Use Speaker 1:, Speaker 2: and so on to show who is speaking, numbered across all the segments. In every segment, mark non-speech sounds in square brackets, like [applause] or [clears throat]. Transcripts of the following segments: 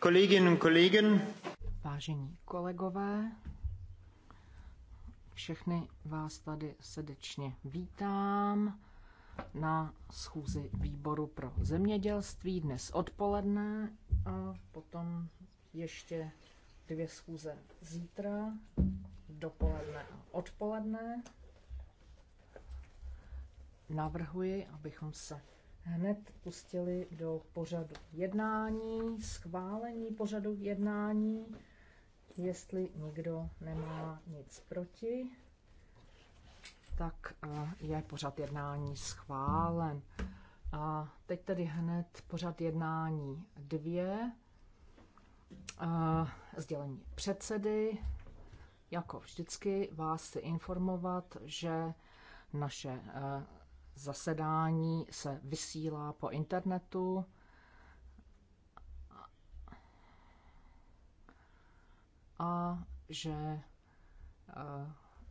Speaker 1: Kolleginnen und Kollegen.
Speaker 2: Vážení kolegové, všechny vás tady srdečně vítám na schůzi výboru pro zemědělství dnes odpoledne a potom ještě dvě schůze zítra, dopoledne a odpoledne. Navrhuji, abychom se hned pustili do pořadu jednání, schválení pořadu jednání, jestli nikdo nemá nic proti, tak eh, je pořad jednání schválen. A teď tedy hned pořad jednání dvě, eh, sdělení předsedy. Jako vždycky vás chci informovat, že naše eh, zasedání se vysílá po internetu. A že eh,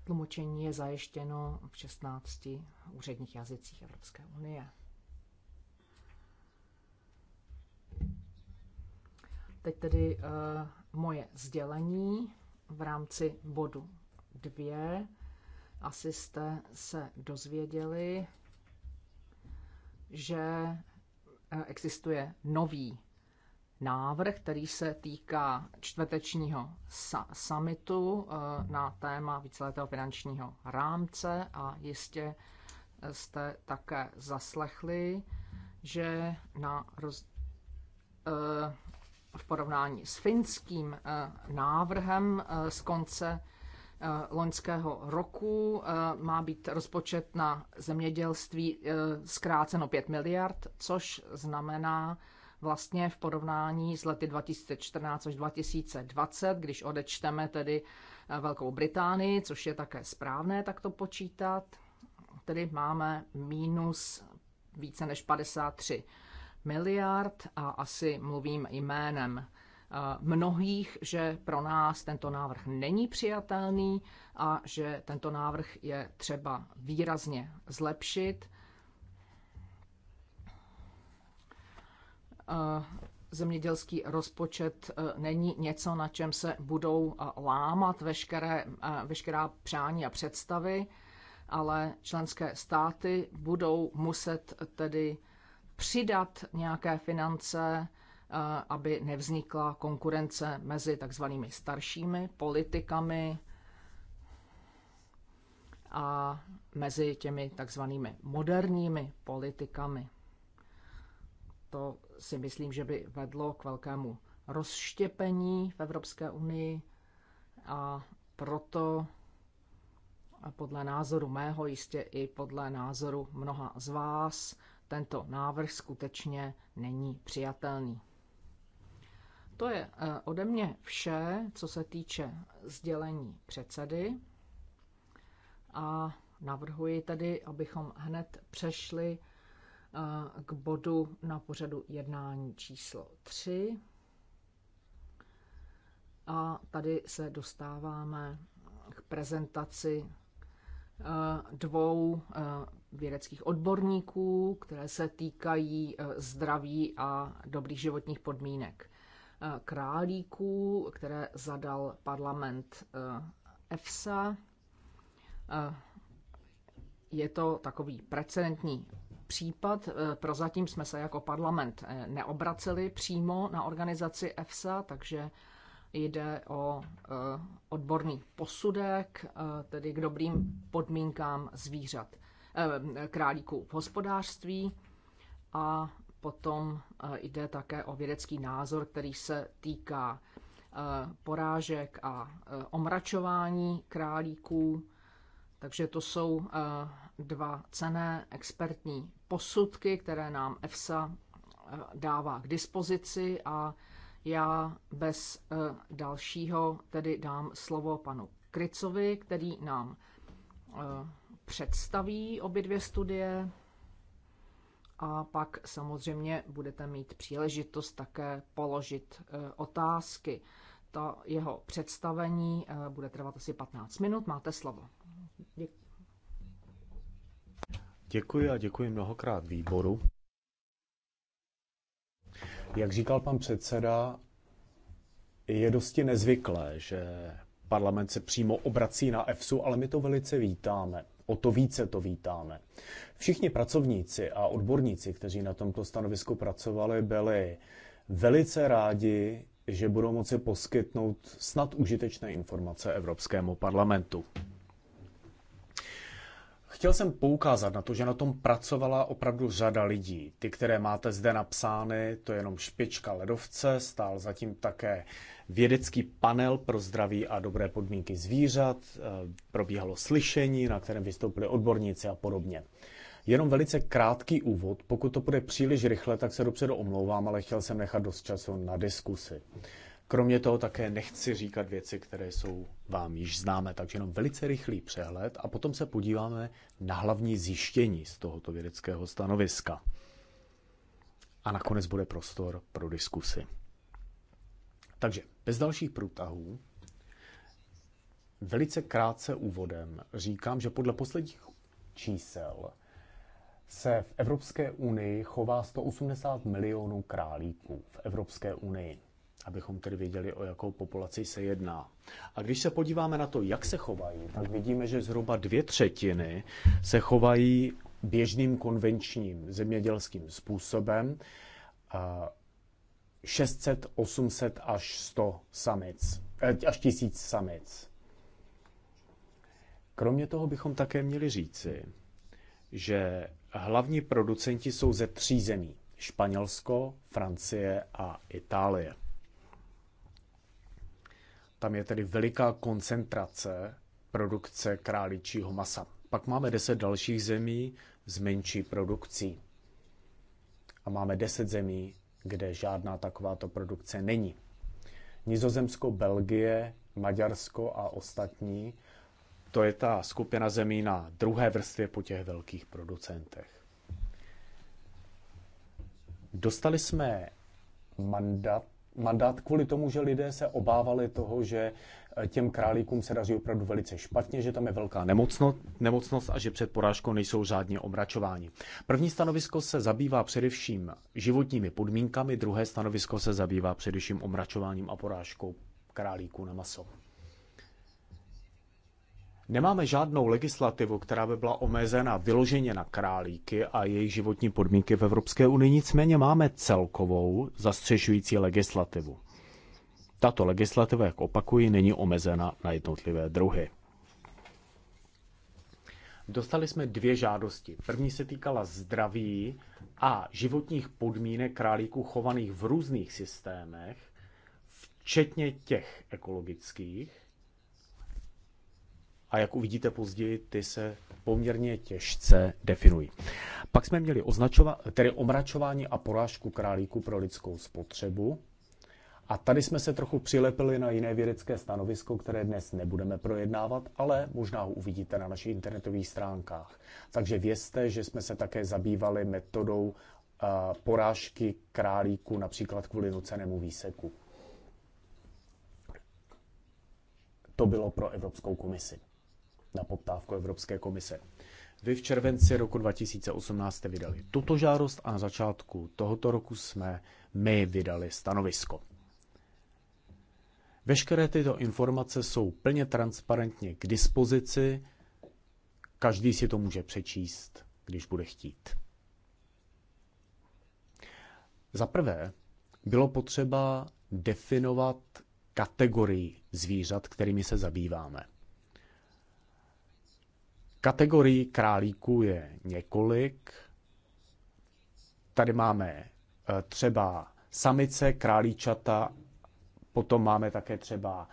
Speaker 2: tlumočení je zajištěno v 16 úředních jazycích Evropské unie. Teď tedy eh, moje sdělení v rámci bodu 2. Asi jste se dozvěděli, že eh, existuje nový návrh, který se týká čtvrtečního summitu eh, na téma víceletého finančního rámce a jistě eh, jste také zaslechli, že na roz... v porovnání s finským návrhem z konce Eh, loňského roku eh, má být rozpočet na zemědělství eh, zkráceno 5 miliard, což znamená vlastně v porovnání s lety 2014 až 2020, když odečteme tedy Velkou Británii, což je také správné takto počítat, tedy máme mínus více než 53 miliard a asi mluvím jménem mnohých, že pro nás tento návrh není přijatelný a že tento návrh je třeba výrazně zlepšit. Zemědělský rozpočet e, není něco, na čem se budou e, lámat veškeré, e, veškerá přání a představy, ale členské státy budou muset tedy přidat nějaké finance Eh, aby nevznikla konkurence mezi takzvanými staršími politikami a mezi těmi takzvanými moderními politikami. To si myslím, že by vedlo k velkému rozštěpení v Evropské unii a proto a podle názoru mého, jistě i podle názoru mnoha z vás, tento návrh skutečně není přijatelný. To je eh, ode mě vše, co se týče sdělení předsedy. A navrhuji tedy, abychom hned přešli eh, k bodu na pořadu jednání číslo 3. A tady se dostáváme k prezentaci eh, dvou vědeckých odborníků, které se týkají zdraví a dobrých životních podmínek. Eh, králíků, které zadal parlament eh, EFSA. Eh, je to takový precedentní případ. Prozatím jsme se jako parlament neobraceli přímo na organizaci EFSA, takže jde o odborný posudek, tedy k dobrým podmínkám zvířat, králíků v hospodářství. A potom eh, jde také o vědecký názor, který se týká eh, porážek a eh, omračování králíků. Takže to jsou dva cené expertní posudky, které nám EFSA dává k dispozici a já bez dalšího tedy dám slovo panu Krycovi, který nám představí obě dvě studie a pak samozřejmě budete mít příležitost také položit eh, otázky. To jeho představení eh, bude trvat asi 15 minut. Máte slovo. Děkuji.
Speaker 3: Děkuji a děkuji mnohokrát výboru. Jak říkal pan předseda, je dosti nezvyklé, že parlament se přímo obrací na EFSU, ale my to velice vítáme o to více to vítáme. Všichni pracovníci a odborníci, kteří na tomto stanovisku pracovali, byli velice rádi, že budou moci poskytnout snad užitečné informace Evropskému parlamentu. Chtěl jsem poukázat na to, že na tom pracovala opravdu řada lidí. Ty, které máte zde napsány, to je jenom špička ledovce, stál zatím také vědecký panel pro zdraví a dobré podmínky zvířat, eh, probíhalo slyšení, na kterém vystoupili odborníci a podobně. Jenom velice krátký úvod, pokud to bude příliš rychle, tak se dopředu omlouvám, ale chtěl jsem nechat dost času na diskusi. Kromě toho také nechci říkat věci, které jsou vám již známe, takže jenom velice rychlý přehled a potom se podíváme na hlavní zjištění z tohoto vědeckého stanoviska. A nakonec bude prostor pro diskusy. Takže bez dalších průtahů, velice krátce úvodem říkám, že podle posledních čísel se v Evropské unii chová 180 milionů králíků v Evropské unii, abychom tedy věděli, o jakou populaci se jedná. A když se podíváme na to, jak se chovají, tak vidíme, že zhruba dvě třetiny se chovají běžným konvenčním zemědělským způsobem, 600, 800 až 100 samic, eh, až 1000 samic. Kromě toho bychom také měli říci, že hlavní producenti jsou ze tří zemí. Španělsko, Francie a Itálie. Tam je tedy veliká koncentrace produkce králičího masa. Pak máme deset dalších zemí s menší produkcí. A máme deset zemí kde žádná takováto produkce není. Nizozemsko, Belgie, Maďarsko a ostatní, to je ta skupina zemí na druhé vrstvě po těch velkých producentech. Dostali jsme mandat, mandát kvůli tomu, že lidé se obávali toho, že těm králíkům se daří opravdu velice špatně, že tam je velká nemocnost, nemocnost a že před porážkou nejsou řádně omračováni. První stanovisko se zabývá především životními podmínkami, druhé stanovisko se zabývá především omračováním a porážkou králíků na maso. Nemáme žádnou legislativu, která by byla omezena vyloženě na králíky a jejich životní podmínky v Evropské unii, nicméně máme celkovou zastřešující legislativu. Tato legislativa, jak opakuji, není omezena na jednotlivé druhy. Dostali jsme dvě žádosti. První se týkala zdraví a životních podmínek králíků chovaných v různých systémech, včetně těch ekologických. A jak uvidíte později, ty se poměrně těžce definují. Pak jsme měli označova- tedy omračování a porážku králíků pro lidskou spotřebu, a tady jsme se trochu přilepili na jiné vědecké stanovisko, které dnes nebudeme projednávat, ale možná ho uvidíte na našich internetových stránkách. Takže vězte, že jsme se také zabývali metodou eh, porážky králíku, například kvůli nucenému výseku. To bylo pro Evropskou komisi, na poptávku Evropské komise. Vy v červenci roku 2018 jste vydali tuto žádost a na začátku tohoto roku jsme my vydali stanovisko. Veškeré tyto informace jsou plně transparentně k dispozici, každý si to může přečíst, když bude chtít. Za prvé, bylo potřeba definovat kategorii zvířat, kterými se zabýváme. Kategorii králíků je několik. Tady máme eh, třeba samice, králíčata Potom máme také třeba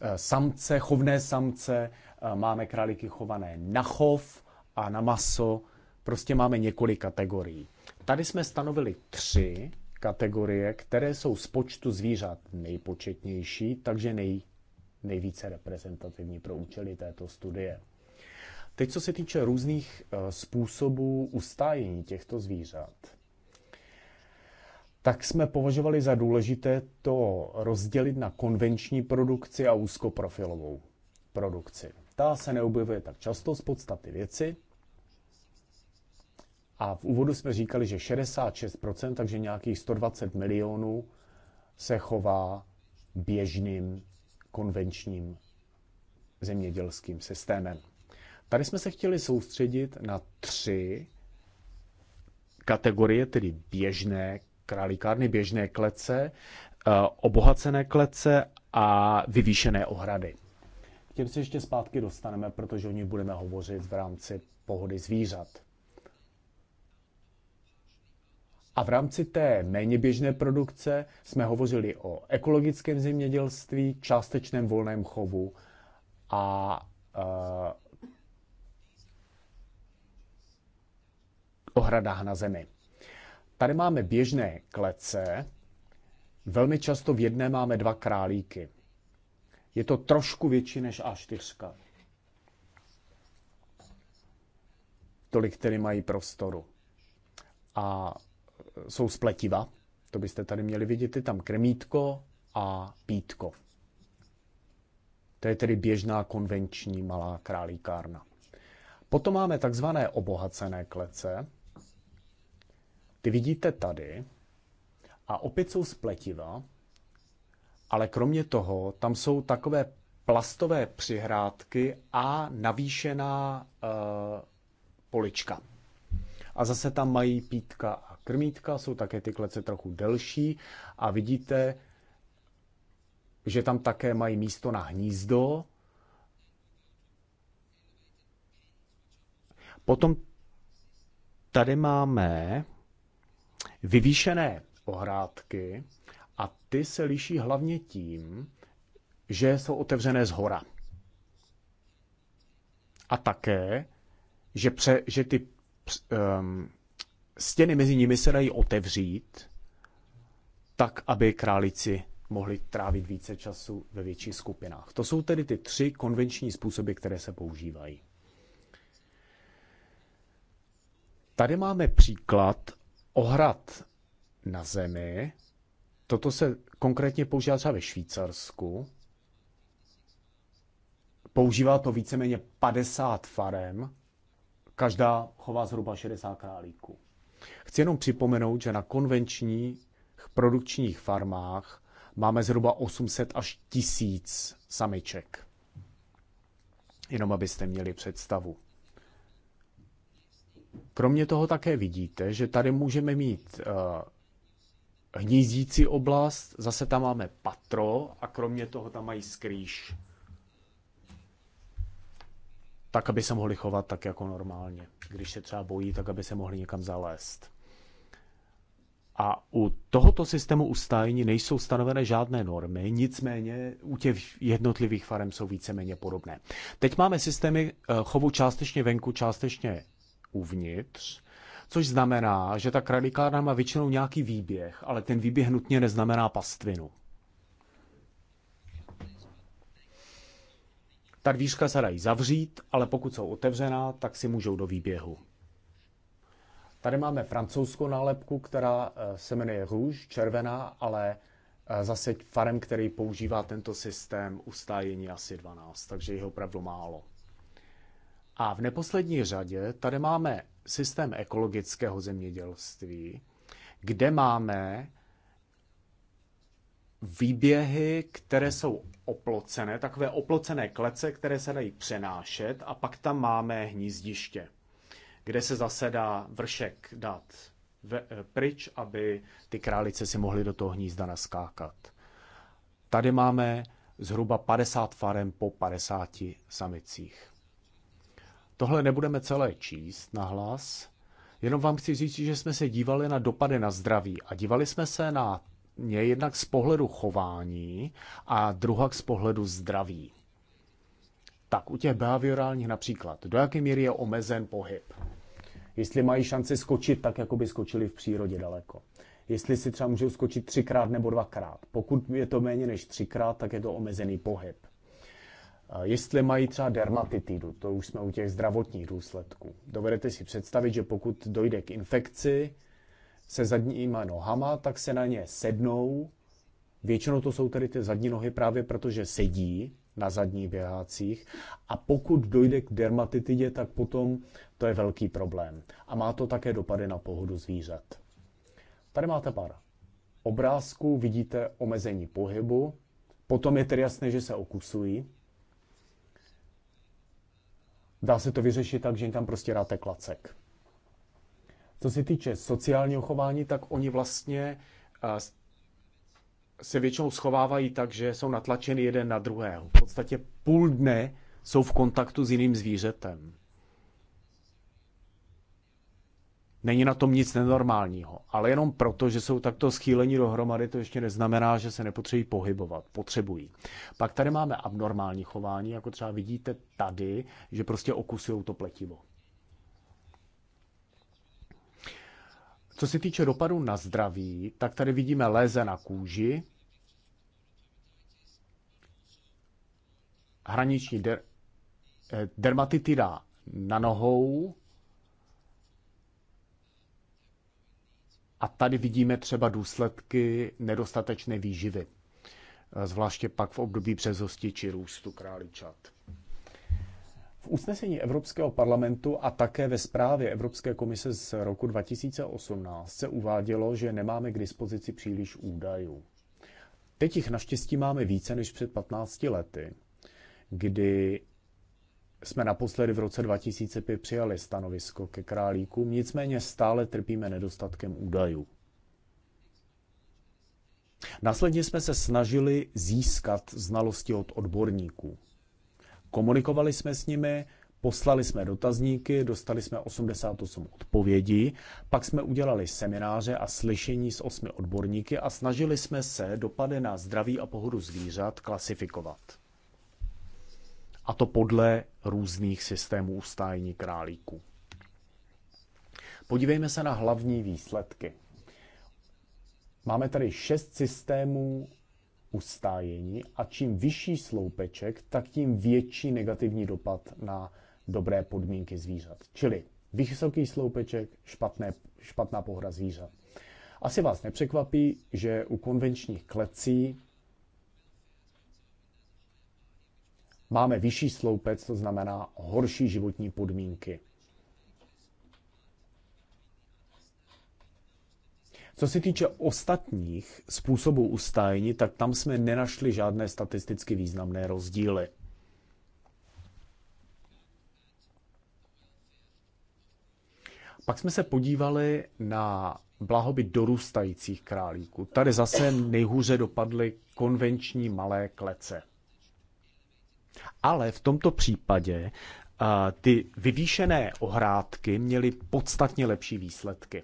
Speaker 3: eh, samce, chovné samce, eh, máme králíky chované na chov a na maso. Prostě máme několik kategorií. Tady jsme stanovili tři kategorie, které jsou z počtu zvířat nejpočetnější, takže nej, nejvíce reprezentativní pro účely této studie. Teď, co se týče různých eh, způsobů ustájení těchto zvířat tak jsme považovali za důležité to rozdělit na konvenční produkci a úzkoprofilovou produkci. Ta se neobjevuje tak často z podstaty věci. A v úvodu jsme říkali, že 66%, takže nějakých 120 milionů, se chová běžným konvenčním zemědělským systémem. Tady jsme se chtěli soustředit na tři kategorie, tedy běžné, králíkárny, běžné klece, eh, obohacené klece a vyvýšené ohrady. K těm se ještě zpátky dostaneme, protože o nich budeme hovořit v rámci pohody zvířat. A v rámci té méně běžné produkce jsme hovořili o ekologickém zemědělství, částečném volném chovu a uh, ohradách na zemi. Tady máme běžné klece, velmi často v jedné máme dva králíky. Je to trošku větší než A4. Tolik které mají prostoru. A e, jsou spletiva, to byste tady měli vidět, je tam kremítko a pítko. To je tedy běžná konvenční malá králíkárna. Potom máme takzvané obohacené klece, ty vidíte tady a opět jsou spletiva, ale kromě toho tam jsou takové plastové přihrádky a navýšená uh, polička. A zase tam mají pítka a krmítka, jsou také ty klece trochu delší a vidíte, že tam také mají místo na hnízdo. Potom tady máme vyvýšené ohrádky a ty se liší hlavně tím, že jsou otevřené z hora. A také, že, pře, že ty um, stěny mezi nimi se dají otevřít, tak, aby králíci mohli trávit více času ve větších skupinách. To jsou tedy ty tři konvenční způsoby, které se používají. Tady máme příklad ohrad na zemi. Toto se konkrétně používá třeba ve Švýcarsku. Používá to víceméně 50 farem. Každá chová zhruba 60 králíků. Chci jenom připomenout, že na konvenčních produkčních farmách máme zhruba 800 až 1000 samiček. Jenom abyste měli představu. Kromě toho také vidíte, že tady můžeme mít eh, hnízící oblast, zase tam máme patro a kromě toho tam mají skrýš. Tak, aby se mohli chovat tak jako normálně. Když se třeba bojí, tak aby se mohli někam zalézt. A u tohoto systému ustájení nejsou stanovené žádné normy, nicméně u těch jednotlivých farem jsou víceméně podobné. Teď máme systémy eh, chovu částečně venku, částečně uvnitř, což znamená, že ta kralikárna má většinou nějaký výběh, ale ten výběh nutně neznamená pastvinu. Ta dvířka se dají zavřít, ale pokud jsou otevřená, tak si můžou do výběhu. Tady máme francouzskou nálepku, která eh, se jmenuje růž, červená, ale eh, zase farem, který používá tento systém ustájení asi 12, takže je opravdu málo. A v neposlední řadě tady máme systém ekologického zemědělství, kde máme výběhy, které jsou oplocené, takové oplocené klece, které se dají přenášet a pak tam máme hnízdiště, kde se zase dá vršek dát eh, pryč, aby ty králice si mohly do toho hnízda naskákat. Tady máme zhruba 50 farem po 50 samicích. Tohle nebudeme celé číst na hlas, jenom vám chci říct, že jsme se dívali na dopady na zdraví a dívali jsme se na ně jednak z pohledu chování a druhak z pohledu zdraví. Tak u těch behaviorálních například, do jaké míry je omezen pohyb? Jestli mají šanci skočit tak, jako by skočili v přírodě daleko. Jestli si třeba můžou skočit třikrát nebo dvakrát. Pokud je to méně než třikrát, tak je to omezený pohyb jestli mají třeba dermatitidu, to už jsme u těch zdravotních důsledků. Dovedete si představit, že pokud dojde k infekci se zadníma nohama, tak se na ně sednou. Většinou to jsou tedy ty zadní nohy právě protože sedí na zadních běhácích. A pokud dojde k dermatitidě, tak potom to je velký problém. A má to také dopady na pohodu zvířat. Tady máte pár obrázků, vidíte omezení pohybu, potom je tedy jasné, že se okusují, Dá se to vyřešit tak, že jim tam prostě dáte klacek. Co se týče sociálního chování, tak oni vlastně eh, se většinou schovávají tak, že jsou natlačeni jeden na druhého. V podstatě půl dne jsou v kontaktu s jiným zvířetem. Není na tom nic nenormálního, ale jenom proto, že jsou takto schýlení dohromady, to ještě neznamená, že se nepotřebují pohybovat. Potřebují. Pak tady máme abnormální chování, jako třeba vidíte tady, že prostě okusují to pletivo. Co se týče dopadu na zdraví, tak tady vidíme léze na kůži, hraniční der, eh, dermatitida na nohou, A tady vidíme třeba důsledky nedostatečné výživy, zvláště pak v období přezosti či růstu králičat. V usnesení Evropského parlamentu a také ve zprávě Evropské komise z roku 2018 se uvádělo, že nemáme k dispozici příliš údajů. Teď jich naštěstí máme více než před 15 lety, kdy jsme naposledy v roce 2005 přijali stanovisko ke králíkům, nicméně stále trpíme nedostatkem údajů. Následně jsme se snažili získat znalosti od odborníků. Komunikovali jsme s nimi, poslali jsme dotazníky, dostali jsme 88 odpovědí, pak jsme udělali semináře a slyšení s osmi odborníky a snažili jsme se dopady na zdraví a pohodu zvířat klasifikovat a to podle různých systémů ustájení králíků. Podívejme se na hlavní výsledky. Máme tady šest systémů ustájení a čím vyšší sloupeček, tak tím větší negativní dopad na dobré podmínky zvířat. Čili vysoký sloupeček, špatné, špatná pohra zvířat. Asi vás nepřekvapí, že u konvenčních klecí Máme vyšší sloupec, to znamená horší životní podmínky. Co se týče ostatních způsobů ustájení, tak tam jsme nenašli žádné statisticky významné rozdíly. Pak jsme se podívali na blahobyt dorůstajících králíků. Tady zase nejhůře dopadly konvenční malé klece. Ale v tomto případě eh, ty vyvýšené ohrádky měly podstatně lepší výsledky.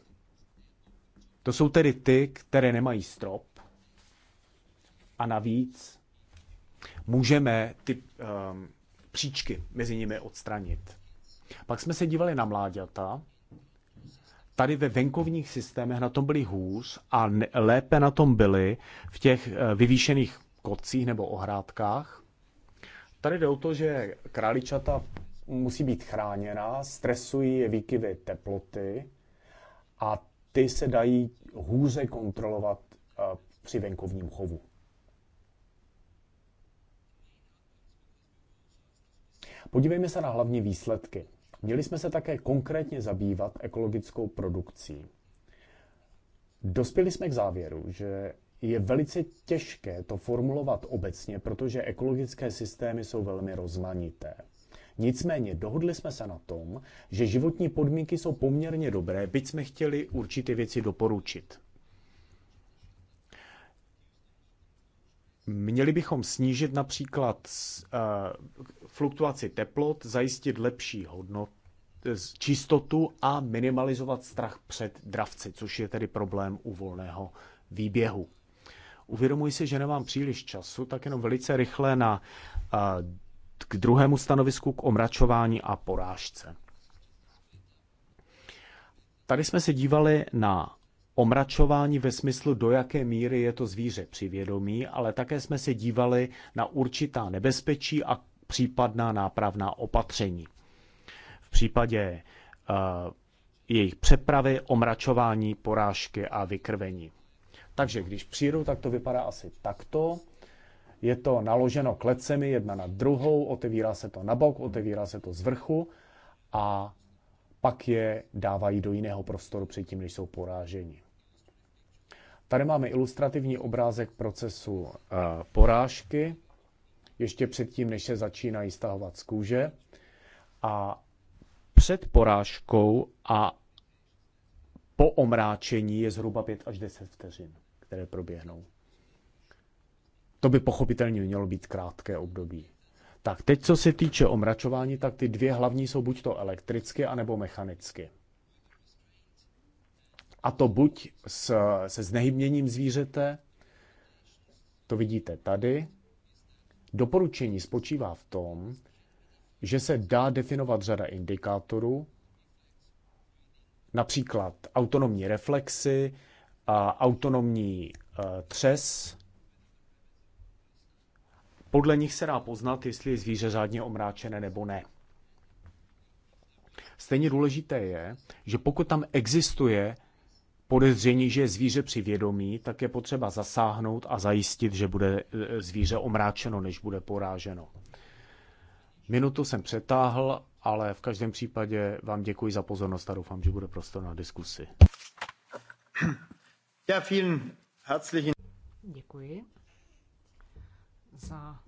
Speaker 3: To jsou tedy ty, které nemají strop. A navíc můžeme ty um, příčky mezi nimi odstranit. Pak jsme se dívali na mláďata. Tady ve venkovních systémech na tom byli hůř a lépe na tom byli v těch eh, vyvýšených kocích nebo ohrádkách. Tady jde o to, že králičata musí být chráněna, stresují je výkyvy teploty a ty se dají hůře kontrolovat eh, při venkovním chovu. Podívejme se na hlavní výsledky. Měli jsme se také konkrétně zabývat ekologickou produkcí. Dospěli jsme k závěru, že je velice těžké to formulovat obecně, protože ekologické systémy jsou velmi rozmanité. Nicméně dohodli jsme se na tom, že životní podmínky jsou poměrně dobré, byť jsme chtěli určité věci doporučit. Měli bychom snížit například eh, fluktuaci teplot, zajistit lepší hodnot, eh, čistotu a minimalizovat strach před dravci, což je tedy problém u volného výběhu. Uvědomuji si, že nemám příliš času, tak jenom velice rychle na k druhému stanovisku k omračování a porážce. Tady jsme se dívali na omračování ve smyslu, do jaké míry je to zvíře přivědomí, ale také jsme se dívali na určitá nebezpečí a případná nápravná opatření. V případě uh, jejich přepravy, omračování, porážky a vykrvení. Takže když přijdu, tak to vypadá asi takto. Je to naloženo klecemi jedna na druhou, otevírá se to na bok, otevírá se to z vrchu a pak je dávají do jiného prostoru předtím, než jsou poráženi. Tady máme ilustrativní obrázek procesu eh, porážky, ještě předtím, než se začínají stahovat z kůže. A před porážkou a po omráčení je zhruba 5 až 10 vteřin které proběhnou. To by pochopitelně mělo být krátké období. Tak teď, co se týče omračování, tak ty dvě hlavní jsou buď to elektricky, anebo mechanicky. A to buď s, se znehybněním zvířete, to vidíte tady. Doporučení spočívá v tom, že se dá definovat řada indikátorů, například autonomní reflexy, autonomní eh, třes. Podle nich se dá poznat, jestli je zvíře řádně omráčené nebo ne. Stejně důležité je, že pokud tam existuje podezření, že je zvíře při vědomí, tak je potřeba zasáhnout a zajistit, že bude eh, zvíře omráčeno, než bude poráženo. Minutu jsem přetáhl, ale v každém případě vám děkuji za pozornost a doufám, že bude prostor na diskusi.
Speaker 2: Děkuji za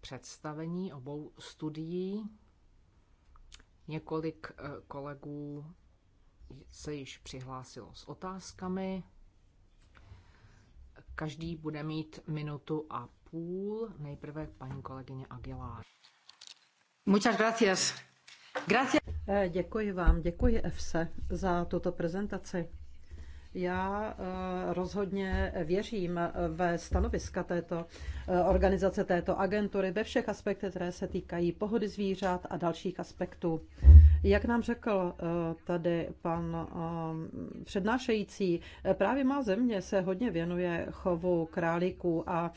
Speaker 2: představení obou studií. Několik eh, kolegů se již přihlásilo s otázkami. Každý bude mít minutu a půl. Nejprve paní kolegyně Aguilar.
Speaker 1: Muchas
Speaker 4: gracias. Gracias. Eh, děkuji vám, děkuji EFSE za tuto prezentaci. Já eh, rozhodně věřím ve stanoviska této eh, organizace, této agentury, ve všech aspektech, které se týkají pohody zvířat a dalších aspektů. Jak nám řekl eh, tady pan eh, přednášející, eh, právě má země se hodně věnuje chovu králíků a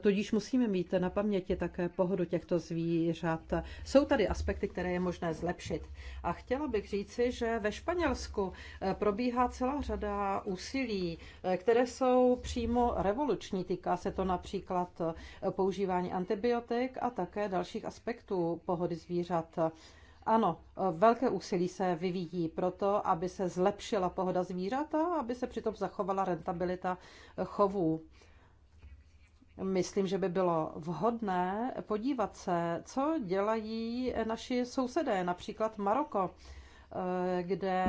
Speaker 4: tudíž musíme mít na paměti také pohodu těchto zvířat. Jsou tady aspekty, které je možné zlepšit. A chtěla bych říci, že ve Španělsku probíhá celá řada úsilí, které jsou přímo revoluční. Týká se to například používání antibiotik a také dalších aspektů pohody zvířat. Ano, eh, velké úsilí se vyvíjí proto, aby se zlepšila pohoda zvířat a aby se přitom zachovala rentabilita eh, chovů. Myslím, že by bylo vhodné podívat se, co dělají eh, naši sousedé, například Maroko, kde,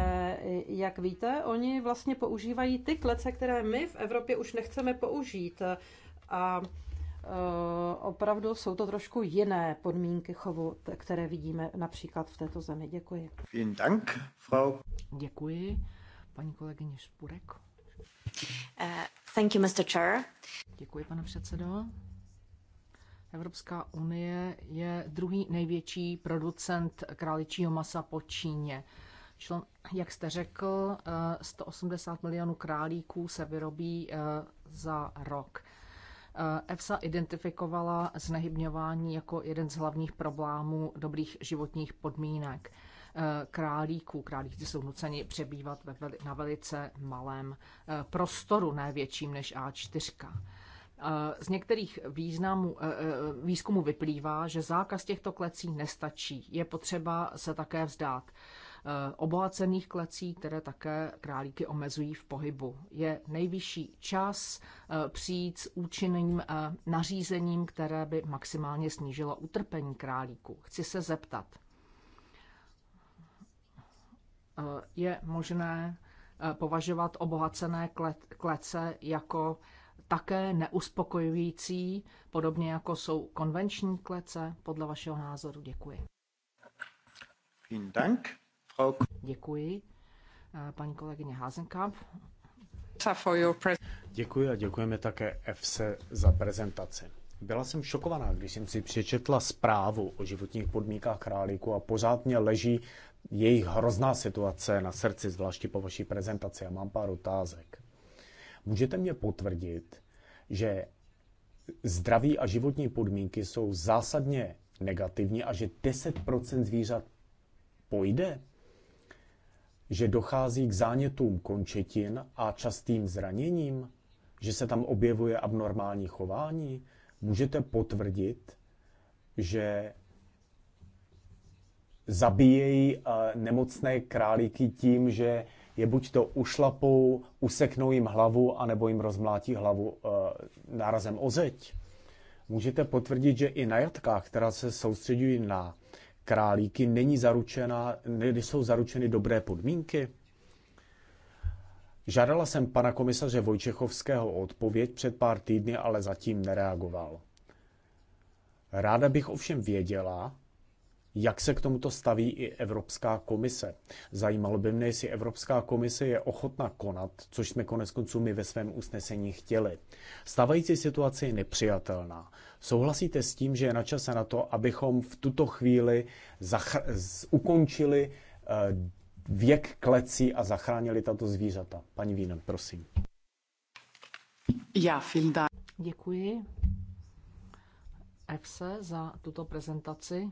Speaker 4: jak víte, oni vlastně používají ty klece, které my v Evropě už nechceme použít. A Eh, opravdu jsou to trošku jiné podmínky chovu, které vidíme například v této zemi. Děkuji.
Speaker 3: Vielen Dank, Frau.
Speaker 4: Děkuji,
Speaker 2: paní kolegyně Špurek. Uh, thank you, Mr. Chair. Děkuji, pane předsedo. Evropská unie je druhý největší producent králičího masa po Číně. Člen, jak jste řekl, 180 eh, milionů králíků se vyrobí za rok. Eh, EFSA identifikovala znehybňování jako jeden z hlavních problémů dobrých životních podmínek eh, králíků. Králíci jsou nuceni přebývat na velice malém eh, prostoru, ne větším než A4. Z některých významů, výzkumu vyplývá, že zákaz těchto klecí nestačí. Je potřeba se také vzdát Eh, obohacených klecí, které také králíky omezují v pohybu. Je nejvyšší čas eh, přijít s účinným eh, nařízením, které by maximálně snížilo utrpení králíku. Chci se zeptat, je možné považovat obohacené klece jako také neuspokojující, podobně jako jsou konvenční klece, podle vašeho názoru? Děkuji.
Speaker 3: Vielen Dank. Děkuji,
Speaker 2: eh, paní kolegyně Hazenkamp.
Speaker 3: Děkuji a děkujeme také EFSE za prezentaci. Byla jsem šokovaná, když jsem si přečetla zprávu o životních podmínkách králíku a pořád mě leží jejich hrozná situace na srdci, zvláště po vaší prezentaci. Já mám pár otázek. Můžete mě potvrdit, že zdraví a životní podmínky jsou zásadně negativní a že 10% zvířat pojde že dochází k zánětům končetin a častým zraněním, že se tam objevuje abnormální chování? Můžete potvrdit, že zabíjejí eh, nemocné králíky tím, že je buď to ušlapou, useknou jim hlavu, anebo jim rozmlátí hlavu eh, nárazem o zeď. Můžete potvrdit, že i na jatkách, která se soustředují na králíky není zaručena, nejsou zaručeny dobré podmínky? Žádala jsem pana komisaře Vojčechovského o odpověď před pár týdny, ale zatím nereagoval. Ráda bych ovšem věděla, jak se k tomuto staví i Evropská komise. Zajímalo by mě, jestli Evropská komise je ochotna konat, což jsme konec konců my ve svém usnesení chtěli. Stavající situace je nepřijatelná. Souhlasíte s tím, že je na čase na to, abychom v tuto chvíli ukončili eh, věk klecí a zachránili tato zvířata? Paní Vínem, prosím.
Speaker 2: Já, Filda. Děkuji EFSE za tuto prezentaci.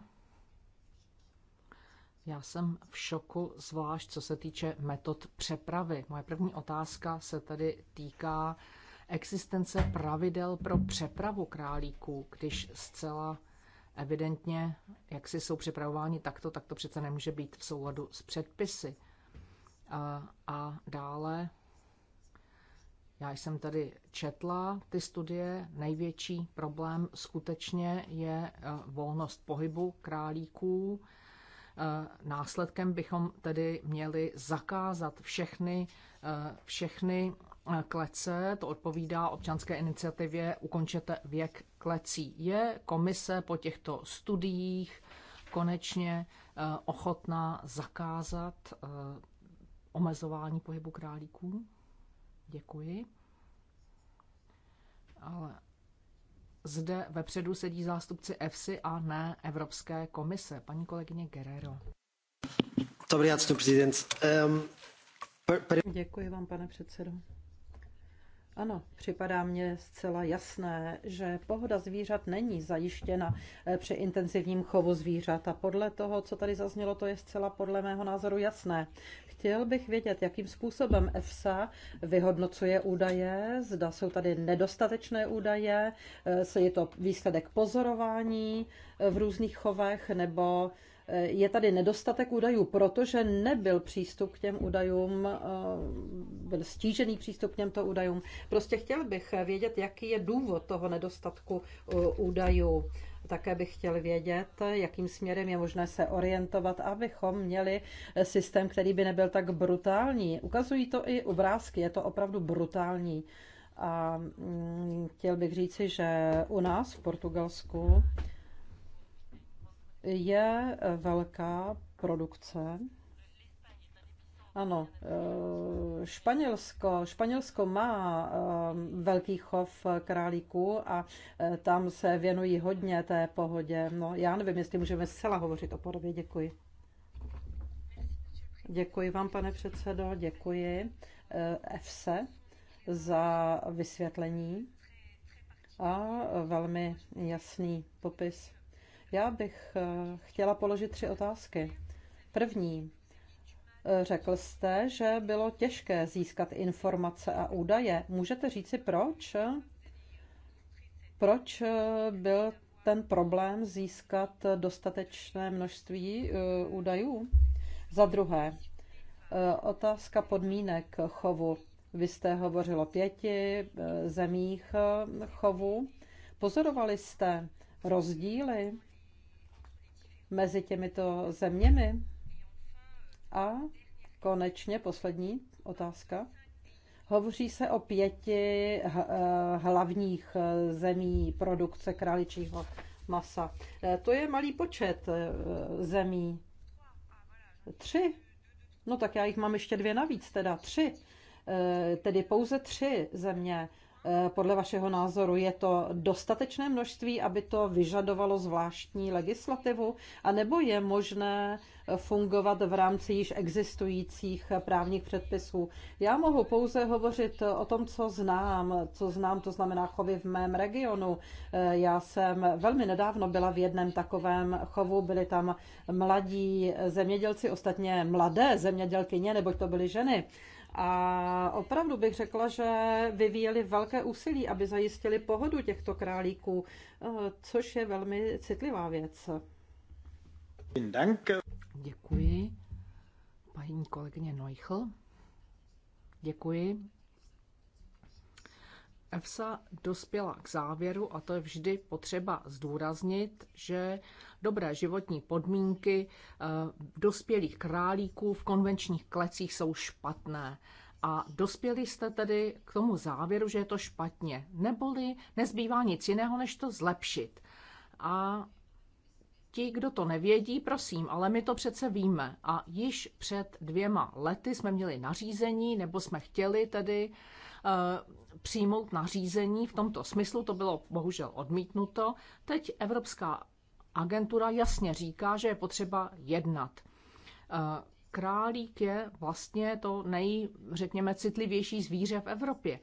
Speaker 2: Já jsem v šoku, zvlášť co se týče metod přepravy. Moje první otázka se tedy týká uh, existence pravidel pro přepravu králíků, když zcela evidentně, jak si jsou přepravováni takto, tak to přece nemůže být v souladu s předpisy. A, a dále, já jsem tady četla ty studie, největší problém skutečně je e, volnost pohybu králíků. E, následkem bychom tedy měli zakázat všechny, e, všechny Eh, klece, to odpovídá občanské iniciativě Ukončete věk klecí. Je komise po těchto studiích konečně eh, ochotná zakázat eh, omezování pohybu králíků? Děkuji. Ale zde vepředu sedí zástupci EFSI a ne Evropské komise. Paní kolegyně Guerrero.
Speaker 4: Dobrý den, prezident. Ehm, Děkuji vám, pane předsedo. Ano, připadá mně zcela jasné, že pohoda zvířat není zajištěna eh, při intenzivním chovu zvířat a podle toho, co tady zaznělo, to je zcela podle mého názoru jasné. Chtěl bych vědět, jakým způsobem EFSA vyhodnocuje údaje, zda jsou tady nedostatečné údaje, eh, je to výsledek pozorování eh, v různých chovech nebo Eh, je tady nedostatek údajů, protože nebyl přístup k těm údajům, eh, byl stížený přístup k těmto údajům. Prostě chtěl bych vědět, jaký je důvod toho nedostatku eh, údajů. Také bych chtěl vědět, jakým směrem je možné se orientovat, abychom měli systém, který by nebyl tak brutální. Ukazují to i obrázky, je to opravdu brutální. A mm, chtěl bych říci, že u nás v Portugalsku je eh, velká produkce. Ano, eh, Španělsko, Španělsko má eh, velký chov králíků a tam se věnují hodně té pohodě. No, já nevím, jestli můžeme zcela hovořit o podobě. Děkuji. Děkuji vám, pane předsedo, děkuji EFSE za vysvětlení a velmi jasný popis. Já bych eh, chtěla položit tři otázky. První. Eh, řekl jste, že bylo těžké získat informace a údaje. Můžete říci proč? Proč eh, byl ten problém získat dostatečné množství údajů? Za druhé, otázka podmínek chovu. Vy jste hovořil o pěti zemích chovu. Pozorovali jste rozdíly mezi těmito zeměmi? A konečně poslední otázka. Hovoří se o pěti eh, hlavních eh, zemí produkce králičího masa. Eh, to je malý počet zemí. Tři. No tak já jich mám ještě dvě navíc, teda tři. Tedy pouze tři země Eh, podle vašeho názoru je to dostatečné množství, aby to vyžadovalo zvláštní legislativu, anebo je možné eh, fungovat v rámci již existujících právních předpisů? Já mohu pouze hovořit eh, o tom, co znám. Co znám, to znamená chovy v mém regionu. Já jsem velmi nedávno byla v jednom takovém chovu, byli tam mladí zemědělci, ostatně mladé zemědělkyně, neboť to byly ženy a opravdu bych řekla, že vyvíjeli velké úsilí, aby zajistili pohodu těchto králíků, eh, což je velmi citlivá věc.
Speaker 2: Děkuji. Paní kolegyně Neuchl. Děkuji. EFSA dospěla k závěru, a to je vždy potřeba zdůraznit, že Dobré životní podmínky eh, dospělých králíků v konvenčních klecích jsou špatné. A dospěli jste tedy k tomu závěru, že je to špatně. Neboli nezbývá nic jiného, než to zlepšit. A ti, kdo to nevědí, prosím, ale my to přece víme. A již před dvěma lety jsme měli nařízení, nebo jsme chtěli tedy uh, přijmout nařízení v tomto smyslu, to bylo bohužel odmítnuto. Teď Evropská agentura jasně říká, že je potřeba jednat. Eh, králík je vlastně to nej, řekněme, citlivější zvíře v Evropě.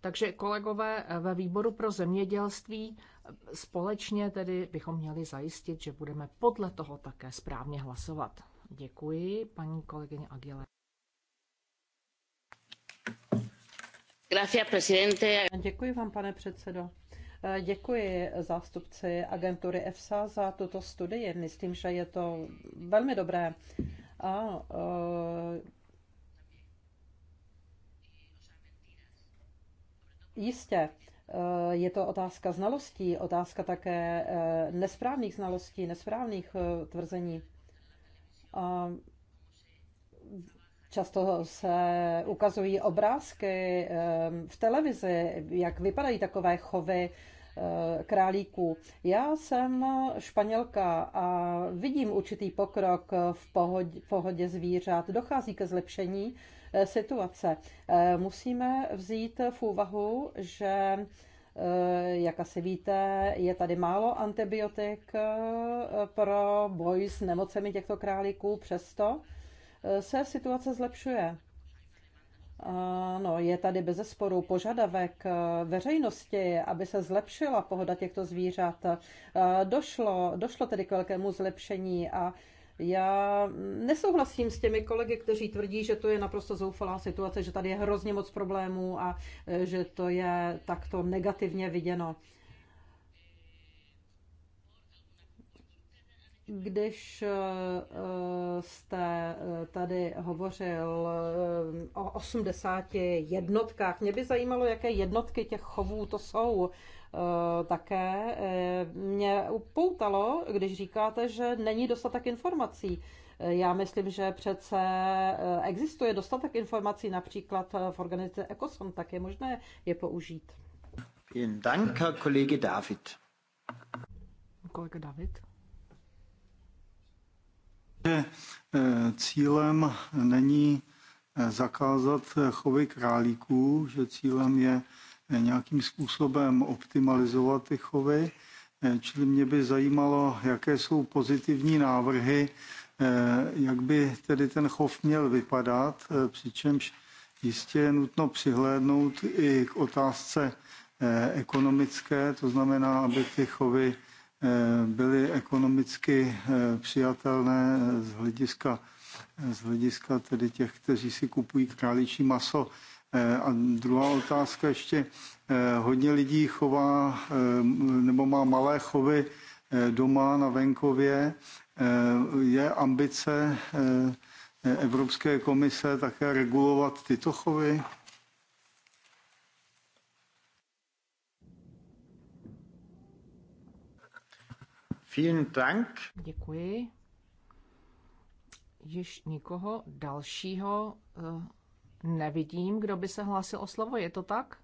Speaker 2: Takže kolegové eh, ve výboru pro zemědělství eh, společně tedy bychom měli zajistit, že budeme podle toho také správně hlasovat. Děkuji, paní kolegyně Aguilera.
Speaker 4: Děkuji vám, pane předsedo. Děkuji zástupci agentury EFSA za tuto studii. Myslím, že je to velmi dobré. A eh, jistě, eh, je to otázka znalostí, otázka také eh, nesprávných znalostí, nesprávných tvrzení. A často se ukazují obrázky v televizi, jak vypadají takové chovy Eh, králíků. Já jsem španělka a vidím určitý pokrok v pohodě, pohodě zvířat. Dochází ke zlepšení eh, situace. Eh, musíme vzít v úvahu, že jak asi víte, je tady málo antibiotik pro boj s nemocemi těchto králíků, přesto se situace zlepšuje. Ano, eh, je tady bez zesporu požadavek eh, veřejnosti, aby se zlepšila pohoda těchto zvířat. Eh, došlo, došlo tedy k velkému zlepšení a já nesouhlasím s těmi kolegy, kteří tvrdí, že to je naprosto zoufalá situace, že tady je hrozně moc problémů a že to je takto negativně viděno. Když eh, jste eh, tady hovořil eh, o 80 jednotkách, mě by zajímalo, jaké jednotky těch chovů to jsou. Také mě upoutalo, když říkáte, že není dostatek informací. Já myslím, že přece existuje dostatek informací například v organizaci Ecosom, tak je možné je použít.
Speaker 5: Vielen Dank, Kollege David.
Speaker 2: Kolega David
Speaker 3: že eh, Cílem není eh, zakázat eh, chovy králíků, že cílem je nějakým způsobem optimalizovat ty chovy. Čili mě by zajímalo, jaké jsou pozitivní návrhy,
Speaker 1: jak by tedy ten chov měl vypadat, přičemž jistě
Speaker 3: je nutno přihlédnout i k otázce ekonomické, to znamená, aby ty chovy Eh, byly ekonomicky eh, přijatelné eh, z hlediska, z hlediska tedy těch, kteří si kupují králičí maso. A druhá otázka ještě, hodně lidí chová nebo má malé chovy doma na venkově. Je ambice Evropské komise také regulovat tyto chovy? Vielen Dank.
Speaker 2: Děkuji. Již nikoho dalšího eh, nevidím, kdo by se hlásil o slovo. Je to tak?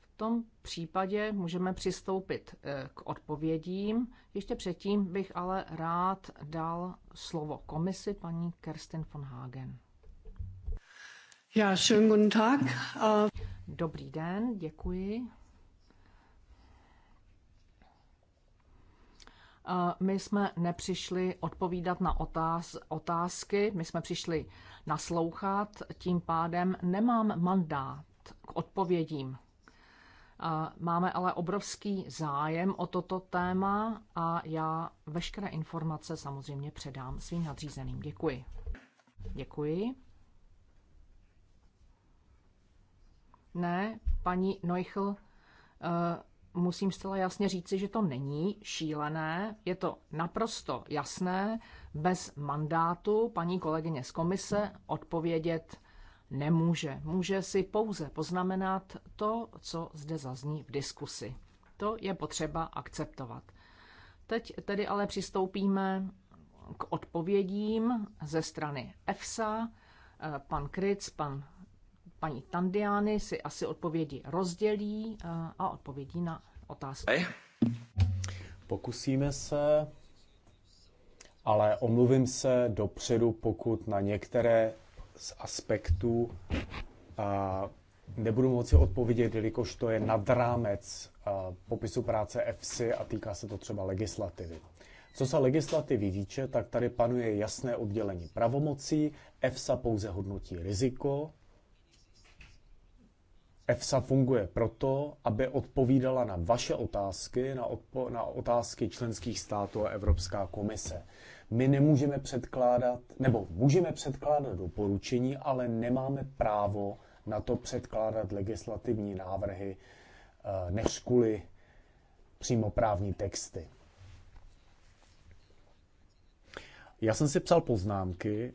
Speaker 2: V tom případě můžeme přistoupit eh, k odpovědím. Ještě předtím bych ale rád dal slovo komisi paní Kerstin von Hagen. Ja, schönen guten Tag. Dobrý den, děkuji. my jsme nepřišli odpovídat na otáz, otázky, my jsme přišli naslouchat, tím pádem nemám mandát k odpovědím. Máme ale obrovský zájem o toto téma a já veškeré informace samozřejmě předám svým nadřízeným. Děkuji. Děkuji. Ne, paní Neuchl, eh, musím zcela jasně říci, že to není šílené, je to naprosto jasné, bez mandátu paní kolegyně z komise odpovědět nemůže. Může si pouze poznamenat to, co zde zazní v diskusi. To je potřeba akceptovat. Teď tedy ale přistoupíme k odpovědím ze strany EFSA. Pan Kric, pan Paní Tandiány si asi odpovědi rozdělí eh, a odpovědí na otázky.
Speaker 3: Pokusíme se, ale omluvím se dopředu, pokud na některé z aspektů a, eh, nebudu moci odpovědět, jelikož to je nad rámec eh, popisu práce EFSI a týká se to třeba legislativy. Co se legislativy týče, tak tady panuje jasné oddělení pravomocí, EFSA pouze hodnotí riziko EFSA funguje proto, aby odpovídala na vaše otázky, na, odpo- na otázky členských států a Evropská komise. My nemůžeme předkládat, nebo můžeme předkládat doporučení, ale nemáme právo na to předkládat legislativní návrhy eh, než kvůli přímo právní texty. Já jsem si psal poznámky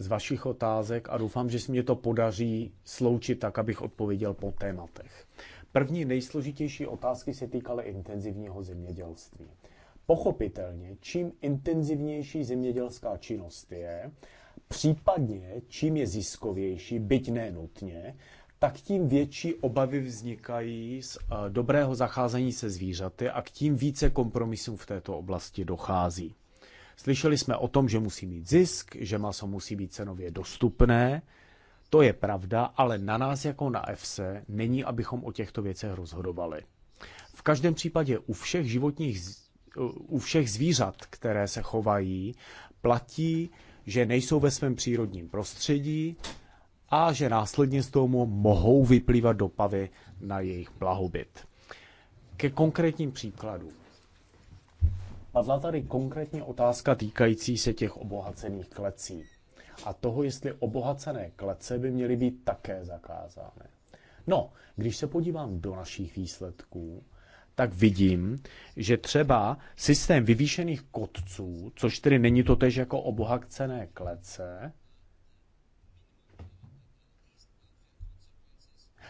Speaker 3: z vašich otázek a doufám, že se mě to podaří sloučit tak, abych odpověděl po tématech. První nejsložitější otázky se týkaly intenzivního zemědělství. Pochopitelně, čím intenzivnější zemědělská činnost je, případně čím je ziskovější, byť ne nutně, tak tím větší obavy vznikají z eh, dobrého zacházení se zvířaty a k tím více kompromisů v této oblasti dochází. Slyšeli jsme o tom, že musí mít zisk, že maso musí být cenově dostupné. To je pravda, ale na nás jako na FC není, abychom o těchto věcech rozhodovali. V každém případě u všech životních, u všech zvířat, které se chovají, platí, že nejsou ve svém přírodním prostředí a že následně z toho mohou vyplývat dopavy na jejich blahobyt. Ke konkrétním příkladům. Padla tady konkrétně otázka týkající se těch obohacených klecí a toho, jestli obohacené klece by měly být také zakázány. No, když se podívám do našich výsledků, tak vidím, že třeba systém vyvýšených kotců, což tedy není to tež jako obohacené klece,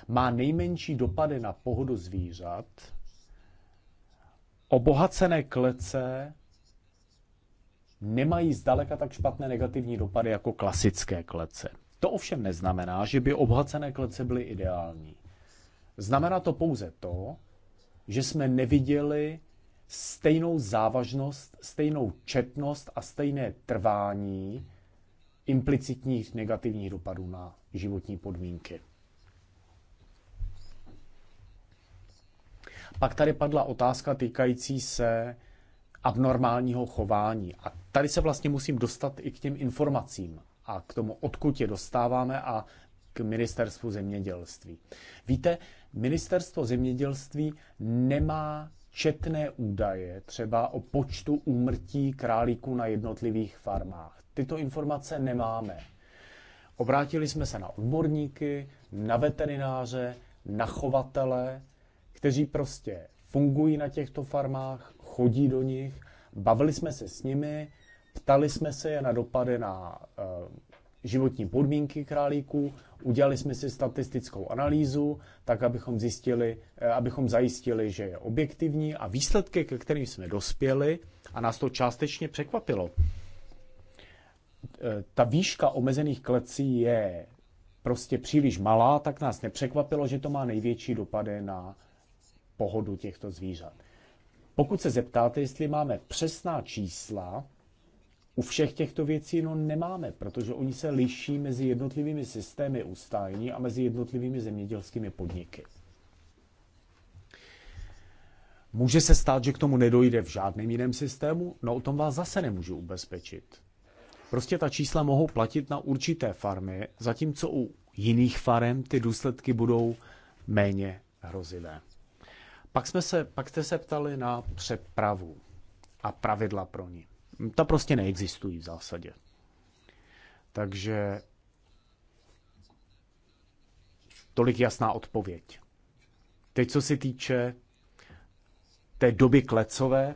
Speaker 3: má nejmenší dopady na pohodu zvířat obohacené klece nemají zdaleka tak špatné negativní dopady jako klasické klece. To ovšem neznamená, že by obhacené klece byly ideální. Znamená to pouze to, že jsme neviděli stejnou závažnost, stejnou četnost a stejné trvání implicitních negativních dopadů na životní podmínky. Pak tady padla otázka týkající se abnormálního chování. A tady se vlastně musím dostat i k těm informacím a k tomu, odkud je dostáváme a k ministerstvu zemědělství. Víte, ministerstvo zemědělství nemá četné údaje, třeba o počtu úmrtí králíků na jednotlivých farmách. Tyto informace nemáme. Obrátili jsme se na odborníky, na veterináře, na chovatele kteří prostě fungují na těchto farmách, chodí do nich, bavili jsme se s nimi, ptali jsme se je na dopady na eh, životní podmínky králíků, udělali jsme si statistickou analýzu, tak abychom zjistili, eh, abychom zajistili, že je objektivní a výsledky, ke kterým jsme dospěli, a nás to částečně překvapilo. Eh, ta výška omezených klecí je prostě příliš malá, tak nás nepřekvapilo, že to má největší dopady na pohodu těchto zvířat. Pokud se zeptáte, jestli máme přesná čísla, u všech těchto věcí no nemáme, protože oni se liší mezi jednotlivými systémy ustájení a mezi jednotlivými zemědělskými podniky. Může se stát, že k tomu nedojde v žádném jiném systému? No o tom vás zase nemůžu ubezpečit. Prostě ta čísla mohou platit na určité farmy, zatímco u jiných farem ty důsledky budou méně hrozivé. Pak, jsme se, pak jste se ptali na přepravu a pravidla pro ní. Ta prostě neexistují v zásadě. Takže tolik jasná odpověď. Teď, co se týče té doby klecové,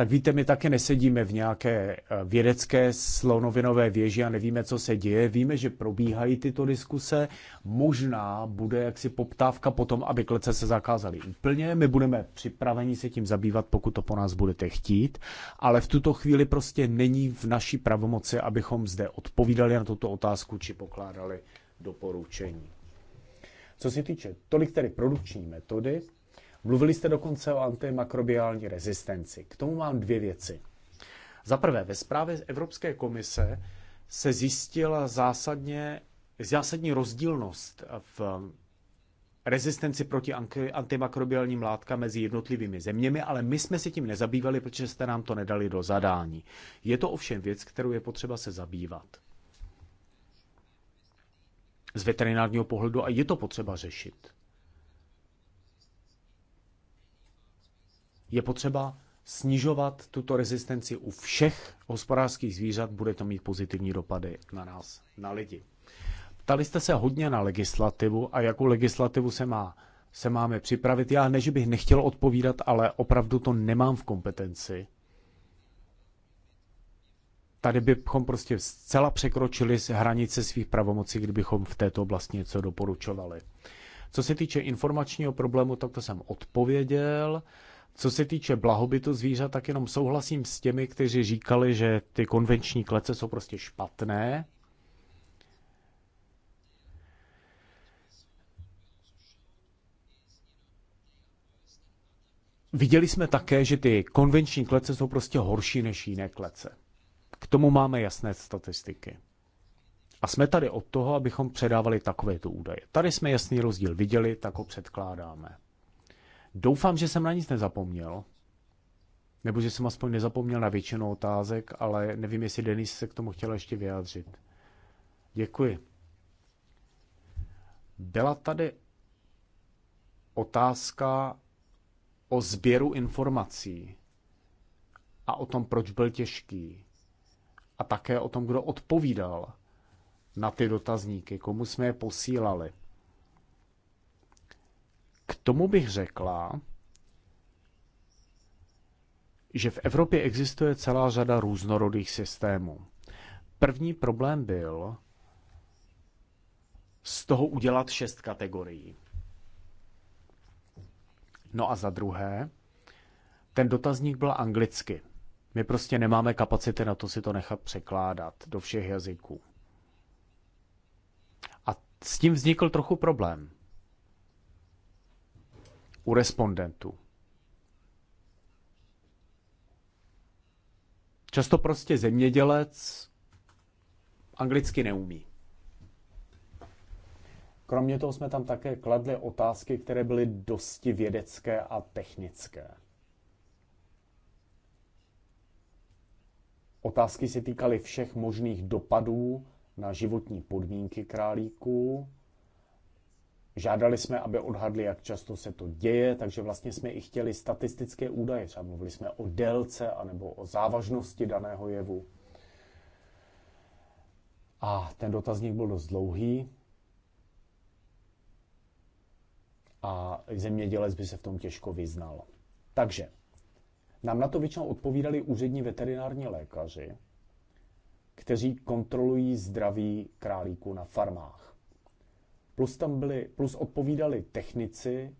Speaker 3: tak víte, my také nesedíme v nějaké eh, vědecké slonovinové věži a nevíme, co se děje. Víme, že probíhají tyto diskuse. Možná bude jaksi poptávka potom, aby klece se zakázaly úplně. My budeme připraveni se tím zabývat, pokud to po nás budete chtít, ale v tuto chvíli prostě není v naší pravomoci, abychom zde odpovídali na tuto otázku či pokládali doporučení. Co se týče tolik tedy produkční metody, Mluvili jste dokonce o antimakrobiální rezistenci. K tomu mám dvě věci. Za prvé, ve zprávě Evropské komise se zjistila zásadně, zásadní rozdílnost v rezistenci proti antimakrobiálním látkám mezi jednotlivými zeměmi, ale my jsme se tím nezabývali, protože jste nám to nedali do zadání. Je to ovšem věc, kterou je potřeba se zabývat z veterinárního pohledu a je to potřeba řešit. Je potřeba snižovat tuto rezistenci u všech hospodářských zvířat, bude to mít pozitivní dopady na nás, na lidi. Ptali jste se hodně na legislativu a jakou legislativu se má se máme připravit. Já než bych nechtěl odpovídat, ale opravdu to nemám v kompetenci. Tady bychom prostě zcela překročili hranice svých pravomocí, kdybychom v této oblasti něco doporučovali. Co se týče informačního problému, tak to jsem odpověděl. Co se týče blahobytu zvířat, tak jenom souhlasím s těmi, kteří říkali, že ty konvenční klece jsou prostě špatné. Viděli jsme také, že ty konvenční klece jsou prostě horší než jiné klece. K tomu máme jasné statistiky. A jsme tady od toho, abychom předávali takovéto údaje. Tady jsme jasný rozdíl viděli, tak ho předkládáme. Doufám, že jsem na nic nezapomněl. Nebo že jsem aspoň nezapomněl na většinu otázek, ale nevím, jestli Denis se k tomu chtěl ještě vyjádřit. Děkuji. Byla tady otázka o sběru informací a o tom, proč byl těžký. A také o tom, kdo odpovídal na ty dotazníky, komu jsme je posílali. K tomu bych řekla, že v Evropě existuje celá řada různorodých systémů. První problém byl z toho udělat šest kategorií. No a za druhé, ten dotazník byl anglicky. My prostě nemáme kapacity na to si to nechat překládat do všech jazyků. A s tím vznikl trochu problém u respondentů. Často prostě zemědělec anglicky neumí. Kromě toho jsme tam také kladli otázky, které byly dosti vědecké a technické. Otázky se týkaly všech možných dopadů na životní podmínky králíků, Žádali jsme, aby odhadli, jak často se to děje, takže vlastně jsme i chtěli statistické údaje. Třeba mluvili jsme o délce anebo o závažnosti daného jevu. A ten dotazník byl dost dlouhý. A zemědělec by se v tom těžko vyznal. Takže nám na to většinou odpovídali úřední veterinární lékaři, kteří kontrolují zdraví králíků na farmách plus tam byli, plus odpovídali technici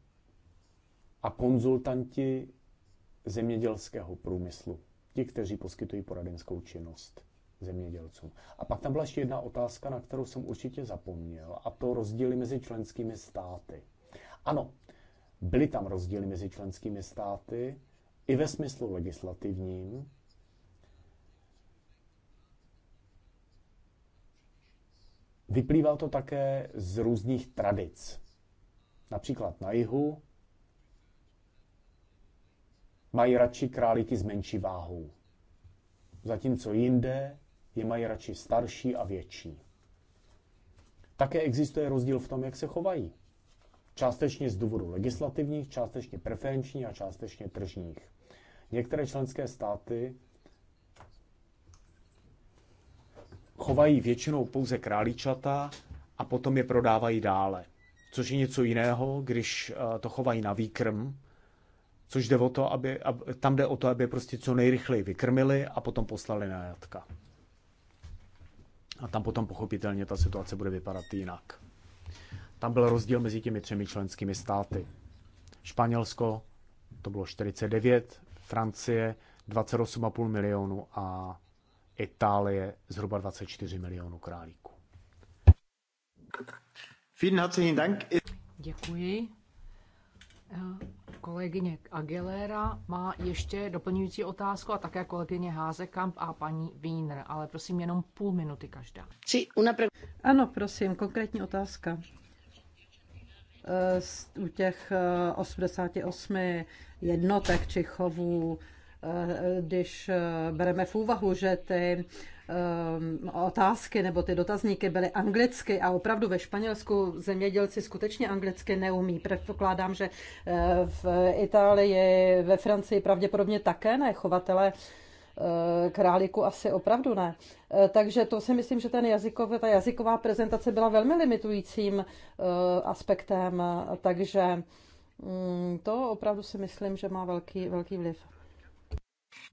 Speaker 3: a konzultanti zemědělského průmyslu. Ti, kteří poskytují poradenskou činnost zemědělcům. A pak tam byla ještě jedna otázka, na kterou jsem určitě zapomněl, a to rozdíly mezi členskými státy. Ano, byly tam rozdíly mezi členskými státy i ve smyslu legislativním, Vyplývá to také z různých tradic. Například na jihu mají radši králíky s menší váhou, zatímco jinde je mají radši starší a větší. Také existuje rozdíl v tom, jak se chovají. Částečně z důvodu legislativních, částečně preferenčních a částečně tržních. Některé členské státy chovají většinou pouze králíčata a potom je prodávají dále. Což je něco jiného, když eh, to chovají na výkrm, což jde o to, aby, aby, tam jde o to, aby prostě co nejrychleji vykrmili a potom poslali na jatka. A tam potom pochopitelně ta situace bude vypadat jinak. Tam byl rozdíl mezi těmi třemi členskými státy. Španělsko to bylo 49, Francie 28,5 milionů a Itálie zhruba 24 milionů králíků. Vielen herzlichen Dank.
Speaker 2: Děkuji. Eh, kolegyně Aguilera má ještě doplňující otázku a také kolegyně Házekamp a paní Wiener, ale prosím jenom půl minuty každá.
Speaker 4: Ano, prosím, konkrétní otázka. Eh, u těch 88 eh, jednotek či chovů když eh, bereme v úvahu, že ty eh, otázky nebo ty dotazníky byly anglicky a opravdu ve Španělsku zemědělci skutečně anglicky neumí. Předpokládám, že eh, v Itálii, ve Francii pravděpodobně také ne. Chovatele králíku asi opravdu ne. Takže to si myslím, že ten jazykov, ta jazyková prezentace byla velmi limitujícím aspektem, takže mm, to opravdu si myslím, že má
Speaker 2: velký, velký vliv.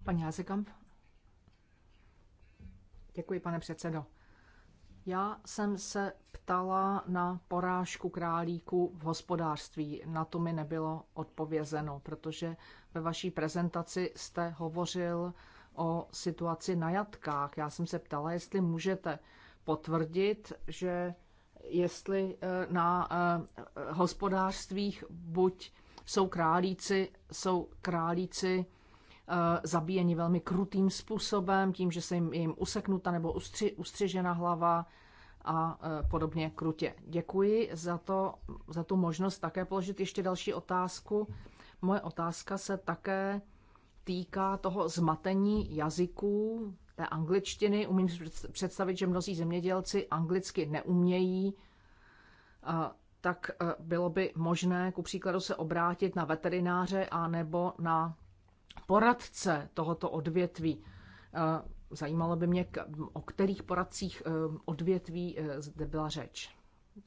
Speaker 2: Pani Hazekamp. Děkuji, pane předsedo. Já jsem se ptala na porážku králíků v hospodářství. Na to mi nebylo odpovězeno, protože ve vaší prezentaci jste hovořil o situaci na jatkách. Já jsem se ptala, jestli můžete potvrdit, že jestli eh, na eh, hospodářstvích buď jsou králíci, jsou králíci Eh, zabíjeni velmi krutým způsobem, tím, že se jim, jim useknuta nebo ustři, ustřižena hlava a eh, podobně krutě. Děkuji za, to, za tu možnost také položit ještě další otázku. Moje otázka se také týká toho zmatení jazyků, té angličtiny. Umím představit, že mnozí zemědělci anglicky neumějí, tak eh, bylo by možné ku příkladu se obrátit na veterináře a nebo na poradce tohoto odvětví. Eh, zajímalo by mě, o kterých poradcích eh, odvětví eh, zde byla řeč.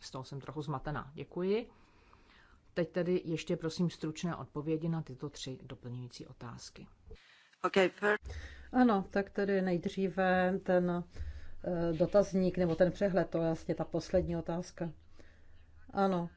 Speaker 2: Z toho jsem trochu zmatená. Děkuji. Teď tedy ještě prosím stručné odpovědi na tyto tři doplňující otázky. Okay, per... Ano, tak tedy nejdříve
Speaker 4: ten dotazník nebo ten přehled, to je vlastně ta poslední otázka. Ano,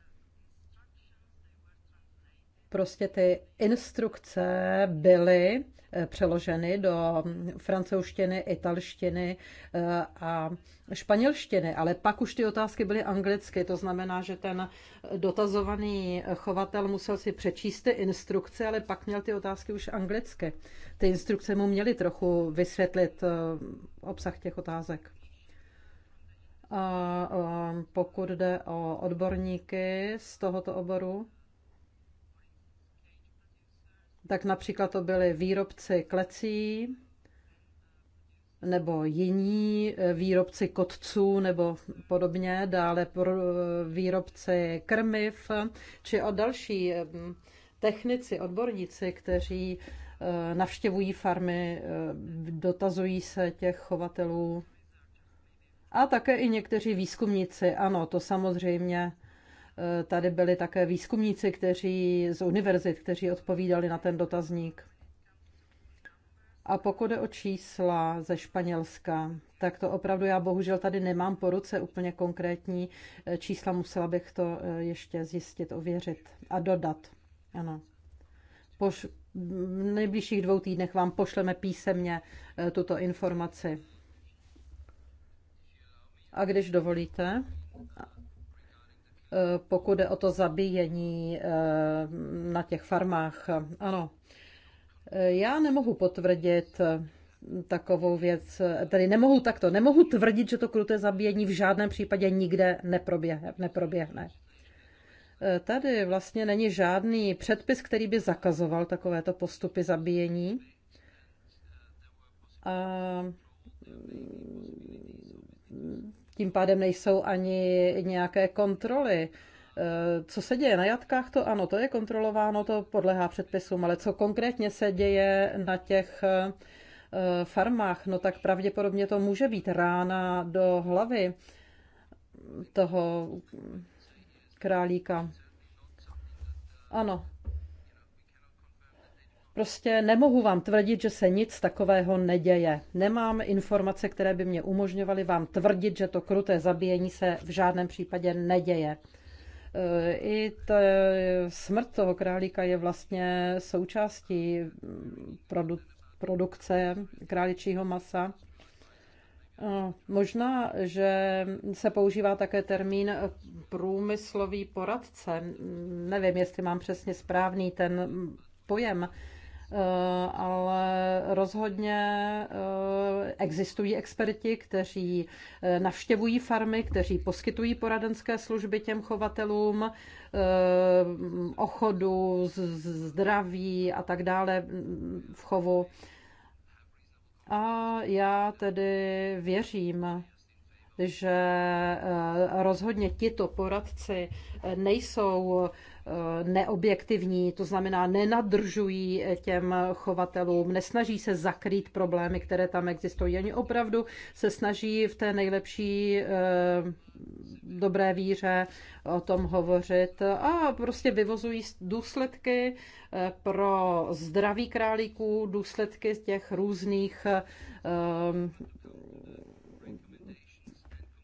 Speaker 4: prostě ty instrukce byly eh, přeloženy do francouzštiny, italštiny eh, a španělštiny, ale pak už ty otázky byly anglicky, to znamená, že ten dotazovaný chovatel musel si přečíst ty instrukce, ale pak měl ty otázky už anglicky. Ty instrukce mu měly trochu vysvětlit eh, obsah těch otázek. A pokud jde o odborníky z tohoto oboru, tak například to byli výrobci klecí nebo jiní eh, výrobci kotců nebo podobně, dále eh, výrobci krmiv či o další eh, technici, odborníci, kteří navštěvují farmy, dotazují se těch chovatelů. A také i někteří výzkumníci, ano, to samozřejmě Eh, tady byli také výzkumníci, kteří z univerzit, kteří odpovídali na ten dotazník. A pokud je o čísla ze Španělska, tak to opravdu já bohužel tady nemám po ruce úplně konkrétní eh, čísla, musela bych to eh, ještě zjistit, ověřit a dodat. Ano. v nejbližších dvou týdnech vám pošleme písemně tuto informaci. A když dovolíte, Eh, pokud jde o to zabíjení eh, na těch farmách. Ano, eh, já nemohu potvrdit takovou věc, tedy nemohu takto, nemohu tvrdit, že to kruté zabíjení v žádném případě nikde neproběhne. neproběhne. Tady vlastně není žádný předpis, který by zakazoval takovéto postupy zabíjení. A tím pádem nejsou ani nějaké kontroly. E, co se děje na jatkách, to ano, to je kontrolováno, to podlehá předpisům, ale co konkrétně se děje na těch e, farmách, no tak pravděpodobně to může být rána do hlavy toho králíka. Ano, Prostě nemohu vám tvrdit, že se nic takového neděje. Nemám informace, které by mě umožňovaly vám tvrdit, že to kruté zabíjení se v žádném případě neděje. E, I ta e, smrt toho králíka je vlastně součástí mm, produ- produkce králičího masa. E, možná, že se používá také termín průmyslový poradce. Nevím, jestli mám přesně správný ten pojem, Eh, ale rozhodně eh, existují experti, kteří eh, navštěvují farmy, kteří poskytují poradenské služby těm chovatelům ochodu, zdraví a tak dále v chovu. A já tedy věřím, že eh, rozhodně tito poradci eh, nejsou eh, neobjektivní, to znamená nenadržují těm chovatelům, nesnaží se zakrýt problémy, které tam existují. Oni opravdu se snaží v té nejlepší dobré víře o tom hovořit a prostě vyvozují důsledky pro zdraví králíků, důsledky těch různých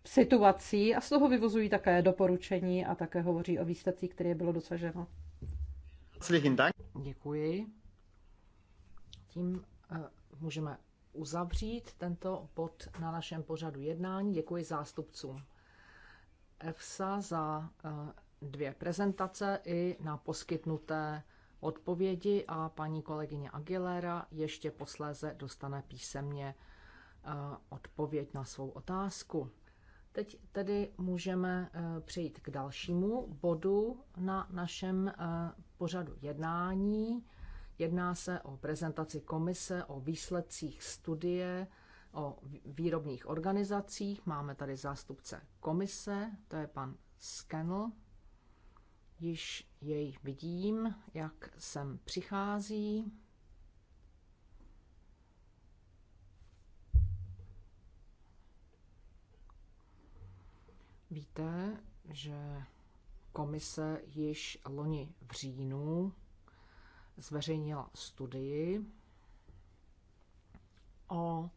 Speaker 4: situací a z toho vyvozují také doporučení a také
Speaker 2: hovoří o výsledcích, které bylo dosaženo. Děkuji. Tím eh, můžeme uzavřít tento bod na našem pořadu jednání. Děkuji zástupcům EFSA za eh, dvě prezentace i na poskytnuté odpovědi a paní kolegyně Aguilera ještě posléze dostane písemně eh, odpověď na svou otázku. Teď tedy můžeme eh, přejít k dalšímu bodu na našem eh, pořadu jednání. Jedná se o prezentaci komise, o výsledcích studie, o výrobních organizacích. Máme tady zástupce komise, to je pan Skenl. Již jej vidím, jak sem přichází. Víte, že komise již loni v říjnu zveřejnila studii o e,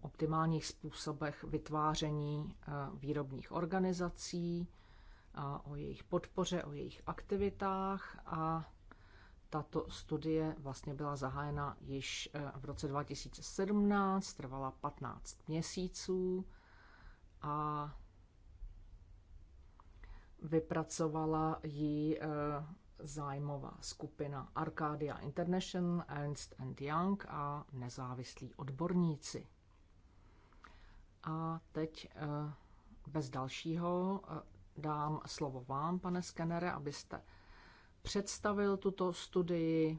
Speaker 2: optimálních způsobech vytváření e, výrobních organizací, e, o jejich podpoře, o jejich aktivitách a tato studie vlastně byla zahájena již v roce 2017, trvala 15 měsíců a Vypracovala ji eh, zájmová skupina Arcadia International, Ernst and Young a nezávislí odborníci. A teď eh, bez dalšího eh, dám slovo vám, pane Skenere, abyste představil tuto studii.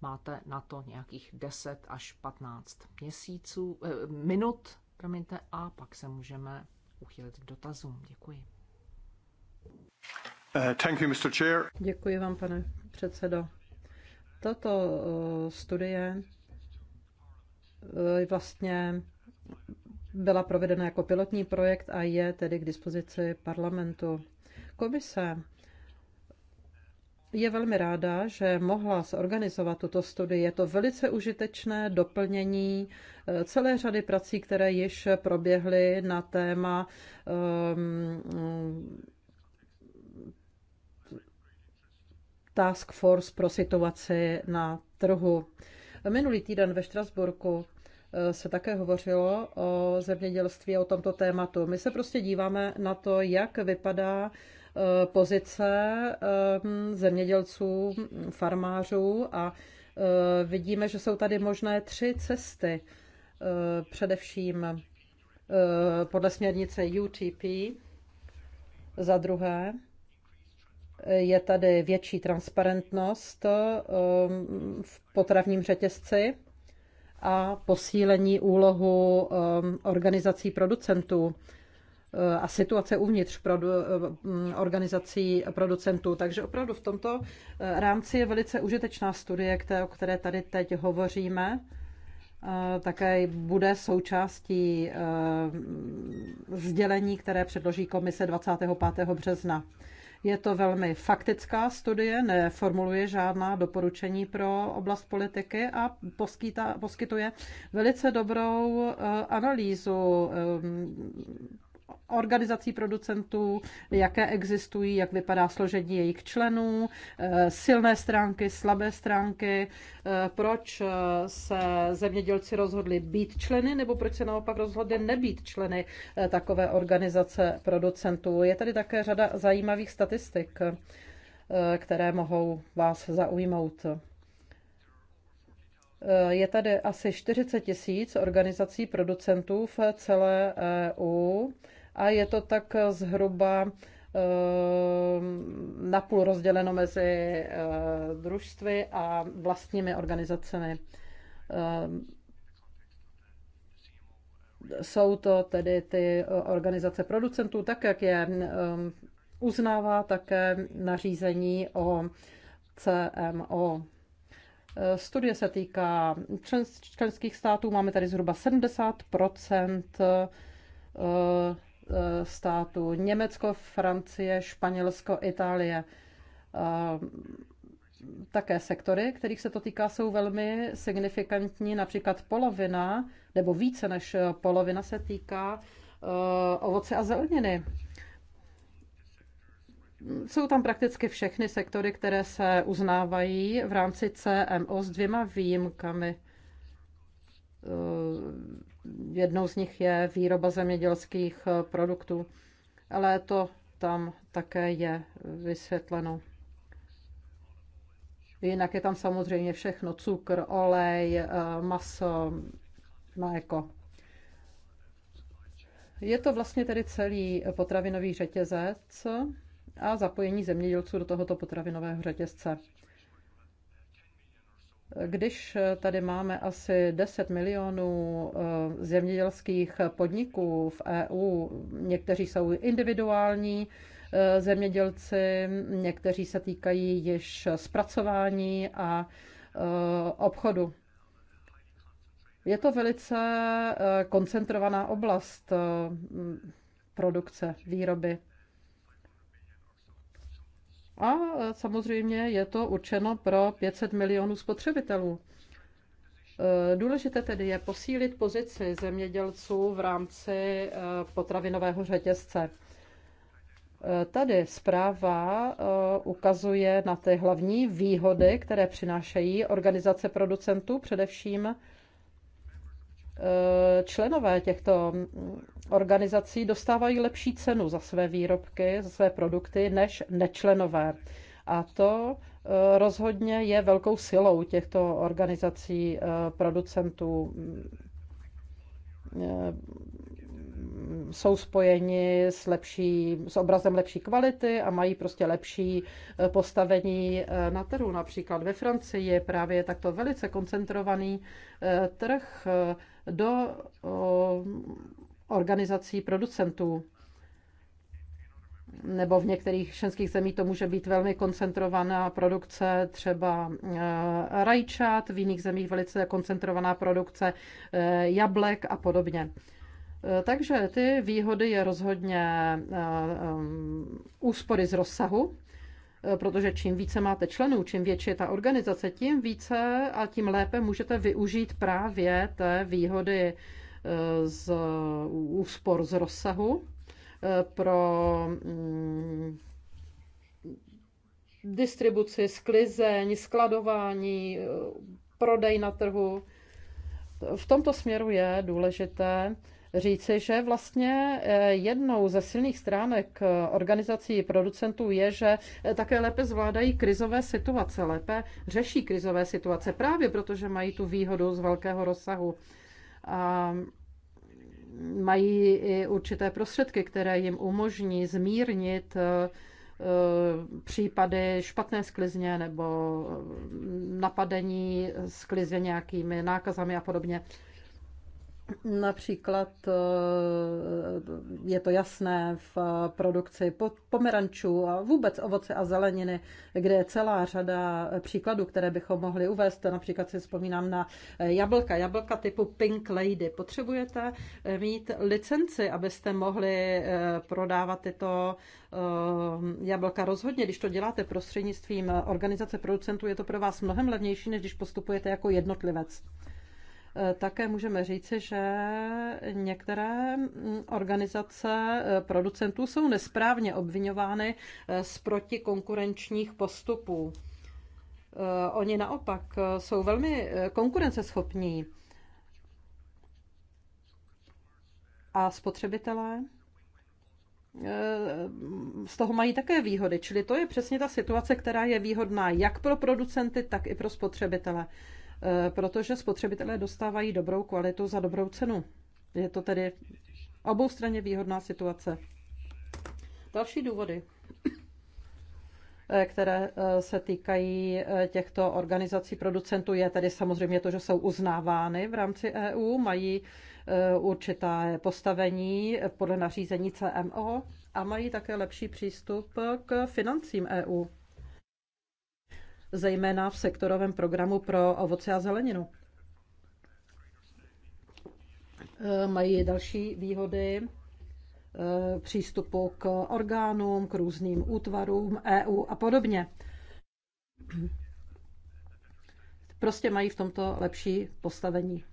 Speaker 2: Máte na to nějakých 10 až 15 měsíců, minut, promiňte, a pak se můžeme uchylit k dotazům. Děkuji.
Speaker 1: Uh,
Speaker 2: Děkuji vám, pane předsedo.
Speaker 4: Tato uh, studie uh, vlastně byla provedena jako pilotní projekt a je tedy k dispozici parlamentu. Komise je velmi ráda, že mohla zorganizovat tuto studii. Je to velice užitečné doplnění celé řady prací, které již proběhly na téma um, Task Force pro situaci na trhu. Minulý týden ve Štrasburku eh, se také hovořilo o zemědělství a o tomto tématu. My se prostě díváme na to, jak vypadá eh, pozice eh, zemědělců, farmářů a vidíme, že jsou tady možné tři cesty. Především podle směrnice UTP, za druhé je tady větší transparentnost um, v potravním řetězci a posílení úlohu um, organizací producentů uh, a situace uvnitř produ- um, organizací producentů. Takže opravdu v tomto uh, rámci je velice užitečná studie, o které tady teď hovoříme. Uh, také bude součástí sdělení, které předloží komise 25. března. Je to velmi faktická studie, neformuluje žádná doporučení pro oblast politiky a poskytá, poskytuje velice dobrou eh, analýzu eh, organizací producentů, jaké existují, jak vypadá složení jejich členů, eh, silné stránky, slabé stránky, eh, proč eh, se zemědělci rozhodli být členy, nebo proč se naopak rozhodli nebýt členy takové organizace producentů. Je tady také řada zajímavých statistik, které mohou vás zaujmout. Eh, je tady asi 40 tisíc organizací producentů v celé EU a je to tak zhruba eh, napůl rozděleno mezi eh, družstvy a vlastními organizacemi. Jsou to tedy ty organizace producentů, tak jak je uznává také nařízení o CMO. Eh, studie se týká členských států, máme tady zhruba 70 eh, eh, států. Německo, Francie, Španělsko, Itálie. Také sektory, kterých se to týká, jsou velmi signifikantní. Například polovina, nebo více než polovina se týká ovoce a zeleniny. Jsou tam prakticky všechny sektory, které se uznávají v rámci CMO s dvěma výjimkami. Eh, jednou z nich je výroba zemědělských eh, produktů, ale to tam také je eh, vysvětleno. Jinak je tam samozřejmě všechno, cukr, olej, maso, mléko. Je to vlastně tedy celý potravinový řetězec a zapojení zemědělců do tohoto potravinového řetězce. Když tady máme asi 10 milionů eh, zemědělských podniků v EU, někteří jsou individuální eh, zemědělci, někteří se týkají již zpracování a eh, obchodu. Je to velice koncentrovaná oblast produkce, výroby. A e, samozřejmě je to určeno pro 500 milionů spotřebitelů. E, důležité tedy je posílit pozici zemědělců v rámci e, potravinového řetězce. Tady zpráva ukazuje na ty hlavní výhody, které přinášejí organizace producentů, především Eh, členové těchto organizací dostávají lepší cenu za své výrobky, za své produkty než nečlenové. A to eh, rozhodně je velkou silou těchto organizací eh, producentů. Jsou spojeni s, lepší, s obrazem lepší kvality a mají prostě lepší postavení na trhu. Například ve Francii je právě takto velice koncentrovaný trh do organizací producentů. Nebo v některých členských zemích to může být velmi koncentrovaná produkce třeba e, rajčat, v jiných zemích velice koncentrovaná produkce e, jablek a podobně. E, takže ty výhody je rozhodně úspory z rozsahu Eh, protože čím více máte členů, čím větší je ta organizace, tím více a tím lépe můžete využít právě té výhody eh, z úspor z rozsahu eh, pro mm, distribuci, sklizeň, skladování, prodej na trhu. V tomto směru je důležité říci, že vlastně eh, jednou ze silných stránek eh, organizací producentů je, že eh, také lépe zvládají krizové situace, lépe řeší krizové situace, právě protože mají tu výhodu z velkého rozsahu. A mají i určité prostředky, které jim umožní zmírnit případy špatné sklizně nebo napadení sklizně nějakými nákazami a podobně. Například eh, je to jasné v eh, produkci pomerančů a vůbec ovoce a zeleniny, kde je celá řada eh, příkladů, které bychom mohli uvést. Například si vzpomínám na jablka, jablka typu Pink Lady. Potřebujete mít licenci, abyste mohli prodávat tyto jablka. Rozhodně, když to děláte prostřednictvím organizace producentů, je to pro vás mnohem levnější, než když postupujete jako jednotlivec. Eh, také můžeme říci, že některé mm, organizace eh, producentů jsou nesprávně obvinovány eh, z protikonkurenčních postupů. Oni naopak jsou velmi konkurenceschopní. A spotřebitelé? z toho mají také výhody. Čili to je přesně ta situace, která je výhodná jak pro producenty, tak i pro spotřebitele. Eh, protože spotřebitelé dostávají dobrou kvalitu za dobrou cenu. Je to tedy oboustranně výhodná situace. Další důvody, eh, které eh, se týkají těchto organizací producentů, je tedy samozřejmě to, že jsou uznávány v rámci EU, mají určité postavení podle nařízení CMO a mají také lepší přístup k financím EU zejména v sektorovém programu pro ovoce a zeleninu. Eh, mají další výhody eh, přístupu k orgánům, k různým útvarům EU a podobně. Prostě mají v tomto lepší postavení.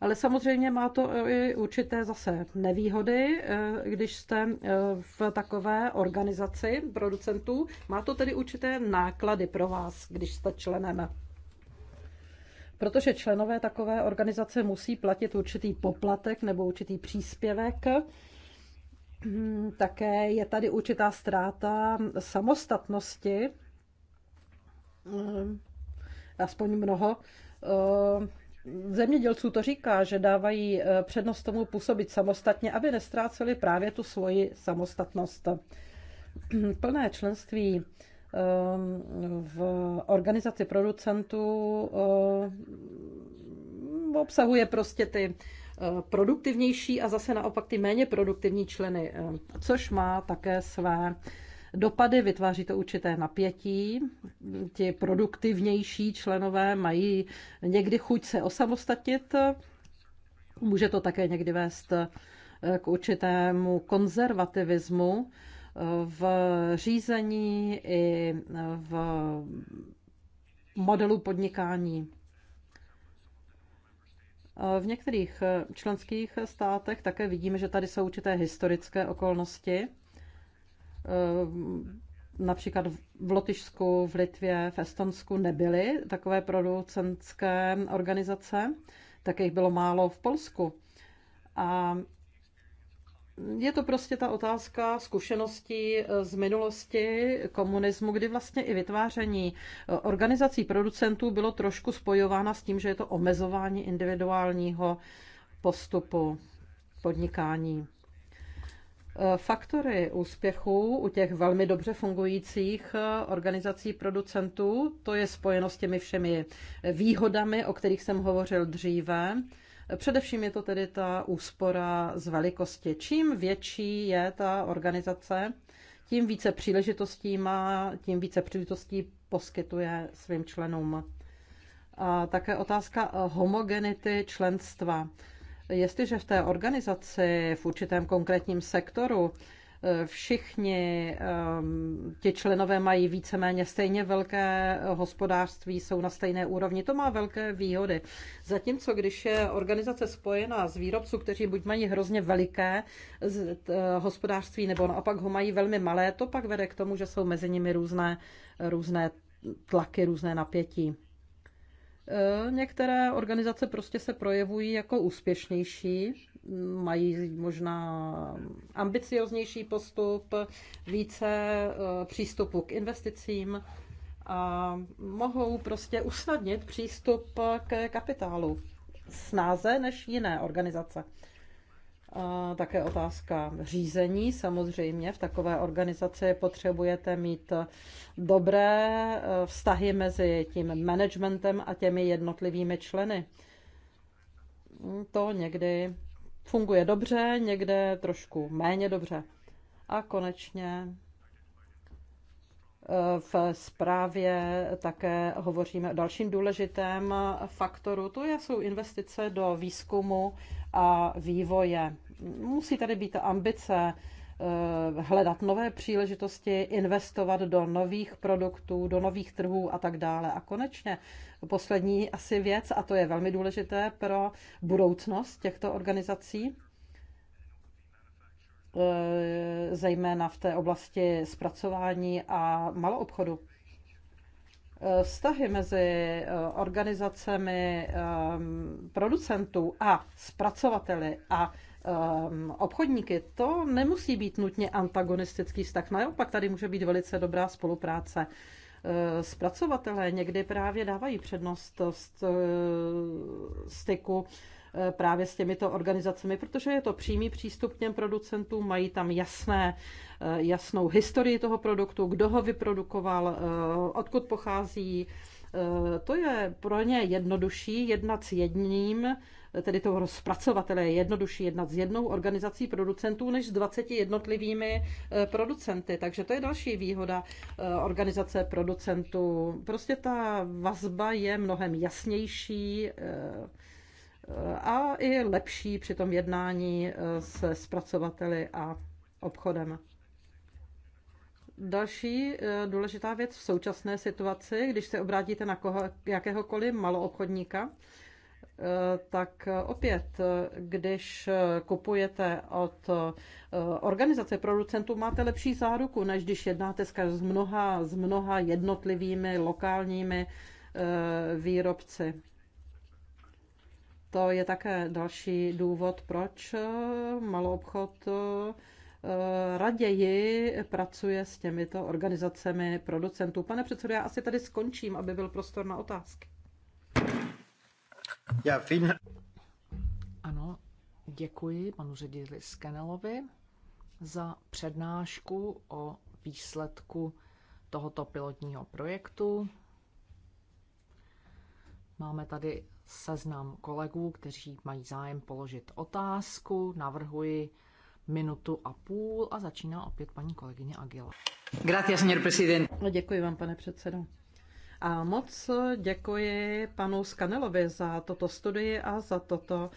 Speaker 4: Ale samozřejmě má to i určité zase nevýhody, eh, když jste eh, v takové organizaci producentů. Má to tedy určité náklady pro vás, když jste členem. Protože členové takové organizace musí platit určitý poplatek nebo určitý příspěvek, hmm, také je tady určitá ztráta samostatnosti, eh, aspoň mnoho zemědělců to říká, že dávají eh, přednost tomu působit samostatně, aby nestráceli právě tu svoji samostatnost. [clears throat] Plné členství eh, v organizaci producentů eh, obsahuje prostě ty produktivnější a zase naopak ty méně produktivní členy, což má také své dopady, vytváří to určité napětí. Ti produktivnější členové mají někdy chuť se osamostatnit. Může to také někdy vést eh, k určitému konzervativismu eh, v řízení i eh, v modelu podnikání. V některých členských státech také vidíme, že tady jsou určité historické okolnosti Eh, například v Lotyšsku, v Litvě, v Estonsku nebyly takové producentské organizace, tak jich bylo málo v Polsku. A je to prostě ta otázka zkušeností eh, z minulosti komunismu, kdy vlastně i vytváření eh, organizací producentů bylo trošku spojována s tím, že je to omezování individuálního postupu podnikání. Eh, faktory úspěchu u těch velmi dobře fungujících eh, organizací producentů, to je spojeno s těmi všemi výhodami, o kterých jsem hovořil dříve. Eh, především je to tedy ta úspora z velikosti. Čím větší je ta organizace, tím více příležitostí má, tím více příležitostí poskytuje svým členům. A také otázka homogenity členstva. Jestliže v té organizaci, v určitém konkrétním sektoru, eh, všichni ehm, ti členové mají víceméně stejně velké hospodářství, jsou na stejné úrovni, to má velké výhody. Zatímco, když je organizace spojená s výrobců, kteří buď mají hrozně veliké eh, hospodářství, nebo naopak ho mají velmi malé, to pak vede k tomu, že jsou mezi nimi různé, různé tlaky, různé napětí. Eh, některé organizace prostě se projevují jako úspěšnější, mají možná ambicioznější postup, více eh, přístupu k investicím a mohou prostě usnadnit přístup k kapitálu snáze než jiné organizace také otázka řízení. Samozřejmě v takové organizaci potřebujete mít dobré eh, vztahy mezi tím managementem a těmi jednotlivými členy. To někdy funguje dobře, někde trošku méně dobře. A konečně eh, v zprávě také hovoříme o dalším důležitém faktoru, to jsou investice do výzkumu a vývoje. Musí tady být ambice eh, hledat nové příležitosti, investovat do nových produktů, do nových trhů a tak dále. A konečně poslední asi věc, a to je velmi důležité pro budoucnost těchto organizací, eh, zejména v té oblasti zpracování a maloobchodu. Vztahy mezi eh, organizacemi eh, producentů a zpracovateli a eh, obchodníky, to nemusí být nutně antagonistický vztah. Naopak tady může být velice dobrá spolupráce. Zpracovatelé někdy právě dávají přednost styku Eh, právě s těmito organizacemi, protože je to přímý přístup k těm producentům, mají tam jasné, eh, jasnou historii toho produktu, kdo ho vyprodukoval, eh, odkud pochází. To je pro ně jednodušší jednat s jedním, tedy toho rozpracovatele je jednodušší jednat s jednou organizací producentů než s 20 jednotlivými producenty. Takže to je další výhoda organizace producentů. Prostě ta vazba je mnohem jasnější, a i lepší při tom jednání eh, se zpracovateli a obchodem. Další eh, důležitá věc v současné situaci, když se obrátíte na koho, jakéhokoliv maloobchodníka, eh, tak opět, když kupujete od organizace producentů, máte lepší záruku, než když jednáte s mnoha, s mnoha jednotlivými lokálními výrobci. To je také další důvod, proč eh, obchod eh, raději pracuje s těmito organizacemi producentů. Pane předsedo, já asi tady skončím, aby byl
Speaker 2: prostor na otázky. Já vím. Ano, děkuji panu řediteli Skenelovi za přednášku o výsledku tohoto pilotního projektu. Máme tady seznam kolegů, kteří mají zájem položit otázku. Navrhuji minutu a půl a začíná opět paní kolegyně Agila. Gracias, señor presidente.
Speaker 4: No, děkuji vám, pane předsedo. A moc děkuji panu Skanelovi za toto studii a za toto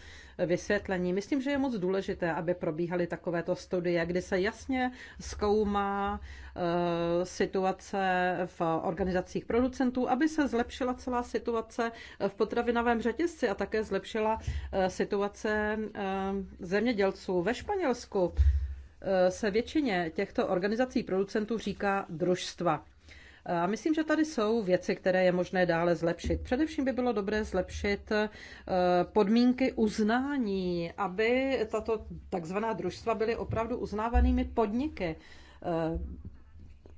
Speaker 4: vysvětlení. Myslím, že je moc důležité, aby probíhaly takovéto studie, kdy se jasně zkoumá eh, situace v organizacích producentů, aby se zlepšila celá situace v potravinovém řetězci a také zlepšila eh, situace eh, zemědělců ve Španělsku. Se většině těchto organizací producentů říká družstva. A myslím, že tady jsou věci, které je možné dále zlepšit. Především by bylo dobré zlepšit eh, podmínky uznání, aby tato takzvaná družstva byly opravdu uznávanými podniky eh,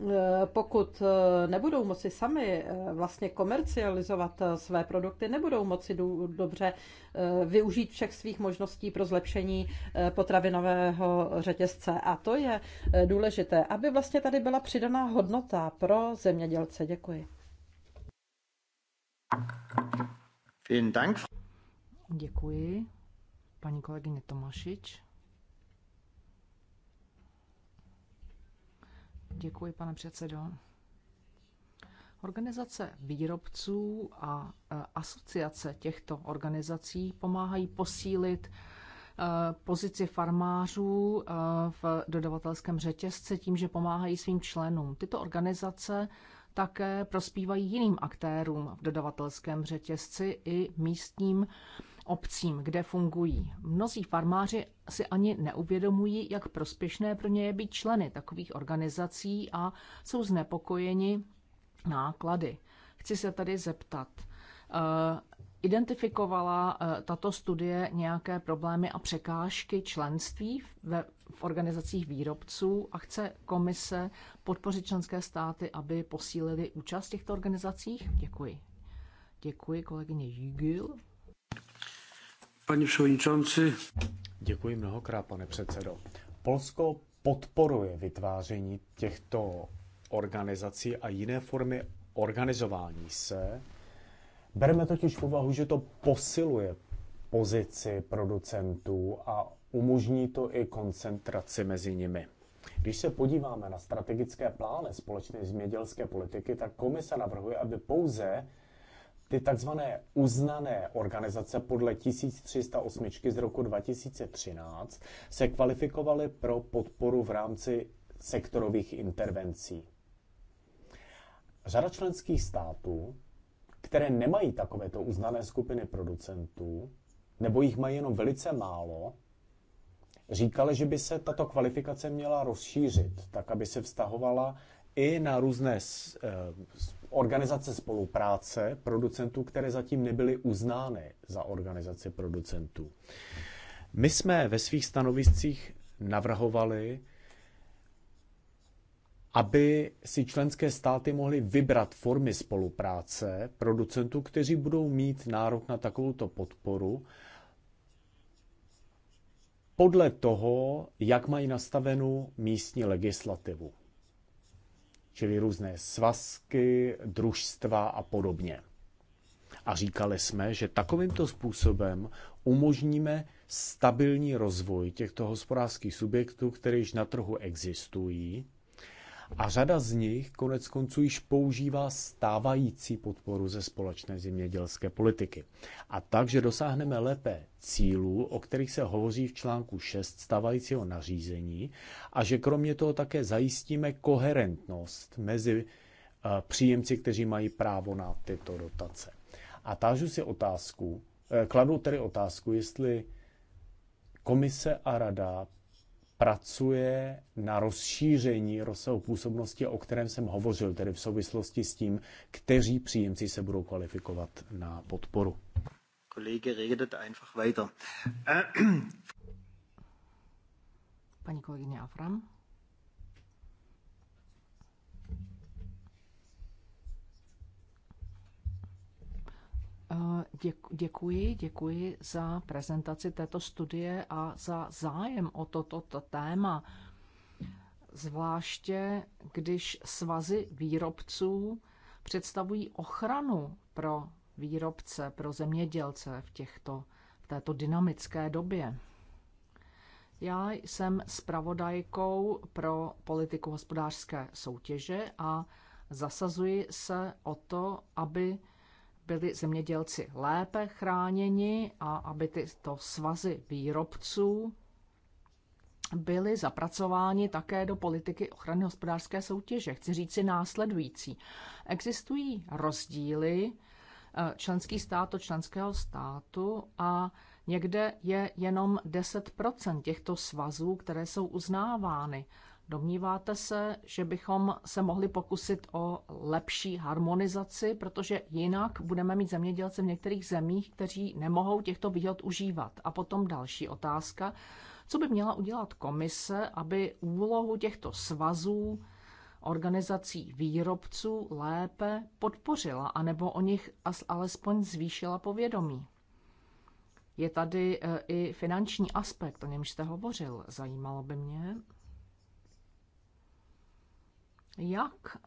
Speaker 4: Eh, pokud eh, nebudou moci sami eh, vlastně komercializovat své produkty, nebudou moci dobře využít všech svých možností pro zlepšení potravinového řetězce. A to je důležité, aby vlastně tady byla přidaná hodnota pro zemědělce. Děkuji.
Speaker 2: Děkuji. Paní kolegyně Tomašič. Děkuji, pane předsedo. Organizace výrobců a e, asociace těchto organizací pomáhají posílit e, pozici farmářů e, v dodavatelském řetězci tím, že pomáhají svým členům. Tyto organizace také prospívají jiným aktérům v dodavatelském řetězci i místním obcím, kde fungují. Mnozí farmáři si ani neuvědomují, jak prospěšné pro ně je být členy takových organizací a jsou znepokojeni náklady. Chci se tady zeptat, eh, Identifikovala eh, tato studie nějaké problémy a překážky členství ve, v organizacích výrobců a chce komise podpořit členské státy, aby posílili účast v těchto organizacích? Děkuji. Děkuji kolegyně Jigil.
Speaker 3: Pane předsedající. Děkuji mnohokrát, pane předsedo. Polsko podporuje vytváření těchto organizací a jiné formy organizování se. Bereme totiž v úvahu, že to posiluje pozici producentů a umožní to i koncentraci mezi nimi. Když se podíváme na strategické plány společné zemědělské politiky, tak komise navrhuje, aby pouze ty takzvané uznané organizace podle 1308 z roku 2013 se kvalifikovaly pro podporu v rámci sektorových intervencí. Řada členských států, které nemají takovéto uznané skupiny producentů, nebo jich mají jenom velice málo, říkali, že by se tato kvalifikace měla rozšířit, tak aby se vztahovala i na různé eh, organizace spolupráce producentů, které zatím nebyly uznány za organizaci producentů. My jsme ve svých stanoviscích navrhovali, aby si členské státy mohly vybrat formy spolupráce producentů, kteří budou mít nárok na takovouto podporu, podle toho, jak mají nastavenou místní legislativu čili různé svazky, družstva a podobně. A říkali jsme, že takovýmto způsobem umožníme stabilní rozvoj těchto hospodářských subjektů, které již na trhu existují, a řada z nich konec konců již používá stávající podporu ze společné zemědělské politiky. A takže dosáhneme lépe cílů, o kterých se hovoří v článku 6 stávajícího nařízení a že kromě toho také zajistíme koherentnost mezi eh, příjemci, kteří mají právo na tyto dotace. A tážu si otázku, eh, kladu tedy otázku, jestli komise a rada pracuje na rozšíření rozsahu působnosti, o kterém jsem hovořil, tedy v souvislosti s tím, kteří příjemci se budou kvalifikovat na podporu.
Speaker 1: Kolege redet einfach weiter. Äh,
Speaker 2: Paní kolegyně Afram. Eh, děkuji, děkuji za prezentaci této studie a za zájem o toto to téma. Zvláště když svazy výrobců představují ochranu pro výrobce, pro zemědělce v, těchto, v této dynamické době. Já jsem spravodajkou pro politiku hospodářské soutěže a zasazuji se o to, aby byli zemědělci lépe chráněni a aby tyto svazy výrobců byly zapracováni také do politiky ochrany hospodářské soutěže. Chci říci následující. Existují rozdíly e, členský stát od členského státu a někde je jenom 10 těchto svazů, které jsou uznávány. Domníváte se, že bychom se mohli pokusit o lepší harmonizaci, protože jinak budeme mít zemědělce v některých zemích, kteří nemohou těchto výhod užívat. A potom další otázka. Co by měla udělat komise, aby úlohu těchto svazů, organizací výrobců lépe podpořila, anebo o nich alespoň zvýšila povědomí? Je tady eh, i finanční aspekt, o němž jste hovořil. Zajímalo by mě, jak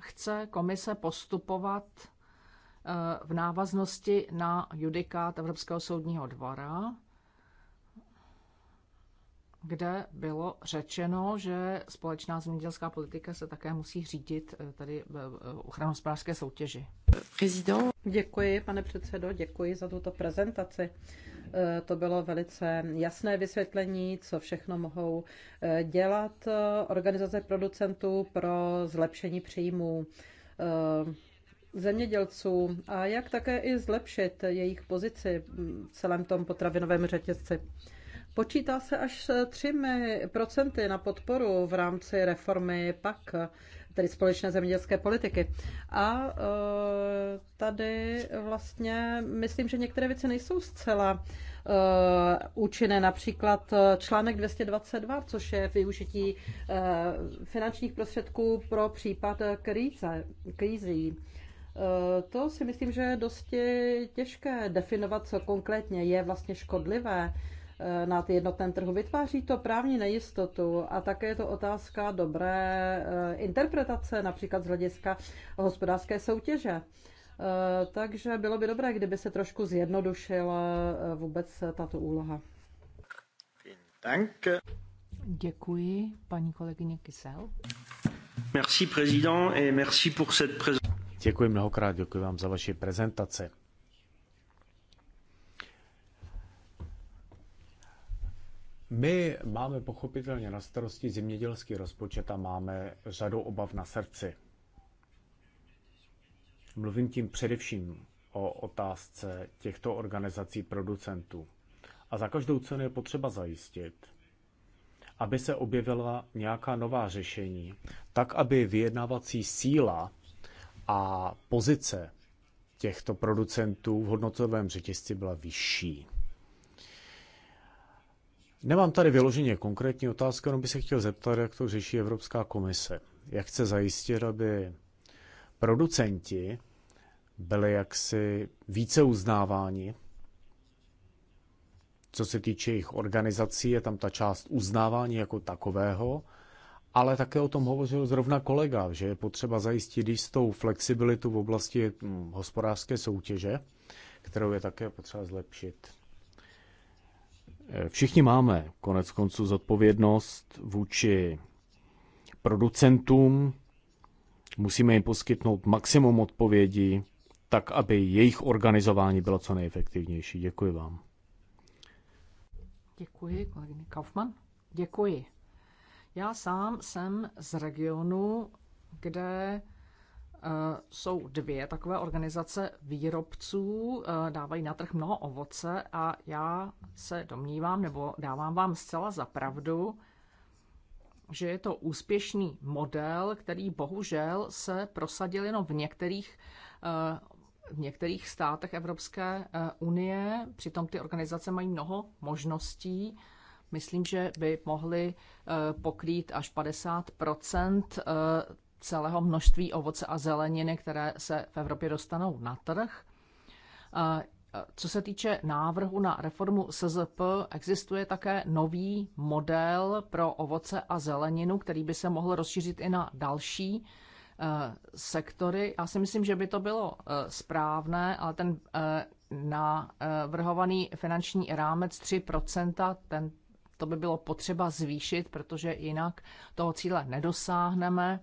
Speaker 2: chce komise postupovat eh, v návaznosti na judikát Evropského soudního dvora kde bylo řečeno, že společná zemědělská politika se také musí řídit eh, tady eh, eh, ochranou hospodářské soutěži.
Speaker 1: Prezident.
Speaker 4: Děkuji, pane předsedo, děkuji za tuto prezentaci. To bylo velice jasné vysvětlení, co všechno mohou dělat organizace producentů pro zlepšení příjmů zemědělců a jak také i zlepšit jejich pozici mm, v celém tom potravinovém řetězci. Počítá se až s 3% na podporu v rámci reformy pak tedy společné zemědělské politiky. A e, tady vlastně myslím, že některé věci nejsou zcela e, účinné, například článek 222, což je využití e, finančních prostředků pro případ krize, krizí. To si myslím, že je dosti těžké definovat, co konkrétně je vlastně škodlivé Eh, na jednotné trhu. Vytváří to právní nejistotu a také je to otázka dobré eh, interpretace, například z hlediska hospodářské soutěže. Eh, takže bylo by dobré, kdyby se trošku zjednodušila vůbec tato úloha.
Speaker 3: Danke.
Speaker 2: Děkuji, paní kolegyně Kysel.
Speaker 3: Merci, prezident, et merci pour cette Děkuji mnohokrát, děkuji vám za vaši prezentaci. My máme pochopitelně na starosti zemědělský rozpočet a máme řadu obav na srdci. Mluvím tím především o otázce těchto organizací producentů. A za každou cenu je potřeba zajistit, aby se objevila nějaká nová řešení, tak aby vyjednávací síla a pozice těchto producentů v hodnotovém řetězci byla vyšší. Nemám tady vyloženě konkrétní otázku, jenom bych se chtěl zeptat, jak to řeší Evropská komise. Jak chce zajistit, aby producenti byli jaksi více uznáváni. Co se týče jejich organizací, je tam ta část uznávání jako takového, ale také o tom hovořil zrovna kolega, že je potřeba zajistit jistou flexibilitu v oblasti hm, hospodářské soutěže, kterou je také potřeba zlepšit. Všichni máme konec konců zodpovědnost vůči producentům, musíme jim poskytnout maximum odpovědi, tak aby jejich organizování bylo co nejefektivnější. Děkuji vám.
Speaker 2: Děkuji, kolegyně Kaufmann. Děkuji. Já sám jsem z regionu, kde Eh, jsou dvě takové organizace výrobců, eh, dávají na trh mnoho ovoce a já se domnívám, nebo dávám vám zcela za pravdu, že je to úspěšný model, který bohužel se prosadil jenom v některých, eh, v některých státech Evropské unie. Přitom ty organizace mají mnoho možností. Myslím, že by mohly pokrýt až 50 celého množství ovoce a zeleniny, které se v Evropě dostanou na trh. Co se týče návrhu na reformu SZP, existuje také nový model pro ovoce a zeleninu, který by se mohl rozšířit i na další e, sektory. Já si myslím, že by to bylo e, správné, ale ten e, na vrhovaný finanční rámec 3%, ten, to by bylo potřeba zvýšit, protože jinak toho cíle nedosáhneme.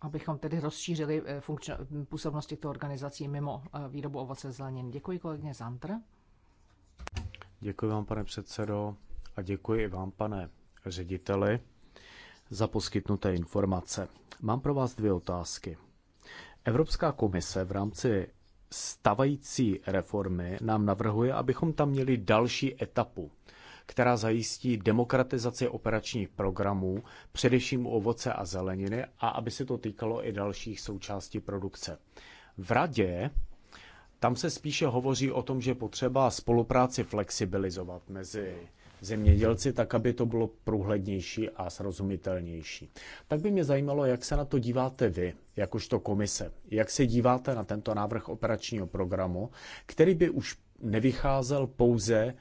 Speaker 2: abychom tedy rozšířili eh, funkčno- působnost těchto organizací mimo eh, výrobu ovoce zelenin. Děkuji kolegyně Zantr.
Speaker 3: Děkuji vám, pane předsedo, a děkuji i vám, pane řediteli, za poskytnuté informace. Mám pro vás dvě otázky. Evropská komise v rámci stavající reformy nám navrhuje, abychom tam měli další etapu – která zajistí demokratizaci operačních programů, především u ovoce a zeleniny, a aby se to týkalo i dalších součástí produkce. V radě tam se spíše hovoří o tom, že potřeba spolupráci flexibilizovat mezi zemědělci, tak aby to bylo průhlednější a srozumitelnější. Tak by mě zajímalo, jak se na to díváte vy, jakožto komise. Jak se díváte na tento návrh operačního programu, který by už nevycházel pouze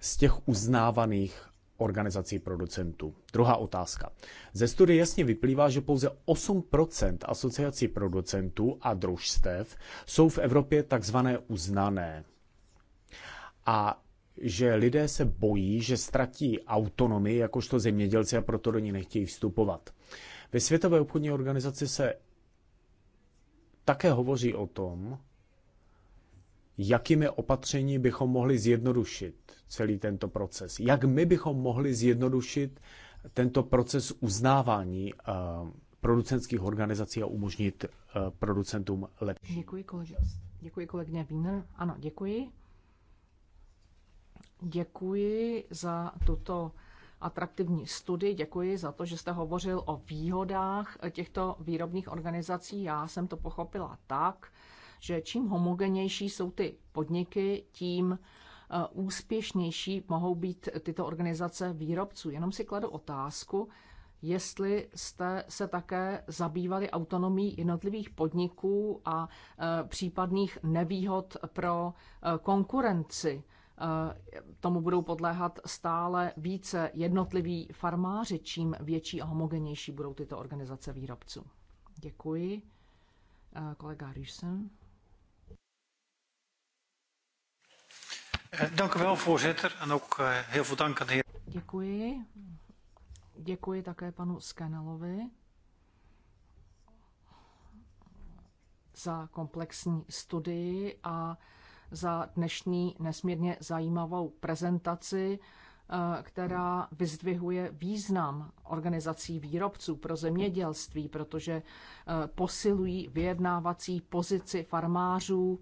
Speaker 3: z těch uznávaných organizací producentů. Druhá otázka. Ze studie jasně vyplývá, že pouze 8% asociací producentů a družstev jsou v Evropě takzvané uznané. A že lidé se bojí, že ztratí autonomii jakožto zemědělci a proto do ní nechtějí vstupovat. Ve Světové obchodní organizaci se také hovoří o tom, jakými opatření bychom mohli zjednodušit celý tento proces. Jak my bychom mohli zjednodušit tento proces uznávání eh, producentských organizací a umožnit eh, producentům lepší. Děkuji, kolegyně.
Speaker 2: Děkuji, kolegyně Wiener. Ano, děkuji. Děkuji za tuto atraktivní studii. Děkuji za to, že jste hovořil o výhodách těchto výrobních organizací. Já jsem to pochopila tak, že čím homogenější jsou ty podniky, tím eh, úspěšnější mohou být tyto organizace výrobců. Jenom si kladu otázku, jestli jste se také zabývali autonomí jednotlivých podniků a eh, případných nevýhod pro eh, konkurenci. Tomu budou podléhat stále více jednotliví farmáři, čím větší a homogenější budou tyto organizace výrobců. Děkuji. Kolega Rysen. Děkuji. Děkuji také panu Skanelovi za komplexní studii a za dnešní nesmírně zajímavou prezentaci, eh, která vyzdvihuje význam organizací výrobců pro zemědělství, protože eh, posilují vyjednávací pozici farmářů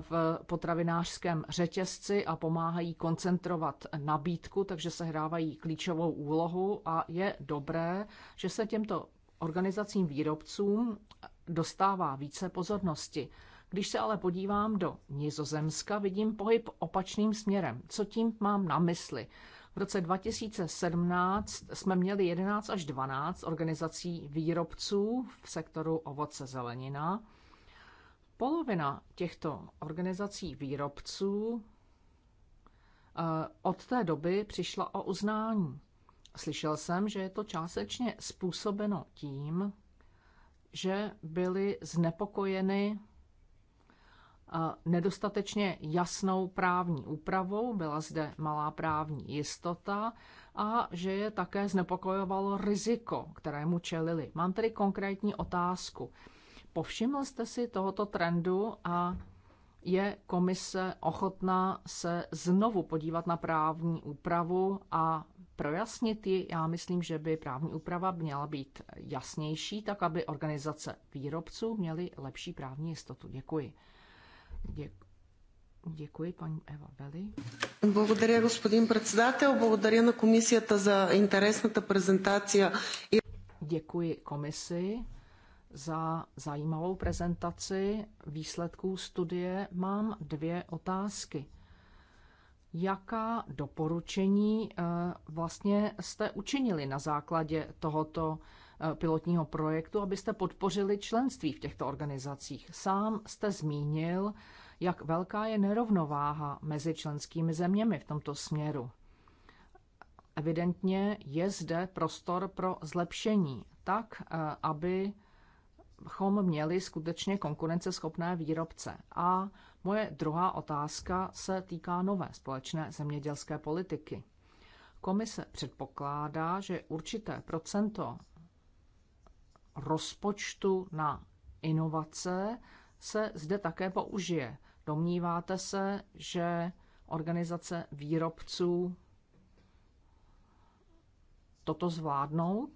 Speaker 2: v potravinářském řetězci a pomáhají koncentrovat nabídku, takže se hrávají klíčovou úlohu a je dobré, že se těmto organizacím výrobcům dostává více pozornosti. Když se ale podívám do Nizozemska, vidím pohyb opačným směrem. Co tím mám na mysli? V roce 2017 jsme měli 11 až 12 organizací výrobců v sektoru ovoce zelenina Polovina těchto organizací výrobců eh, od té doby přišla o uznání. Slyšel jsem, že je to částečně způsobeno tím, že byly znepokojeny eh, nedostatečně jasnou právní úpravou, byla zde malá právní jistota a že je také znepokojovalo riziko, kterému čelili. Mám tedy konkrétní otázku. Povšiml jste si tohoto trendu a je komise ochotná se znovu podívat na právní úpravu a projasnit ji. Já myslím, že by právní úprava měla být jasnější, tak aby organizace výrobců měly lepší právní jistotu. Děkuji. Děkuji. Děkuji, paní Eva Veli. Děkuji. господин председател. Děkuji na комисията za интересната prezentaci. Děkuji komisi za zajímavou prezentaci výsledků studie. Mám dvě otázky. Jaká doporučení eh, vlastně jste učinili na základě tohoto eh, pilotního projektu, abyste podpořili členství v těchto organizacích? Sám jste zmínil, jak velká je nerovnováha mezi členskými zeměmi v tomto směru. Evidentně je zde prostor pro zlepšení, tak eh, aby bychom měli skutečně konkurenceschopné výrobce. A moje druhá otázka se týká nové společné zemědělské politiky. Komise předpokládá, že určité procento rozpočtu na inovace se zde také použije. Domníváte se, že organizace výrobců toto zvládnou?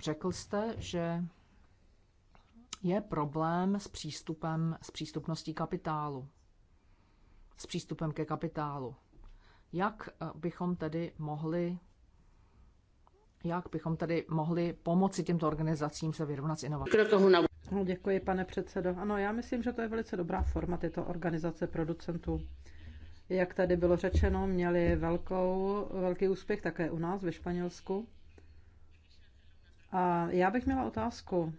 Speaker 2: Řekl jste, že je problém s přístupem, s přístupností kapitálu. S přístupem ke kapitálu. Jak eh, bychom tedy mohli jak bychom tedy mohli pomoci těmto organizacím se vyrovnat s inovací? No, děkuji, pane předsedo. Ano, já myslím, že to je velice dobrá forma tyto
Speaker 4: organizace producentů. Jak tady bylo řečeno, měli velkou, velký úspěch také u nás ve Španělsku. A já bych měla otázku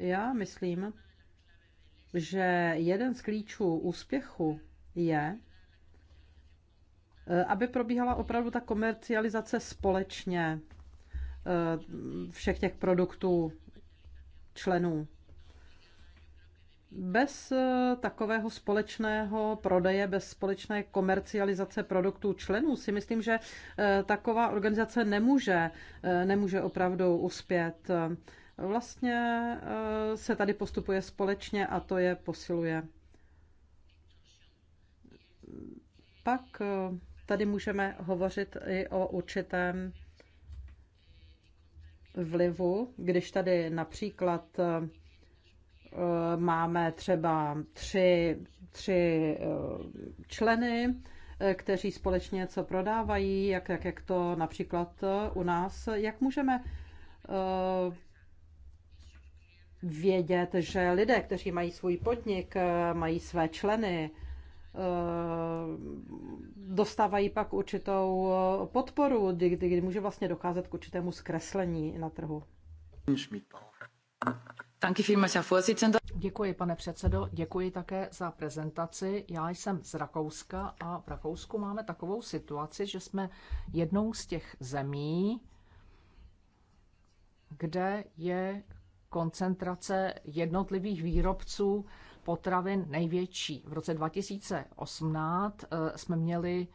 Speaker 4: já myslím, že jeden z klíčů úspěchu je, eh, aby probíhala opravdu ta komercializace společně eh, všech těch produktů členů. Bez eh, takového společného prodeje, bez společné komercializace produktů členů si myslím, že taková organizace nemůže, nemůže opravdu uspět. Vlastně eh, se tady postupuje společně a to je posiluje. Pak eh, tady můžeme hovořit i o určitém vlivu, když tady například eh, máme třeba tři, tři členy, kteří společně co prodávají, jak, jak, jak to například u nás, jak můžeme vědět, že lidé, kteří mají svůj podnik, mají své členy, eh, dostávají pak určitou eh, podporu, kdy, kdy může vlastně docházet k určitému zkreslení na trhu.
Speaker 2: Děkuji, pane předsedo. Děkuji také za prezentaci. Já jsem z Rakouska a v Rakousku máme takovou situaci, že jsme jednou z těch zemí, kde je koncentrace jednotlivých výrobců potravin největší. V roce 2018 eh, jsme měli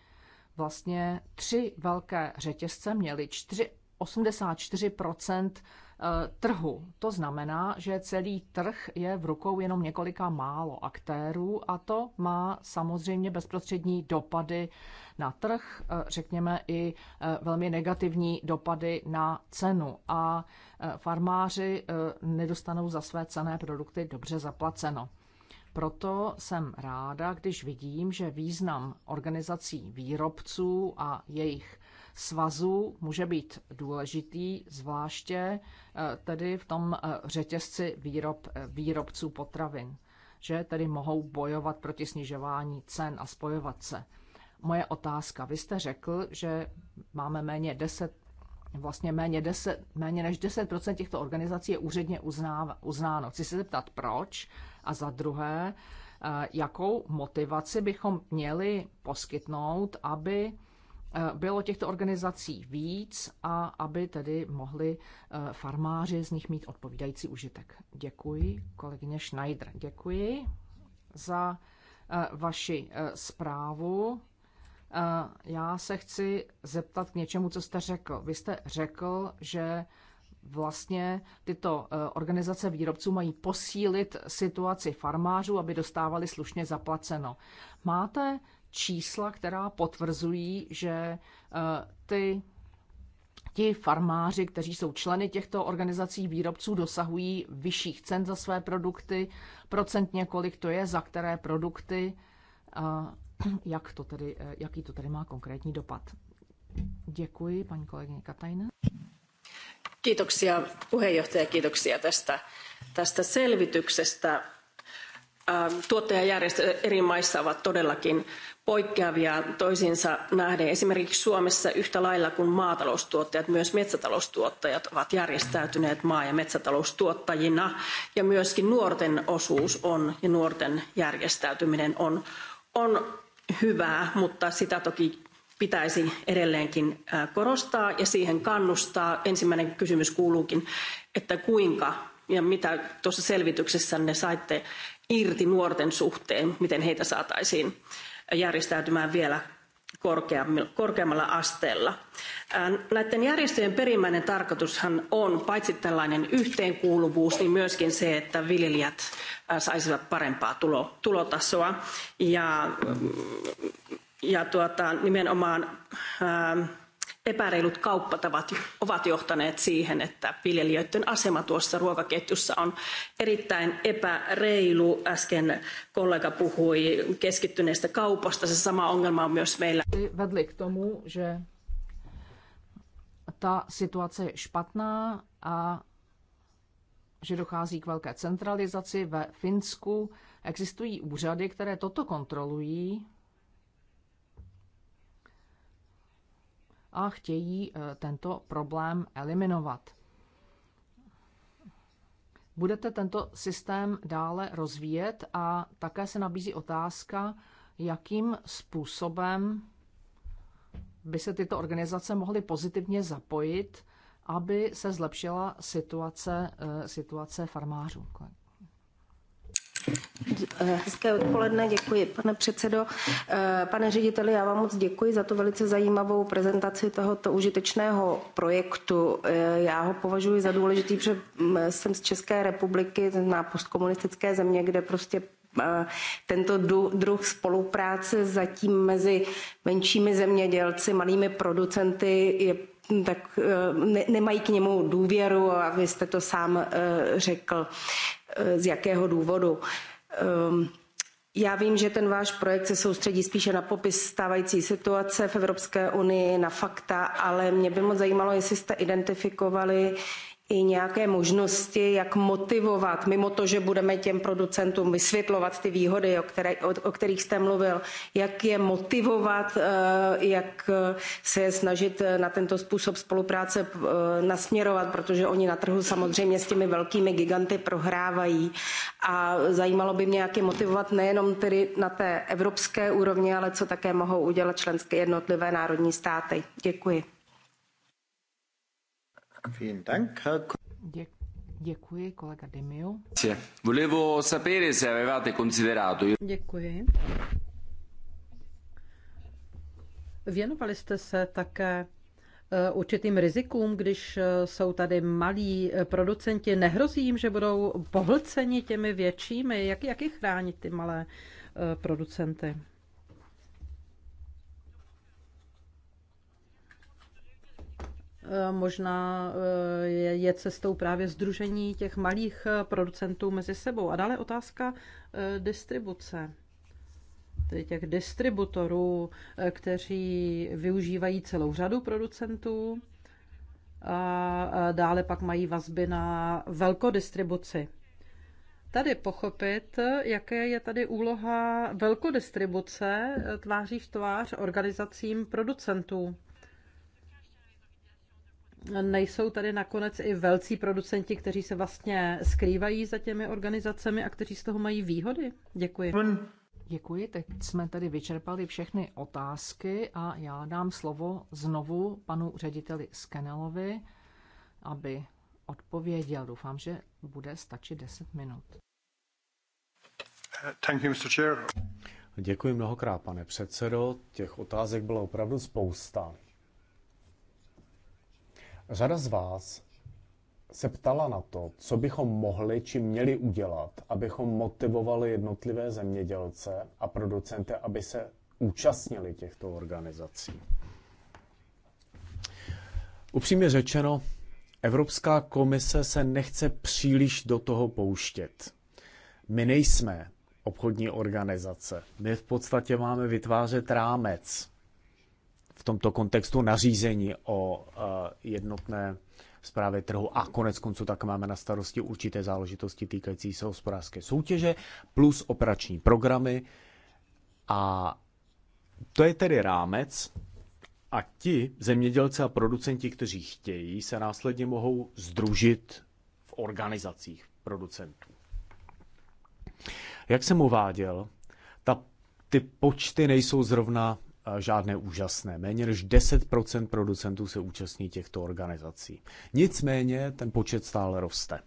Speaker 2: vlastně tři velké řetězce, měli čtyři, 84 eh, trhu. To znamená, že celý trh je v rukou jenom několika málo aktérů a to má samozřejmě bezprostřední dopady na trh, eh, řekněme i eh, velmi negativní dopady na cenu a farmáři nedostanou za své cené produkty dobře zaplaceno. Proto jsem ráda, když vidím, že význam organizací výrobců a jejich svazů může být důležitý, zvláště eh, tedy v tom eh, řetězci výrob, eh, výrobců potravin, že tedy mohou bojovat proti snižování cen a spojovat se. Moje otázka, vy jste řekl, že máme méně 10 vlastně méně, 10, méně než 10% těchto organizací je úředně uznáv, uznáno. Chci se zeptat, proč? A za druhé, jakou motivaci bychom měli poskytnout, aby Eh, bylo těchto organizací víc a aby tedy mohli eh, farmáři z nich mít odpovídající užitek. Děkuji, kolegyně Schneider. Děkuji za eh, vaši zprávu. Já se chci zeptat k něčemu, co jste řekl. Vy jste řekl, že vlastně tyto organizace výrobců mají posílit situaci farmářů, aby dostávali slušně zaplaceno. Máte čísla, která potvrzují, že eh, ty ti farmáři, kteří jsou členy těchto organizací výrobců, dosahují vyšších cen za své produkty, procentně kolik to je, za které produkty, a [clears throat] jak to tedy, eh, jaký to tedy má konkrétní dopad. Děkuji, paní kolegyně Katajna.
Speaker 5: Kiitoksia puheenjohtaja, kiitoksia tästä, tästä selvityksestä. Ähm, tuottajajärjestöt eri maissa ovat todellakin poikkeavia toisiinsa nähden. Esimerkiksi Suomessa yhtä lailla kuin maataloustuottajat, myös metsätaloustuottajat ovat järjestäytyneet maa- ja metsätaloustuottajina. Ja myöskin nuorten osuus on ja nuorten järjestäytyminen on, on hyvää, mutta sitä toki pitäisi edelleenkin äh, korostaa ja siihen kannustaa. Ensimmäinen kysymys kuuluukin, että kuinka ja mitä tuossa selvityksessänne saitte irti nuorten suhteen, miten heitä saataisiin järjestäytymään vielä korkeammalla asteella. Näiden järjestöjen perimmäinen tarkoitushan on paitsi tällainen yhteenkuuluvuus, niin myöskin se, että viljelijät saisivat parempaa tulo, tulotasoa. Ja, ja tuota, nimenomaan ää, epäreilut kauppatavat ovat johtaneet siihen, että viljelijöiden asema tuossa ruokaketjussa on erittäin epäreilu. Äsken kollega puhui keskittyneestä kaupasta. Se sama ongelma on myös meillä. Vedli k tomu, že
Speaker 2: ta situace je špatná a že dochází k velké centralizaci ve Finsku. Existují úřady, které toto kontrolují, a chtějí eh, tento problém eliminovat. Budete tento systém dále rozvíjet a také se nabízí otázka, jakým způsobem by se tyto organizace mohly pozitivně zapojit, aby se zlepšila situace, eh, situace farmářů.
Speaker 1: Hezké odpoledne, děkuji, pane předsedo. Eh, pane řediteli, já vám moc děkuji za tu velice zajímavou prezentaci tohoto užitečného projektu. Eh, já ho považuji za důležitý, protože mm, jsem z České republiky, na postkomunistické země, kde prostě eh, tento druh spolupráce zatím mezi menšími zemědělci, malými producenty je tak eh, ne, nemají k němu důvěru a vy jste to sám eh, řekl, eh, z jakého důvodu. Ehm, já vím, že ten váš projekt se soustředí spíše na popis stávající situace v Evropské unii, na fakta, ale mě by moc zajímalo, jestli jste identifikovali i nějaké možnosti, jak motivovat, mimo to, že budeme těm producentům vysvětlovat ty výhody, o, které, o, o kterých jste mluvil, jak je motivovat, eh, jak eh, se je snažit eh, na tento způsob spolupráce nasměrovat, protože oni na trhu samozřejmě s těmi velkými giganty prohrávají. A zajímalo by mě, jak je motivovat nejenom tedy na té evropské úrovni, ale co také mohou udělat členské jednotlivé národní státy. Děkuji.
Speaker 3: Vielen Dank,
Speaker 2: Děkuji, kolega Demio.
Speaker 3: Volevo sapere se avevate considerato.
Speaker 2: Děkuji.
Speaker 4: Věnovali jste se také eh, určitým rizikům, když eh, jsou tady malí eh, producenti. Nehrozí jim, že budou pohlceni těmi většími? Jak, jak je chránit ty malé producenty? Eh, možná eh, je cestou právě združení těch malých eh, producentů mezi sebou. A dále otázka distribuce tedy těch distributorů, kteří využívají celou řadu producentů a dále pak mají vazby na velkodistribuci. Tady pochopit, jaké je tady úloha velkodistribuce tváří v tvář organizacím producentů nejsou tady nakonec i velcí producenti, kteří se
Speaker 2: vlastně skrývají za těmi organizacemi a kteří z toho mají výhody? Děkuji. Děkuji, teď jsme tady vyčerpali všechny otázky a já dám slovo znovu panu řediteli Skenelovi, aby odpověděl. Doufám, že bude stačit 10 minut.
Speaker 5: Thank you, Mr. Chair.
Speaker 3: Děkuji mnohokrát, pane předsedo. Těch otázek bylo opravdu spousta. Řada z vás se ptala na to, co bychom mohli či měli udělat, abychom motivovali jednotlivé zemědělce a producenty, aby se účastnili těchto organizací. Upřímně řečeno, Evropská komise se nechce příliš do toho pouštět. My nejsme obchodní organizace. My v podstatě máme vytvářet rámec v tomto kontextu nařízení o eh, jednotné zprávě trhu a konec konců tak máme na starosti určité záležitosti týkající se hospodářské soutěže plus operační programy a to je tedy rámec a ti zemědělci a producenti, kteří chtějí, se následně mohou združit v organizacích producentů. Jak jsem uváděl, ta, ty počty nejsou zrovna žádné úžasné. Méně než 10% producentů se účastní těchto organizací. Nicméně ten počet stále roste.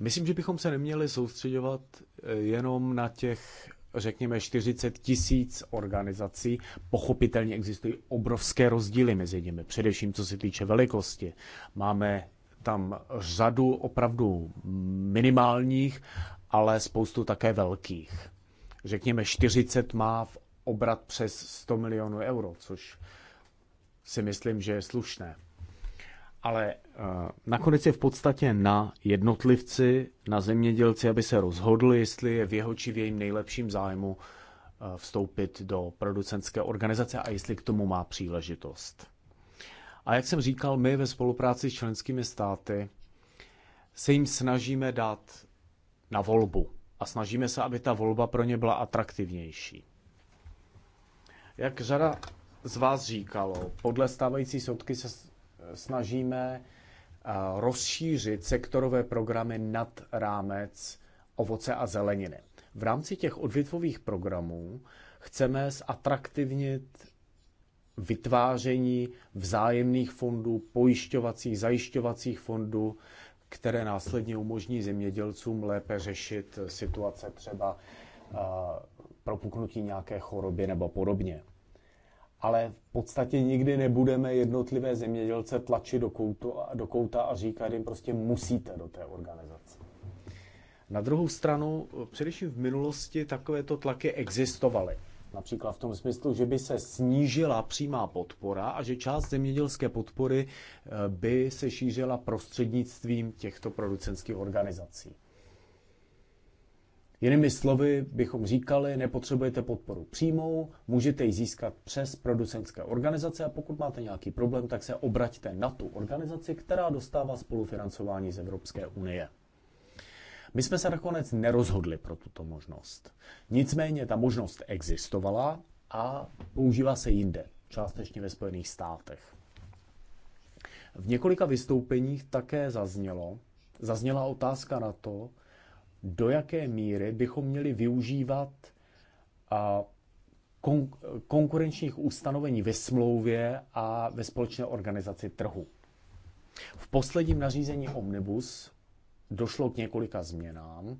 Speaker 3: Myslím, že bychom se neměli soustředovat eh, jenom na těch, řekněme, 40 tisíc organizací. Pochopitelně existují obrovské rozdíly mezi nimi, především co se týče velikosti. Máme tam řadu opravdu minimálních, ale spoustu také velkých. Řekněme, 40 má v obrat přes 100 milionů euro, což si myslím, že je slušné. Ale eh, nakonec je v podstatě na jednotlivci, na zemědělci, aby se rozhodli, jestli je v jeho či v jejím nejlepším zájmu eh, vstoupit do producentské organizace a jestli k tomu má příležitost. A jak jsem říkal, my ve spolupráci s členskými státy se jim snažíme dát na volbu a snažíme se, aby ta volba pro ně byla atraktivnější. Jak řada z vás říkalo, podle stávající soudky se snažíme eh, rozšířit sektorové programy nad rámec ovoce a zeleniny. V rámci těch odvětvových programů chceme zatraktivnit vytváření vzájemných fondů, pojišťovacích, zajišťovacích fondů, které následně umožní zemědělcům lépe řešit situace třeba eh, propuknutí nějaké choroby nebo podobně ale v podstatě nikdy nebudeme jednotlivé zemědělce tlačit do, koutu, do kouta a říkat jim prostě musíte do té organizace. Na druhou stranu, především v minulosti takovéto tlaky existovaly. Například v tom smyslu, že by se snížila přímá podpora a že část zemědělské podpory eh, by se šířila prostřednictvím těchto producentských organizací. Jinými slovy bychom říkali, nepotřebujete podporu přímou, můžete ji získat přes producentské organizace a pokud máte nějaký problém, tak se obraťte na tu organizaci, která dostává spolufinancování z Evropské unie. My jsme se nakonec nerozhodli pro tuto možnost. Nicméně ta možnost existovala a používá se jinde, částečně ve Spojených státech. V několika vystoupeních také zaznělo, zazněla otázka na to, do jaké míry bychom měli využívat a kon- konkurenčních ustanovení ve smlouvě a ve společné organizaci trhu. V posledním nařízení Omnibus došlo k několika změnám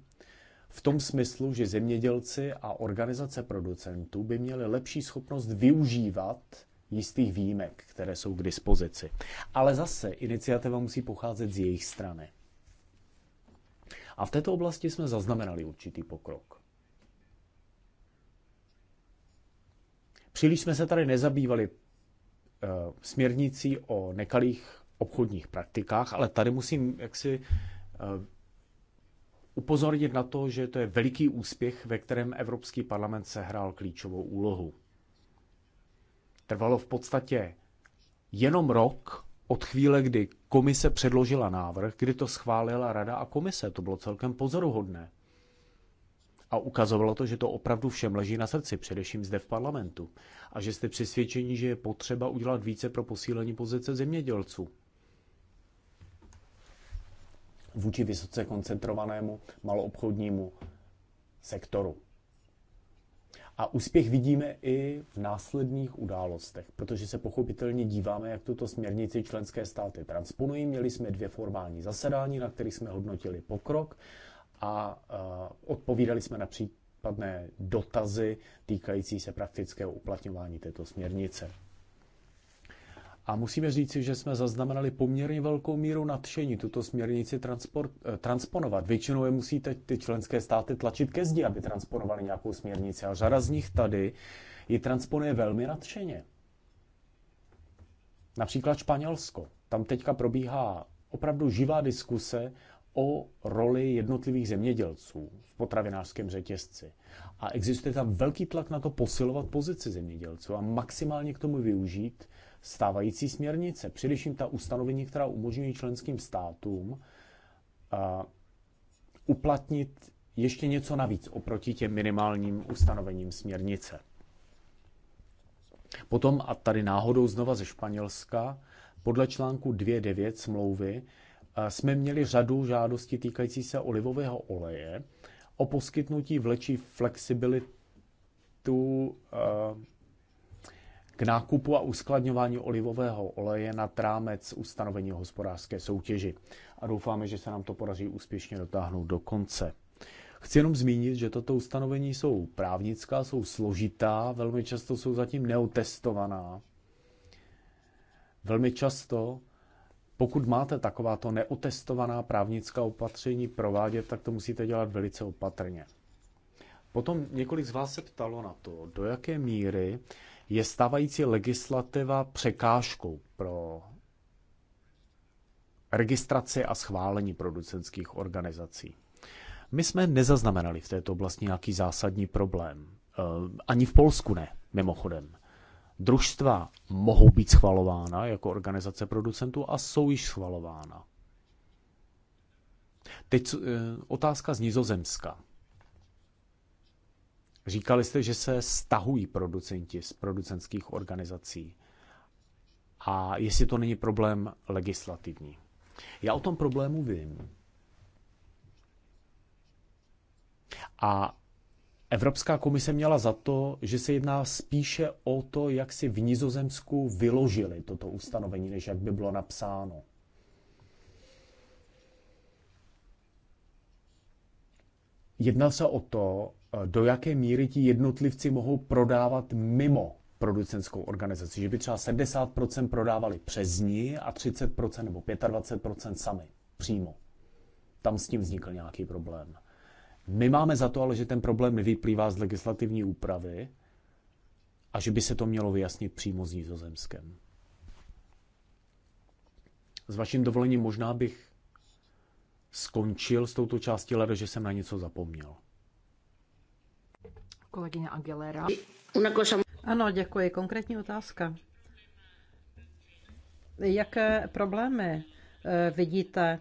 Speaker 3: v tom smyslu, že zemědělci a organizace producentů by měli lepší schopnost využívat jistých výjimek, které jsou k dispozici. Ale zase iniciativa musí pocházet z jejich strany. A v této oblasti jsme zaznamenali určitý pokrok. Příliš jsme se tady nezabývali eh, směrnicí o nekalých obchodních praktikách, ale tady musím jaksi eh, upozornit na to, že to je veliký úspěch, ve kterém Evropský parlament sehrál klíčovou úlohu. Trvalo v podstatě jenom rok od chvíle, kdy komise předložila návrh, kdy to schválila rada a komise. To bylo celkem pozoruhodné. A ukazovalo to, že to opravdu všem leží na srdci, především zde v parlamentu. A že jste přesvědčeni, že je potřeba udělat více pro posílení pozice zemědělců. Vůči vysoce koncentrovanému maloobchodnímu sektoru. A úspěch vidíme i v následných událostech, protože se pochopitelně díváme, jak tuto směrnici členské státy transponují. Měli jsme dvě formální zasedání, na kterých jsme hodnotili pokrok a e, odpovídali jsme na případné dotazy týkající se praktického uplatňování této směrnice. A musíme říci, že jsme zaznamenali poměrně velkou míru nadšení tuto směrnici transport, eh, transponovat. Většinou je musíte ty členské státy tlačit ke zdi, aby transponovali nějakou směrnici. A řada z nich tady ji transponuje velmi nadšeně. Například Španělsko. Tam teďka probíhá opravdu živá diskuse o roli jednotlivých zemědělců v potravinářském řetězci. A existuje tam velký tlak na to posilovat pozici zemědělců a maximálně k tomu využít stávající směrnice, především ta ustanovení, která umožňují členským státům uplatnit ještě něco navíc oproti těm minimálním ustanovením směrnice. Potom, a tady náhodou znova ze Španělska, podle článku 2.9 smlouvy jsme měli řadu žádostí týkající se olivového oleje o poskytnutí vlečí flexibilitu nákupu a uskladňování olivového oleje na trámec ustanovení hospodářské soutěži. A doufáme, že se nám to podaří úspěšně dotáhnout do konce. Chci jenom zmínit, že toto ustanovení jsou právnická, jsou složitá, velmi často jsou zatím neotestovaná. Velmi často, pokud máte takováto neotestovaná právnická opatření provádět, tak to musíte dělat velice opatrně. Potom několik z vás se ptalo na to, do jaké míry je stávající legislativa překážkou pro registraci a schválení producentských organizací. My jsme nezaznamenali v této oblasti nějaký zásadní problém. Eh, ani v Polsku ne, mimochodem. Družstva mohou být schvalována jako organizace producentů a jsou již schvalována. Teď eh, otázka z Nizozemska. Říkali jste, že se stahují producenti z producentských organizací. A jestli to není problém legislativní. Já o tom problému vím. A Evropská komise měla za to, že se jedná spíše o to, jak si v Nizozemsku vyložili toto ustanovení, než jak by bylo napsáno. Jedná se o to, do jaké míry ti jednotlivci mohou prodávat mimo producenskou organizaci. Že by třeba 70% prodávali přes ní a 30% nebo 25% sami, přímo. Tam s tím vznikl nějaký problém. My máme za to ale, že ten problém nevyplývá z legislativní úpravy a že by se to mělo vyjasnit přímo s Nizozemskem. S vaším dovolením možná bych skončil s touto částí, ale že jsem na něco zapomněl.
Speaker 4: Kolegyně Aguilera. Ano, děkuji. Konkrétní otázka. Jaké problémy eh, vidíte eh,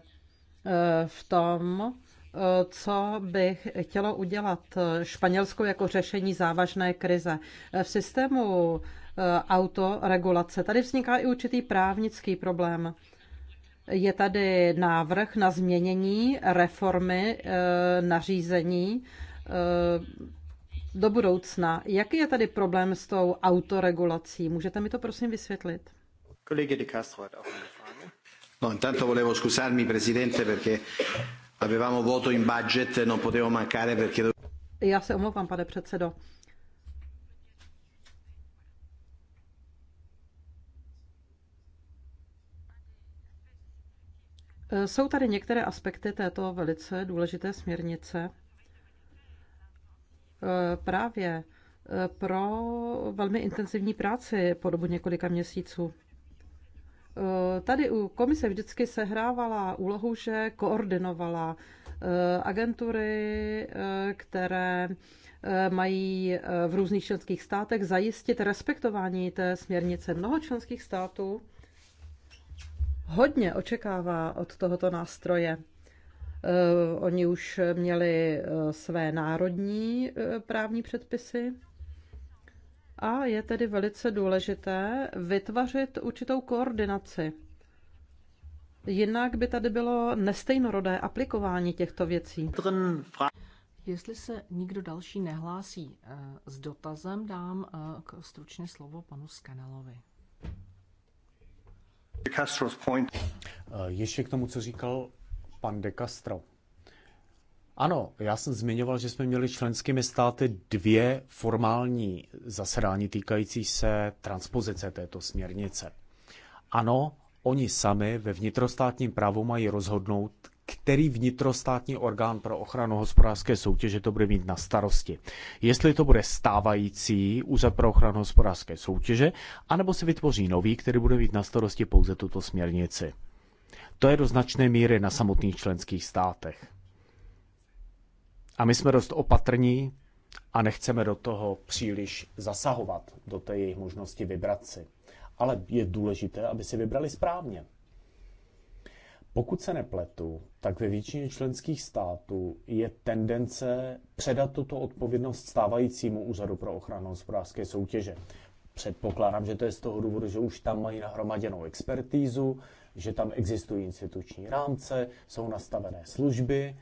Speaker 4: v tom, eh, co by chtělo udělat Španělsko jako řešení závažné krize. V systému autoregulace tady vzniká i určitý právnický problém. Je tady návrh na změnění reformy nařízení do budoucna. Jaký je tady problém s tou autoregulací? Můžete mi to prosím vysvětlit?
Speaker 3: Kolega De Castro hat No, intanto volevo scusarmi, presidente, perché avevamo voto in budget non potevo mancare perché...
Speaker 4: Já se omlouvám, pane předsedo. Jsou tady některé aspekty této velice důležité směrnice, Eh, právě eh, pro velmi intenzivní práci po dobu několika měsíců. Eh, tady u komise vždycky sehrávala úlohu, že koordinovala agentury, které mají v různých členských státech zajistit respektování té směrnice. Mnoho členských států hodně očekává od tohoto nástroje. Eh, oni už měli eh, své národní eh, právní předpisy. A je tedy velice důležité vytvořit určitou koordinaci. Jinak by tady bylo nestejnorodé
Speaker 2: aplikování těchto věcí. Jestli se nikdo další nehlásí s dotazem, dám stručně slovo panu Skanelovi.
Speaker 3: Ještě k tomu, co říkal pan de Castro. Ano, já jsem zmiňoval, že jsme měli členskými státy dvě formální zasedání týkající se transpozice této směrnice. Ano, oni sami ve vnitrostátním právu mají rozhodnout, který vnitrostátní orgán pro ochranu hospodářské soutěže to bude mít na starosti. Jestli to bude stávající úřad pro ochranu hospodářské soutěže, anebo se vytvoří nový, který bude mít na starosti pouze tuto směrnici to je do značné míry na samotných členských státech. A my jsme dost opatrní a nechceme do toho příliš zasahovat, do té jejich možnosti vybrat si. Ale je důležité, aby si vybrali správně. Pokud se nepletu, tak ve většině členských států je tendence předat tuto odpovědnost stávajícímu úřadu pro ochranu hospodářské soutěže. Předpokládám, že to je z toho důvodu, že už tam mají nahromaděnou expertízu, že tam existují instituční rámce, jsou nastavené služby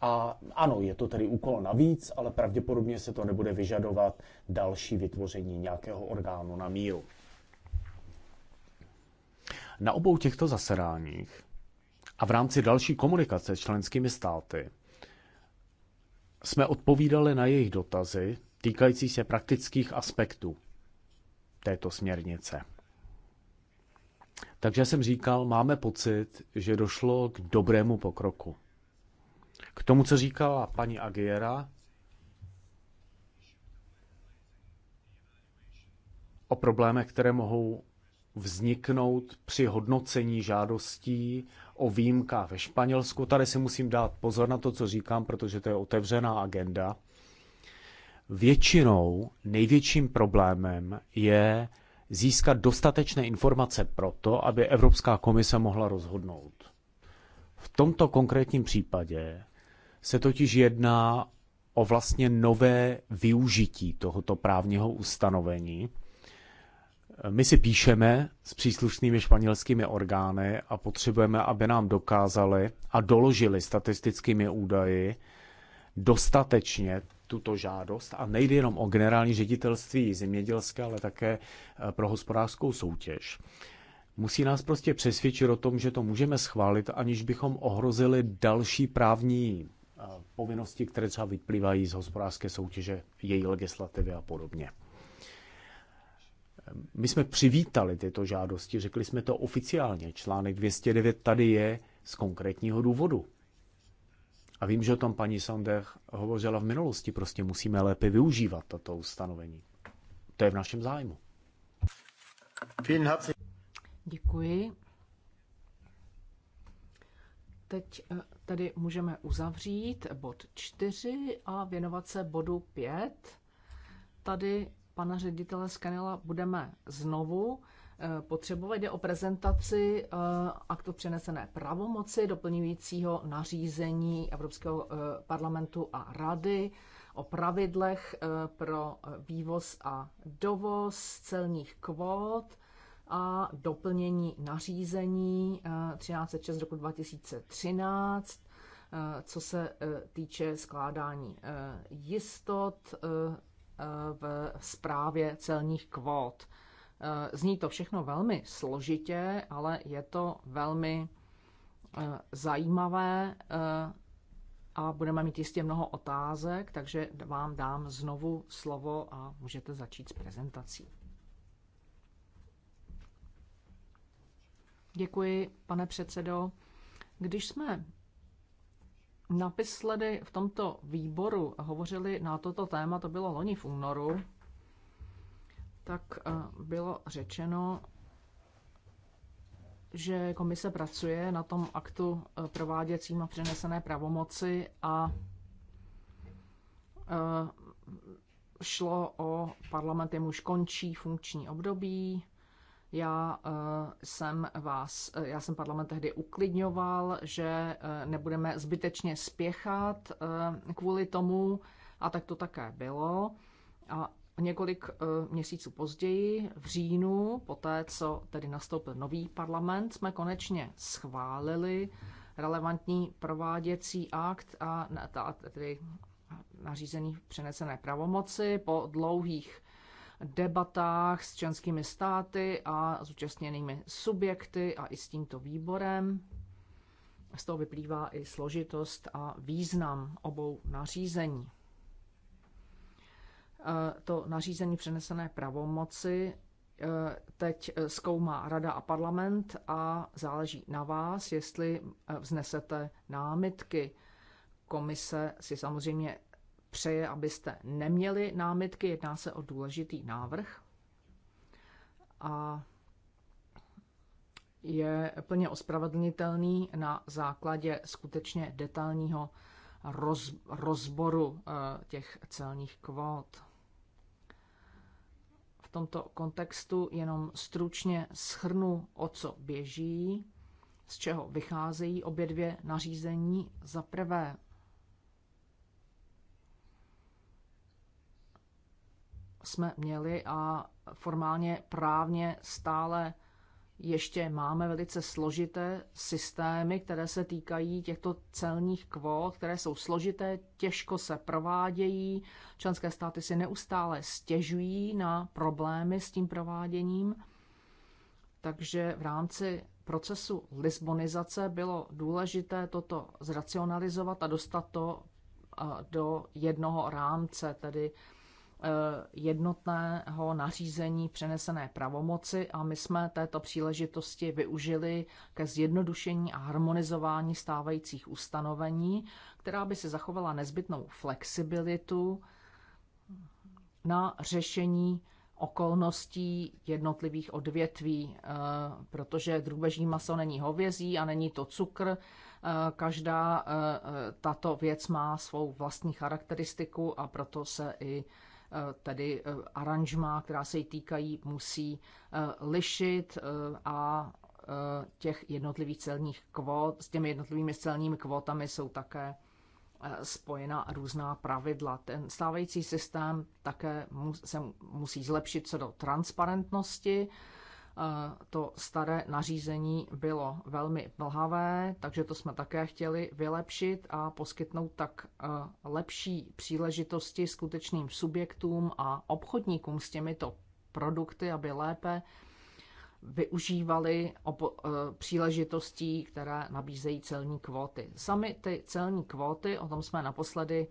Speaker 3: a ano, je to tedy úkol navíc, ale pravděpodobně se to nebude vyžadovat další vytvoření nějakého orgánu na míru. Na obou těchto zasedáních a v rámci další komunikace s členskými státy jsme odpovídali na jejich dotazy týkající se praktických aspektů této směrnice. Takže jsem říkal, máme pocit, že došlo k dobrému pokroku. K tomu, co říkala paní Agiera o problémech, které mohou vzniknout při hodnocení žádostí o výjimka ve Španělsku. Tady si musím dát pozor na to, co říkám, protože to je otevřená agenda. Většinou největším problémem je získat dostatečné informace pro to, aby Evropská komise mohla rozhodnout. V tomto konkrétním případě se totiž jedná o vlastně nové využití tohoto právního ustanovení. My si píšeme s příslušnými španělskými orgány a potřebujeme, aby nám dokázali a doložili statistickými údaji dostatečně tuto žádost a nejde jenom o generální ředitelství zemědělské, ale také eh, pro hospodářskou soutěž. Musí nás prostě přesvědčit o tom, že to můžeme schválit, aniž bychom ohrozili další právní eh, povinnosti, které třeba vyplývají z hospodářské soutěže, její legislativy a podobně. Eh, my jsme přivítali tyto žádosti, řekli jsme to oficiálně. Článek 209 tady je z konkrétního důvodu. A vím, že o tom paní Sander hovořila v minulosti. Prostě musíme lépe využívat tato ustanovení. To je v našem zájmu.
Speaker 2: Děkuji. Teď eh, tady můžeme uzavřít bod 4 a věnovat se bodu 5. Tady pana ředitele Skanela budeme znovu Eh, potřebovat. Jde o prezentaci eh, aktu přenesené pravomoci doplňujícího nařízení Evropského eh, parlamentu a rady o pravidlech pro vývoz a dovoz celních kvót a doplnění nařízení 1306 roku 2013, co se týče skládání jistot v zprávě celních kvót. Eh, zní to všechno velmi složitě, ale je to velmi eh, zajímavé eh, a budeme mít jistě mnoho otázek, takže vám dám znovu slovo a můžete začít s prezentací. Děkuji, pane předsedo. Když jsme naposledy v tomto výboru hovořili na toto téma, to bylo loni v únoru, tak eh, bylo řečeno, že komise pracuje na tom aktu eh, prováděcím a přenesené pravomoci a eh, šlo o parlament, už končí funkční období. Já jsem vás, já jsem parlament tehdy uklidňoval, že nebudeme zbytečně spěchat kvůli tomu a tak to také bylo. A několik eh, měsíců později, v říjnu, poté co tedy nastoupil nový parlament, jsme konečně schválili relevantní prováděcí akt a tedy nařízení přenesené pravomoci po dlouhých debatách s členskými státy a zúčastněnými subjekty a i s tímto výborem. Z toho vyplývá i složitost a význam obou nařízení. Eh, to nařízení přenesené pravomoci eh, teď eh, zkoumá rada a parlament a záleží na vás, jestli vznesete námitky. Komise si samozřejmě přeje, abyste neměli námitky, jedná se o důležitý návrh a je plně ospravedlnitelný na základě skutečně detailního roz, rozboru těch celních kvót tomto kontextu jenom stručně schrnu, o co běží, z čeho vycházejí obě dvě nařízení. Za prvé, jsme měli a formálně právně stále ještě máme velice složité systémy, které se týkají těchto celních kvót, které jsou složité, těžko se provádějí. Členské státy si neustále stěžují na problémy s tím prováděním. Takže v rámci procesu lisbonizace bylo důležité toto zracionalizovat a dostat to do jednoho rámce, tedy Eh, jednotného nařízení přenesené pravomoci a my jsme této příležitosti využili ke zjednodušení a harmonizování stávajících ustanovení, která by se zachovala nezbytnou flexibilitu na řešení okolností jednotlivých odvětví, eh, protože drůbeží maso není hovězí a není to cukr. Eh, každá tato věc má svou vlastní charakteristiku a proto se i Eh, tedy eh, aranžma, která se jí týkají, musí eh, lišit a těch jednotlivých celních kvót, s těmi jednotlivými celními kvótami jsou také spojena různá pravidla. Ten stávající systém také se musí zlepšit co do transparentnosti Eh, to staré nařízení bylo velmi mlhavé, takže to jsme také chtěli vylepšit a poskytnout tak eh, lepší příležitosti skutečným subjektům a obchodníkům s těmito produkty, aby lépe využívali eh, příležitostí, které nabízejí celní kvóty. Sami ty celní kvóty, o tom jsme naposledy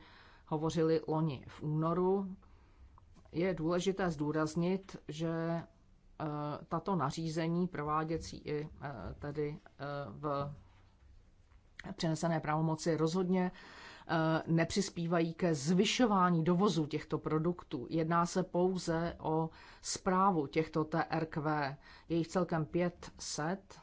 Speaker 2: hovořili loni v únoru, je důležité zdůraznit, že Eh, tato nařízení prováděcí i eh, tedy eh, v přenesené pravomoci rozhodně nepřispívají ke zvyšování dovozu těchto produktů. Jedná se pouze o zprávu těchto TRQ. Je jich celkem 500,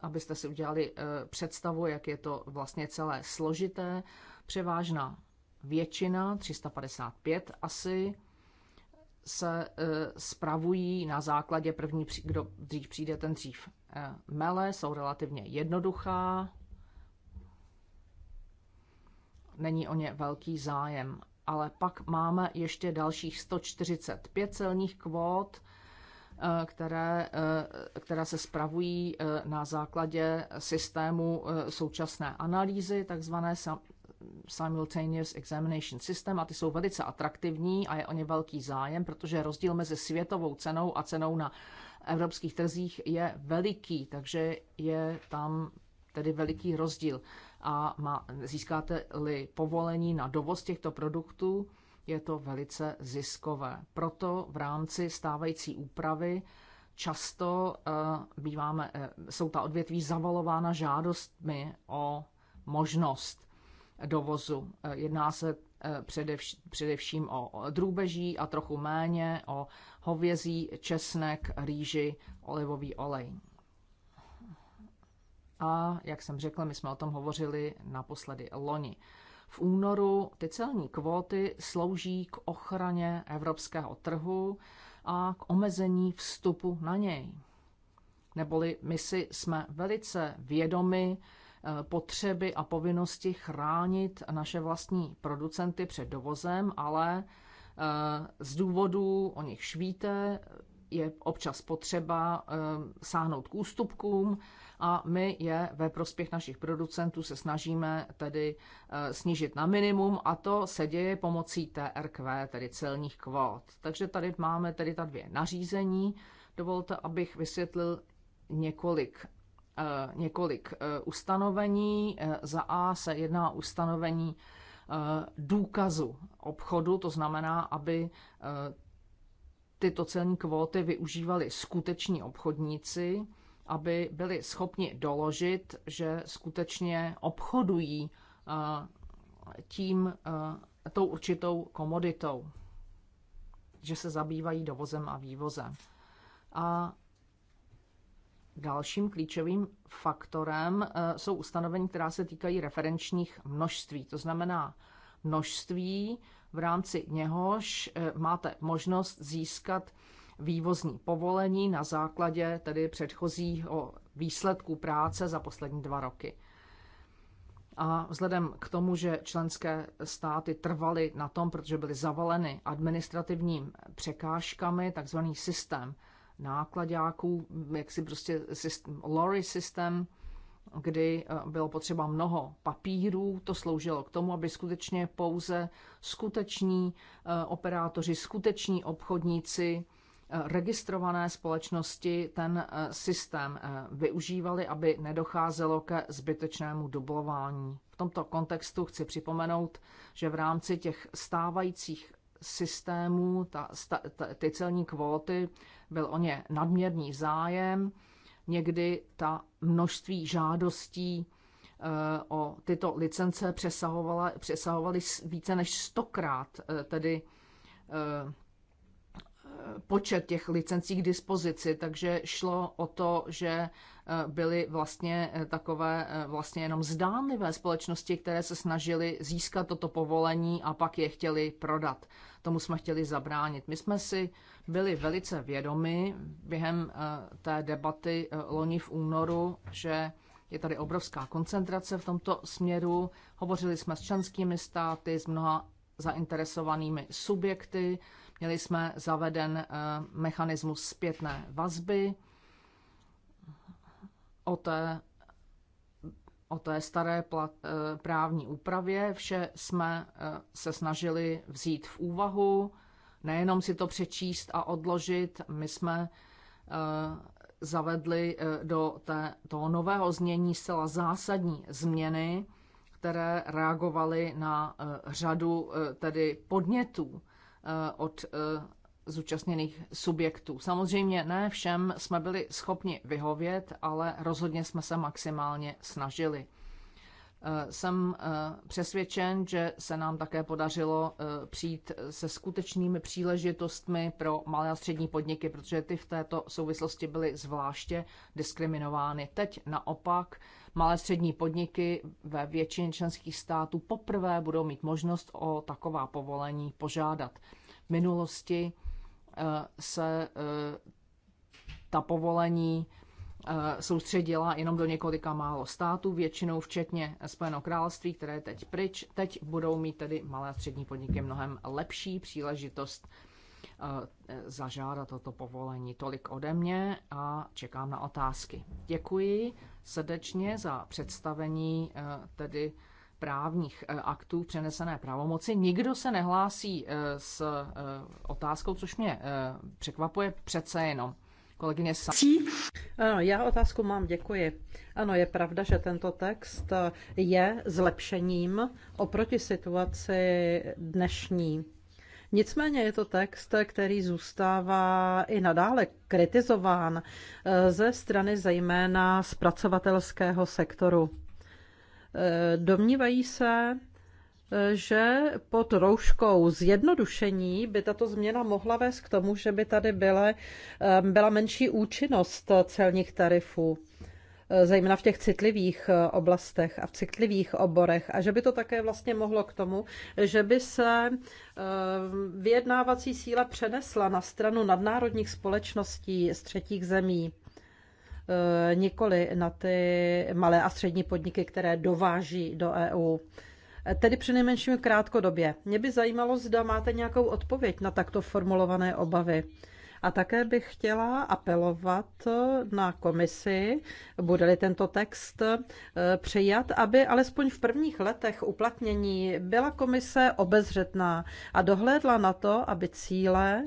Speaker 2: abyste si udělali představu, jak je to vlastně celé složité. Převážná většina, 355 asi, se eh, spravují na základě první, kdo dřív přijde, ten dřív eh, mele, jsou relativně jednoduchá, není o ně velký zájem. Ale pak máme ještě dalších 145 celních kvót, eh, které, které se spravují na základě systému současné analýzy, takzvané simultaneous examination system a ty jsou velice atraktivní a je o ně velký zájem, protože rozdíl mezi světovou cenou a cenou na evropských trzích je veliký, takže je tam tedy veliký rozdíl. A má, získáte-li povolení na dovoz těchto produktů, je to velice ziskové. Proto v rámci stávající úpravy často uh, býváme, uh, jsou ta odvětví zavalována žádostmi o možnost dovozu. Eh, jedná se eh, především o drůbeží a trochu méně o hovězí, česnek, rýži, olivový olej. A jak jsem řekla, my jsme o tom hovořili naposledy loni. V únoru ty celní kvóty slouží k ochraně evropského trhu a k omezení vstupu na něj. Neboli my si jsme velice vědomi potřeby a povinnosti chránit naše vlastní producenty před dovozem, ale eh, z důvodů, o nich švíte, je občas potřeba eh, sáhnout k ústupkům a my je ve prospěch našich producentů se snažíme tedy eh, snížit na minimum a to se děje pomocí TRQ, tedy celních kvót. Takže tady máme tedy ta dvě nařízení. Dovolte, abych vysvětlil několik Eh, několik eh, ustanovení. Eh, za A se jedná ustanovení důkazu obchodu, to znamená, aby tyto celní kvóty využívali skuteční obchodníci, aby byli schopni doložit, že skutečně obchodují tím, tou určitou komoditou, že se zabývají dovozem a vývozem. A Dalším klíčovým faktorem eh, jsou ustanovení, která se týkají referenčních množství. To znamená množství, v rámci něhož eh, máte možnost získat vývozní povolení na základě tedy předchozího výsledku práce za poslední dva roky. A vzhledem k tomu, že členské státy trvaly na tom, protože byly zavaleny administrativním překážkami, takzvaný systém nákladáků, jaksi prostě systém, lorry systém, kdy eh, bylo potřeba mnoho papírů. To sloužilo k tomu, aby skutečně pouze skuteční eh, operátoři, skuteční obchodníci, eh, registrované společnosti ten systém využívali, aby nedocházelo ke zbytečnému dublování. V tomto kontextu chci připomenout, že v rámci těch stávajících systémů ta, ta, ty celní kvóty byl o ně nadměrný zájem. Někdy ta množství žádostí eh, o tyto licence přesahovaly více než stokrát, eh, tedy eh, počet těch licencí k dispozici, takže šlo o to, že e, byly vlastně e, takové e, vlastně jenom zdánlivé společnosti, které se snažily získat toto povolení a pak je chtěli prodat. Tomu jsme chtěli zabránit. My jsme si byli velice vědomi během té debaty loni v únoru, že je tady obrovská koncentrace v tomto směru. Hovořili jsme s členskými státy, s mnoha zainteresovanými subjekty, Měli jsme zaveden eh, mechanismus zpětné vazby. O té, o té staré plat, eh, právní úpravě vše jsme eh, se snažili vzít v úvahu, nejenom si to přečíst a odložit. My jsme zavedli do té, toho nového znění zcela zásadní změny, které reagovaly na řadu tedy podnětů Eh, od eh, zúčastněných subjektů. Samozřejmě ne všem jsme byli schopni vyhovět, ale rozhodně jsme se maximálně snažili. Eh, jsem eh, přesvědčen, že se nám také podařilo eh, přijít se skutečnými příležitostmi pro malé a střední podniky, protože ty v této souvislosti byly zvláště diskriminovány. Teď naopak malé a střední podniky ve většině členských států poprvé budou mít možnost o taková povolení požádat. V minulosti se ta povolení Eh, soustředila jenom do několika málo států, většinou včetně Spojeného království, které teď pryč. Teď budou mít tedy malé a střední podniky mnohem lepší příležitost eh, zažádat toto povolení. Tolik ode mě a čekám na otázky. Děkuji srdečně za představení eh, tedy právních aktů přenesené pravomoci. Nikdo se nehlásí s otázkou, což mě překvapuje přece jenom kolegyně
Speaker 4: Ano, já otázku mám, děkuji. Ano, je pravda, že tento text je zlepšením oproti situaci dnešní. Nicméně je to text, který zůstává i nadále kritizován eh, ze strany zejména zpracovatelského sektoru. Eh, domnívají se, že pod rouškou zjednodušení by tato změna mohla vést k tomu, že by tady byla, eh, byla menší účinnost celních tarifů eh, zejména v těch citlivých eh, oblastech a v citlivých oborech. A že by to také vlastně mohlo k tomu, že by se vyjednávací síla přenesla na stranu nadnárodních společností z třetích zemí, nikoli na ty malé a střední podniky, které dováží do EU tedy přinejmenším krátkodobě. Mě by zajímalo, zda máte nějakou odpověď na takto formulované obavy. A také bych chtěla apelovat na komisi, bude-li tento text eh, přijat, aby alespoň v prvních letech uplatnění byla komise obezřetná a dohlédla na to, aby cíle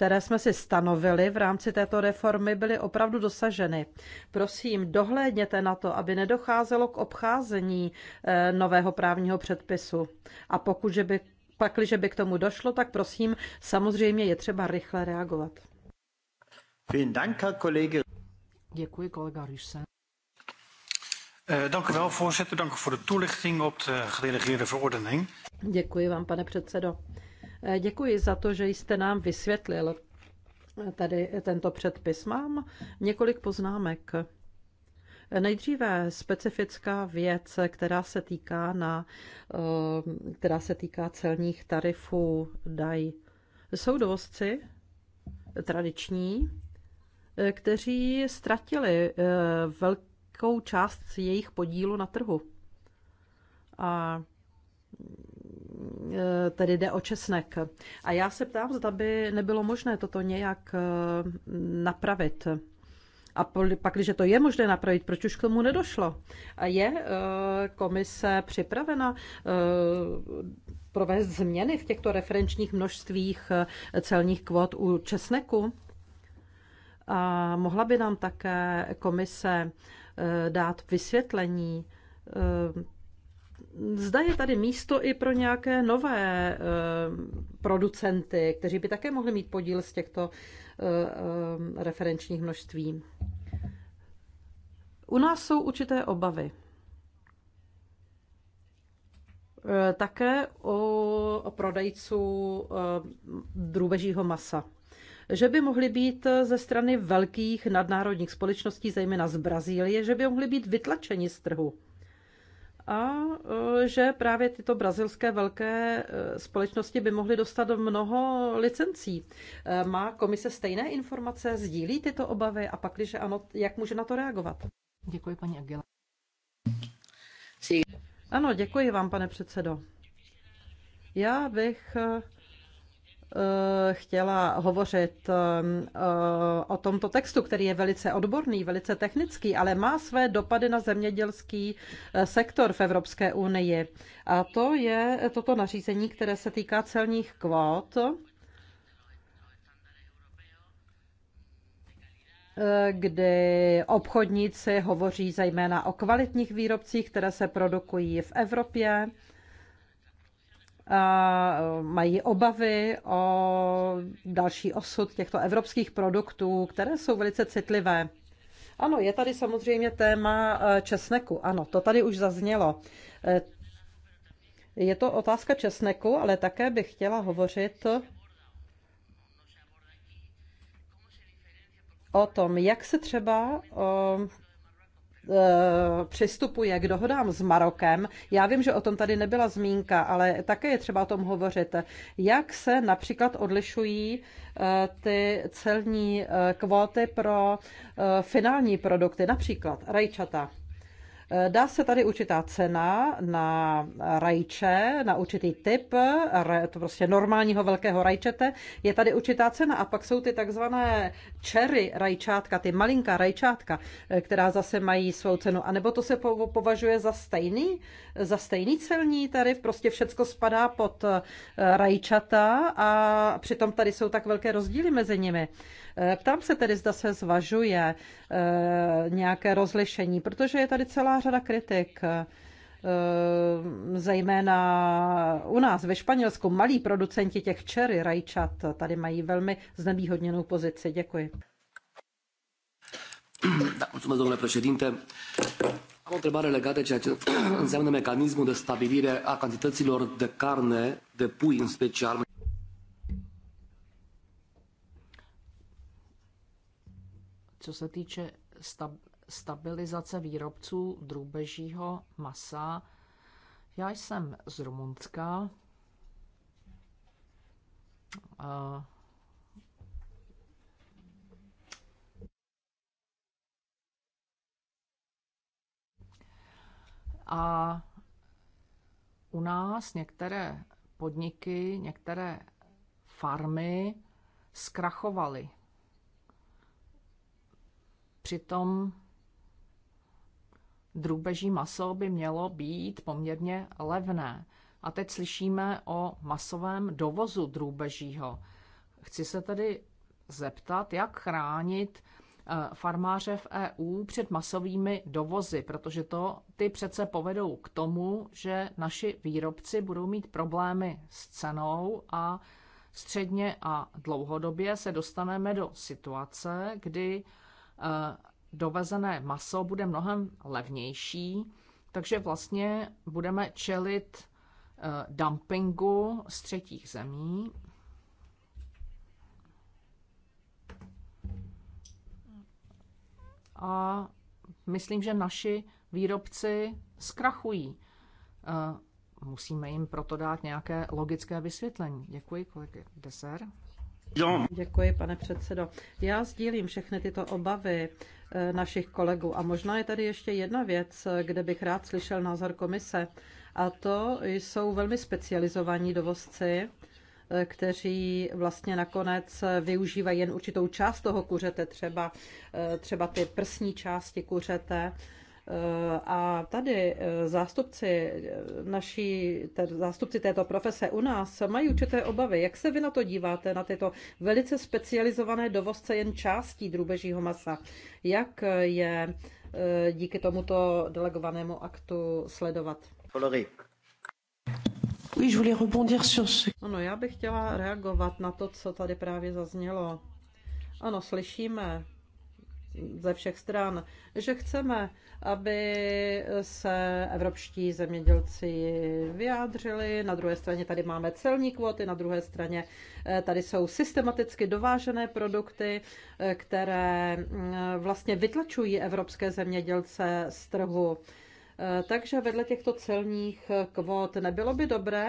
Speaker 4: které jsme si stanovili v rámci této reformy, byly opravdu dosaženy. Prosím, dohlédněte na to, aby nedocházelo k obcházení eh, nového právního předpisu. A pokud že by pakliže by k tomu došlo, tak prosím, samozřejmě je třeba rychle reagovat.
Speaker 2: Děkuji, kolega Rysen.
Speaker 3: Eh, dank u wel, voorzitter. Dank u voor de toelichting op de gedelegeerde verordening.
Speaker 4: Děkuji vám, pane předsedo. Eh, děkuji za to, že jste nám vysvětlil tady tento předpis. Mám několik poznámek. Eh, nejdříve specifická věc, která se týká, na, eh, která se týká celních tarifů DAI. Jsou dovozci tradiční, kteří ztratili velkou část jejich podílu na trhu. A E, tedy jde o česnek. A já se ptám, zda by nebylo možné toto nějak e, napravit. A pak, když to je možné napravit, proč už k tomu nedošlo? A je e, komise připravena provést změny v těchto referenčních množstvích celních kvot u česneku? A mohla by nám také komise dát vysvětlení Zda je tady místo i pro nějaké nové eh, producenty, kteří by také mohli mít podíl z těchto eh, eh, referenčních množství. U nás jsou určité obavy. Také o prodejců drůbežího masa že by mohly být ze strany velkých nadnárodních společností, zejména z Brazílie, že by mohly být vytlačeni z trhu a e, že právě tyto brazilské velké e, společnosti by mohly dostat mnoho licencí. E, má komise stejné informace, sdílí tyto obavy a pak, když ano, jak může na to reagovat?
Speaker 2: Děkuji, paní Agila.
Speaker 4: Ano, děkuji vám, pane předsedo. Já bych Eh, chtěla hovořit eh, o tomto textu, který je velice odborný, velice technický, ale má své dopady na zemědělský eh, sektor v Evropské unii. A to je toto nařízení, které se týká celních kvót. kdy obchodníci hovoří zejména o kvalitních výrobcích, které se produkují v Evropě E, mají obavy o další osud těchto evropských produktů, které jsou velice citlivé. Ano, je tady samozřejmě téma e, česneku. Ano, to tady už zaznělo. E, je to otázka česneku, ale také bych chtěla hovořit o tom, jak se třeba Eh, přistupuje k dohodám s Marokem. Já vím, že o tom tady nebyla zmínka, ale také je třeba o tom hovořit. Jak se například odlišují eh, ty celní eh, kvóty pro finální produkty, například rajčata? Dá se tady určitá cena na rajče, na určitý typ, to prostě normálního velkého rajčete, je tady určitá cena a pak jsou ty takzvané čery rajčátka, ty malinká rajčátka, eh, která zase mají svou cenu. A nebo to se považuje za stejný, za stejný celní tarif, prostě všecko spadá pod eh, rajčata a přitom tady jsou tak velké rozdíly mezi nimi. Eh, ptám se tedy, zda se zvažuje eh, nějaké rozlišení, protože je tady celá řada kritik eh, zejména u nás ve Španělsku malí producenti těch čery, rajčat, tady mají velmi znevýhodněnou pozici. Děkuji.
Speaker 3: mulțumesc, domnule președinte. Am o întrebare legată de ceea ce înseamnă mecanismul de stabilire a cantităților de carne, de pui în special.
Speaker 2: co se týče stabilizace výrobců drůbežího masa, já jsem z Rumunska. A A u nás některé podniky, některé farmy zkrachovaly Přitom drůbeží maso by mělo být poměrně levné. A teď slyšíme o masovém dovozu drůbežího. Chci se tedy zeptat, jak chránit eh, farmáře v EU před masovými dovozy, protože to ty přece povedou k tomu, že naši výrobci budou mít problémy s cenou a středně a dlouhodobě se dostaneme do situace, kdy Eh, dovezené maso bude mnohem levnější, takže vlastně budeme čelit eh, dumpingu z třetích zemí. A myslím, že naši výrobci zkrachují. Eh, musíme jim proto dát nějaké logické vysvětlení. Děkuji, kolik deser. Děkuji, pane předsedo. Já sdílím všechny tyto obavy
Speaker 4: eh, našich kolegů a možná je tady ještě jedna věc, eh, kde bych rád slyšel názor komise. A to jsou velmi specializovaní dovozci, eh, kteří vlastně nakonec využívají jen určitou část toho kuřete, třeba, třeba ty prsní části kuřete a tady eh, zástupci eh, naší, zástupci této profese u nás mají určité obavy. Jak se vy na to díváte, na tyto velice specializované dovozce jen částí drůbežího masa? Jak je eh, díky tomuto delegovanému aktu sledovat? Polory. Ano, já bych chtěla reagovat na to, co tady právě zaznělo. Ano, slyšíme ze všech stran, že chceme, aby se evropští zemědělci vyjádřili. Na druhé straně tady máme celní kvóty, na druhé straně eh, tady jsou systematicky dovážené produkty, eh, které mm, vlastně vytlačují evropské zemědělce z trhu. Eh, takže vedle těchto celních kvót nebylo by dobré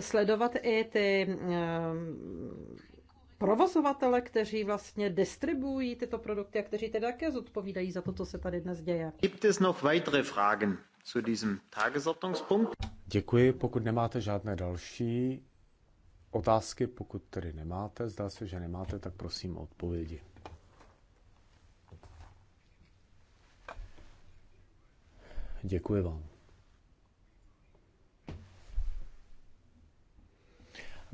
Speaker 4: sledovat i ty mm, provozovatele, kteří vlastně distribuují tyto produkty a kteří tedy také zodpovídají za to, co se tady dnes děje.
Speaker 3: Gibt es noch weitere Fragen zu diesem Tagesordnungspunkt? Děkuji, pokud nemáte žádné další otázky, pokud tedy nemáte, zdá se, že nemáte, tak prosím o odpovědi. Děkuji vám.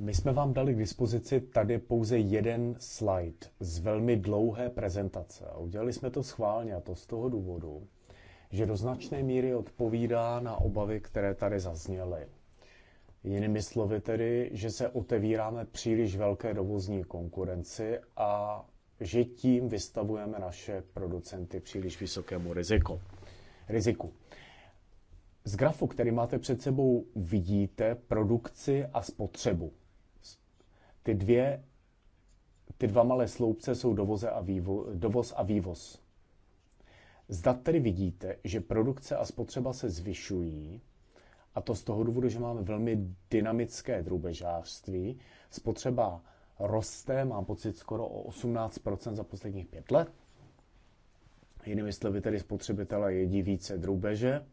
Speaker 3: My jsme vám dali k dispozici tady pouze jeden slide z velmi dlouhé prezentace a udělali jsme to schválně a to z toho důvodu, že do značné míry odpovídá na obavy, které tady zazněly. Jinými slovy tedy, že se otevíráme příliš velké dovozní konkurenci a že tím vystavujeme naše producenty příliš vysokému riziku. riziku. Z grafu, který máte před sebou, vidíte produkci a spotřebu ty dvě, ty dva malé sloupce jsou dovoze a vývo, dovoz a vývoz. Zda tedy vidíte, že produkce a spotřeba se zvyšují, a to z toho důvodu, že máme velmi dynamické drůbežářství. Spotřeba roste, mám pocit, skoro o 18% za posledních pět let. Jinými slovy, tedy spotřebitelé jedí více drůbeže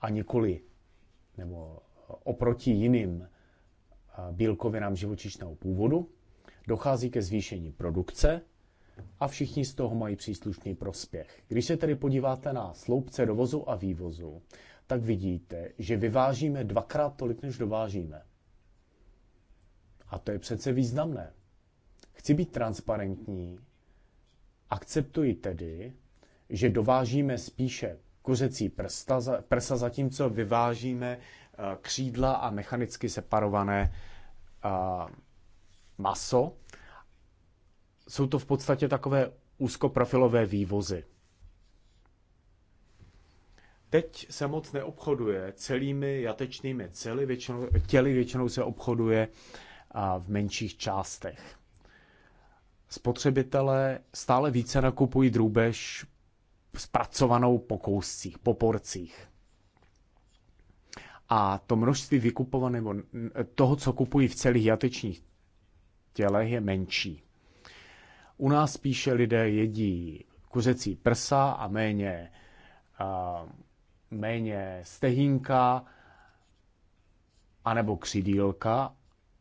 Speaker 3: a nikoli, nebo oproti jiným bílkovinám živočišného původu, dochází ke zvýšení produkce a všichni z toho mají příslušný prospěch. Když se tedy podíváte na sloupce dovozu a vývozu, tak vidíte, že vyvážíme dvakrát tolik, než dovážíme. A to je přece významné. Chci být transparentní, akceptuji tedy, že dovážíme spíše kuřecí prsta, prsa, zatímco vyvážíme Eh, křídla a mechanicky separované eh, maso. Jsou to v podstatě takové úzkoprofilové vývozy. Teď se moc neobchoduje celými jatečnými cely, většinou, těly většinou se obchoduje eh, v menších částech. Spotřebitelé stále více nakupují drůbež zpracovanou po kouscích, po porcích a to množství vykupovaného toho, co kupují v celých jatečních tělech, je menší. U nás spíše lidé jedí kuřecí prsa a méně, uh, méně stehínka anebo křidílka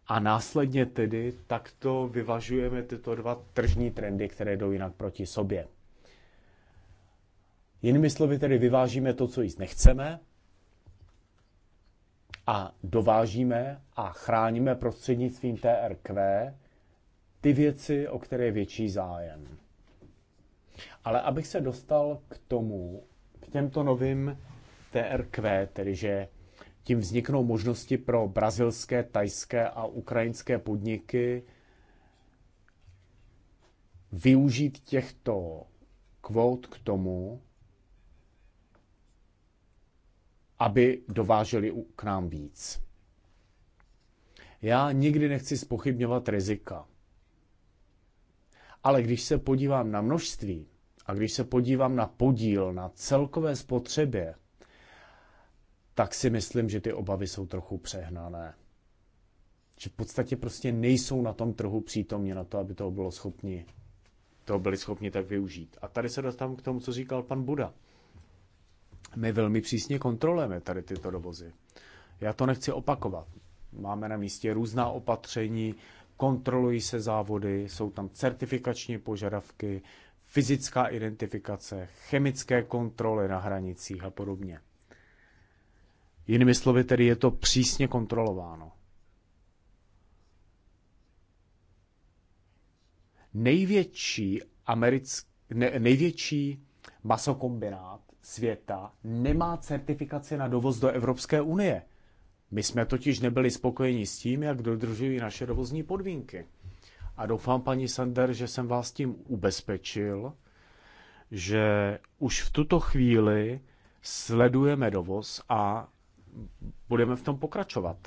Speaker 3: a následně tedy takto vyvažujeme tyto dva tržní trendy, které jdou jinak proti sobě. Jinými slovy tedy vyvážíme to, co jíst nechceme a dovážíme a chráníme prostřednictvím TRQ ty věci, o které je větší zájem. Ale abych se dostal k tomu, k těmto novým TRQ, tedy že tím vzniknou možnosti pro brazilské, tajské a ukrajinské podniky využít těchto kvót k tomu, aby dováželi k nám víc. Já nikdy nechci spochybňovat rizika. Ale když se podívám na množství a když se podívám na podíl, na celkové spotřebě, tak si myslím, že ty obavy jsou trochu přehnané. Že v podstatě prostě nejsou na tom trhu přítomně na to, aby toho bylo schopni, toho byli schopni tak využít. A tady se dostávám k tomu, co říkal pan Buda. My velmi přísně kontrolujeme tady tyto dovozy. Já to nechci opakovat. Máme na místě různá opatření, kontrolují se závody, jsou tam certifikační požadavky, fyzická identifikace, chemické kontroly na hranicích a podobně. Jinými slovy, tedy je to přísně kontrolováno. Největší americký, ne, největší masokombinát světa nemá certifikaci na dovoz do Evropské unie. My jsme totiž nebyli spokojeni s tím, jak dodržují naše dovozní podmínky. A doufám, paní Sander, že jsem vás tím ubezpečil, že už v tuto chvíli sledujeme dovoz a budeme v tom pokračovat.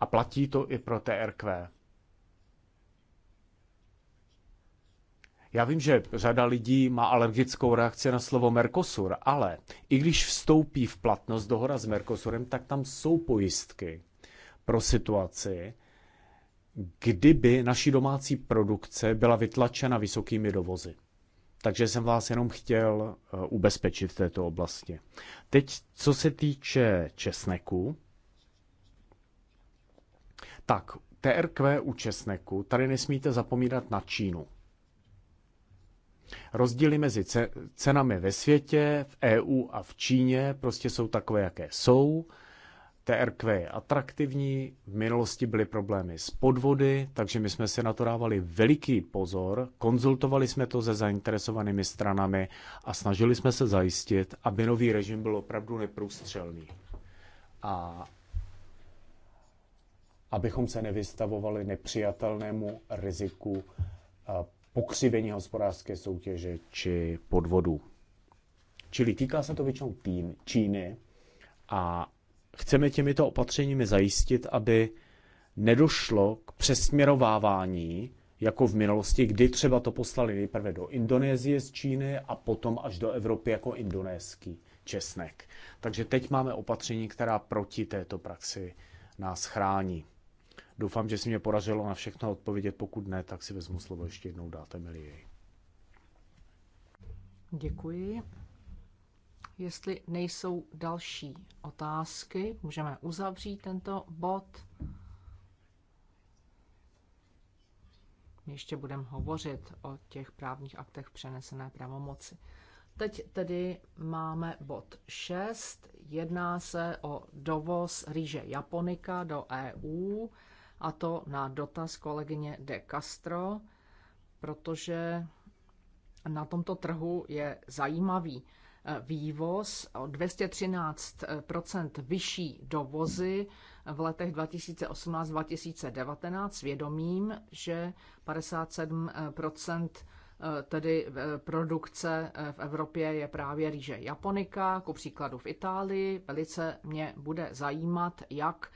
Speaker 3: A platí to i pro TRQ. Já vím, že řada lidí má alergickou reakci na slovo Mercosur, ale i když vstoupí v platnost dohoda s Mercosurem, tak tam jsou pojistky pro situaci, kdyby naší domácí produkce byla vytlačena vysokými dovozy. Takže jsem vás jenom chtěl eh, ubezpečit v této oblasti. Teď, co se týče česneku, tak TRQ u česneku, tady nesmíte zapomínat na Čínu. Rozdíly mezi cenami ve světě, v EU a v Číně prostě jsou takové, jaké jsou. TRQ je atraktivní, v minulosti byly problémy s podvody, takže my jsme si na to dávali veliký pozor, konzultovali jsme to se zainteresovanými stranami a snažili jsme se zajistit, aby nový režim byl opravdu neprůstřelný. A abychom se nevystavovali nepřijatelnému riziku eh, pokřivení hospodářské soutěže či podvodů. Čili týká se to většinou tým Číny a chceme těmito opatřeními zajistit, aby nedošlo k přesměrovávání jako v minulosti, kdy třeba to poslali nejprve do Indonésie z Číny a potom až do Evropy jako indonéský česnek. Takže teď máme opatření, která proti této praxi nás chrání. Doufám, že si mě podařilo na všechno odpovědět. Pokud ne, tak si vezmu slovo ještě jednou dáte mi jej.
Speaker 2: Děkuji. Jestli nejsou další otázky, můžeme uzavřít tento bod. ještě budeme hovořit o těch právních aktech přenesené pravomoci. Teď tedy máme bod 6. Jedná se o dovoz rýže japonika do EU a to na dotaz kolegyně De Castro, protože na tomto trhu je zajímavý eh, vývoz, o 213 vyšší dovozy v letech 2018-2019 vědomím, že 57 eh, tedy eh, produkce v Evropě je právě rýže japonika, ku příkladu v Itálii. Velice mě bude zajímat, jak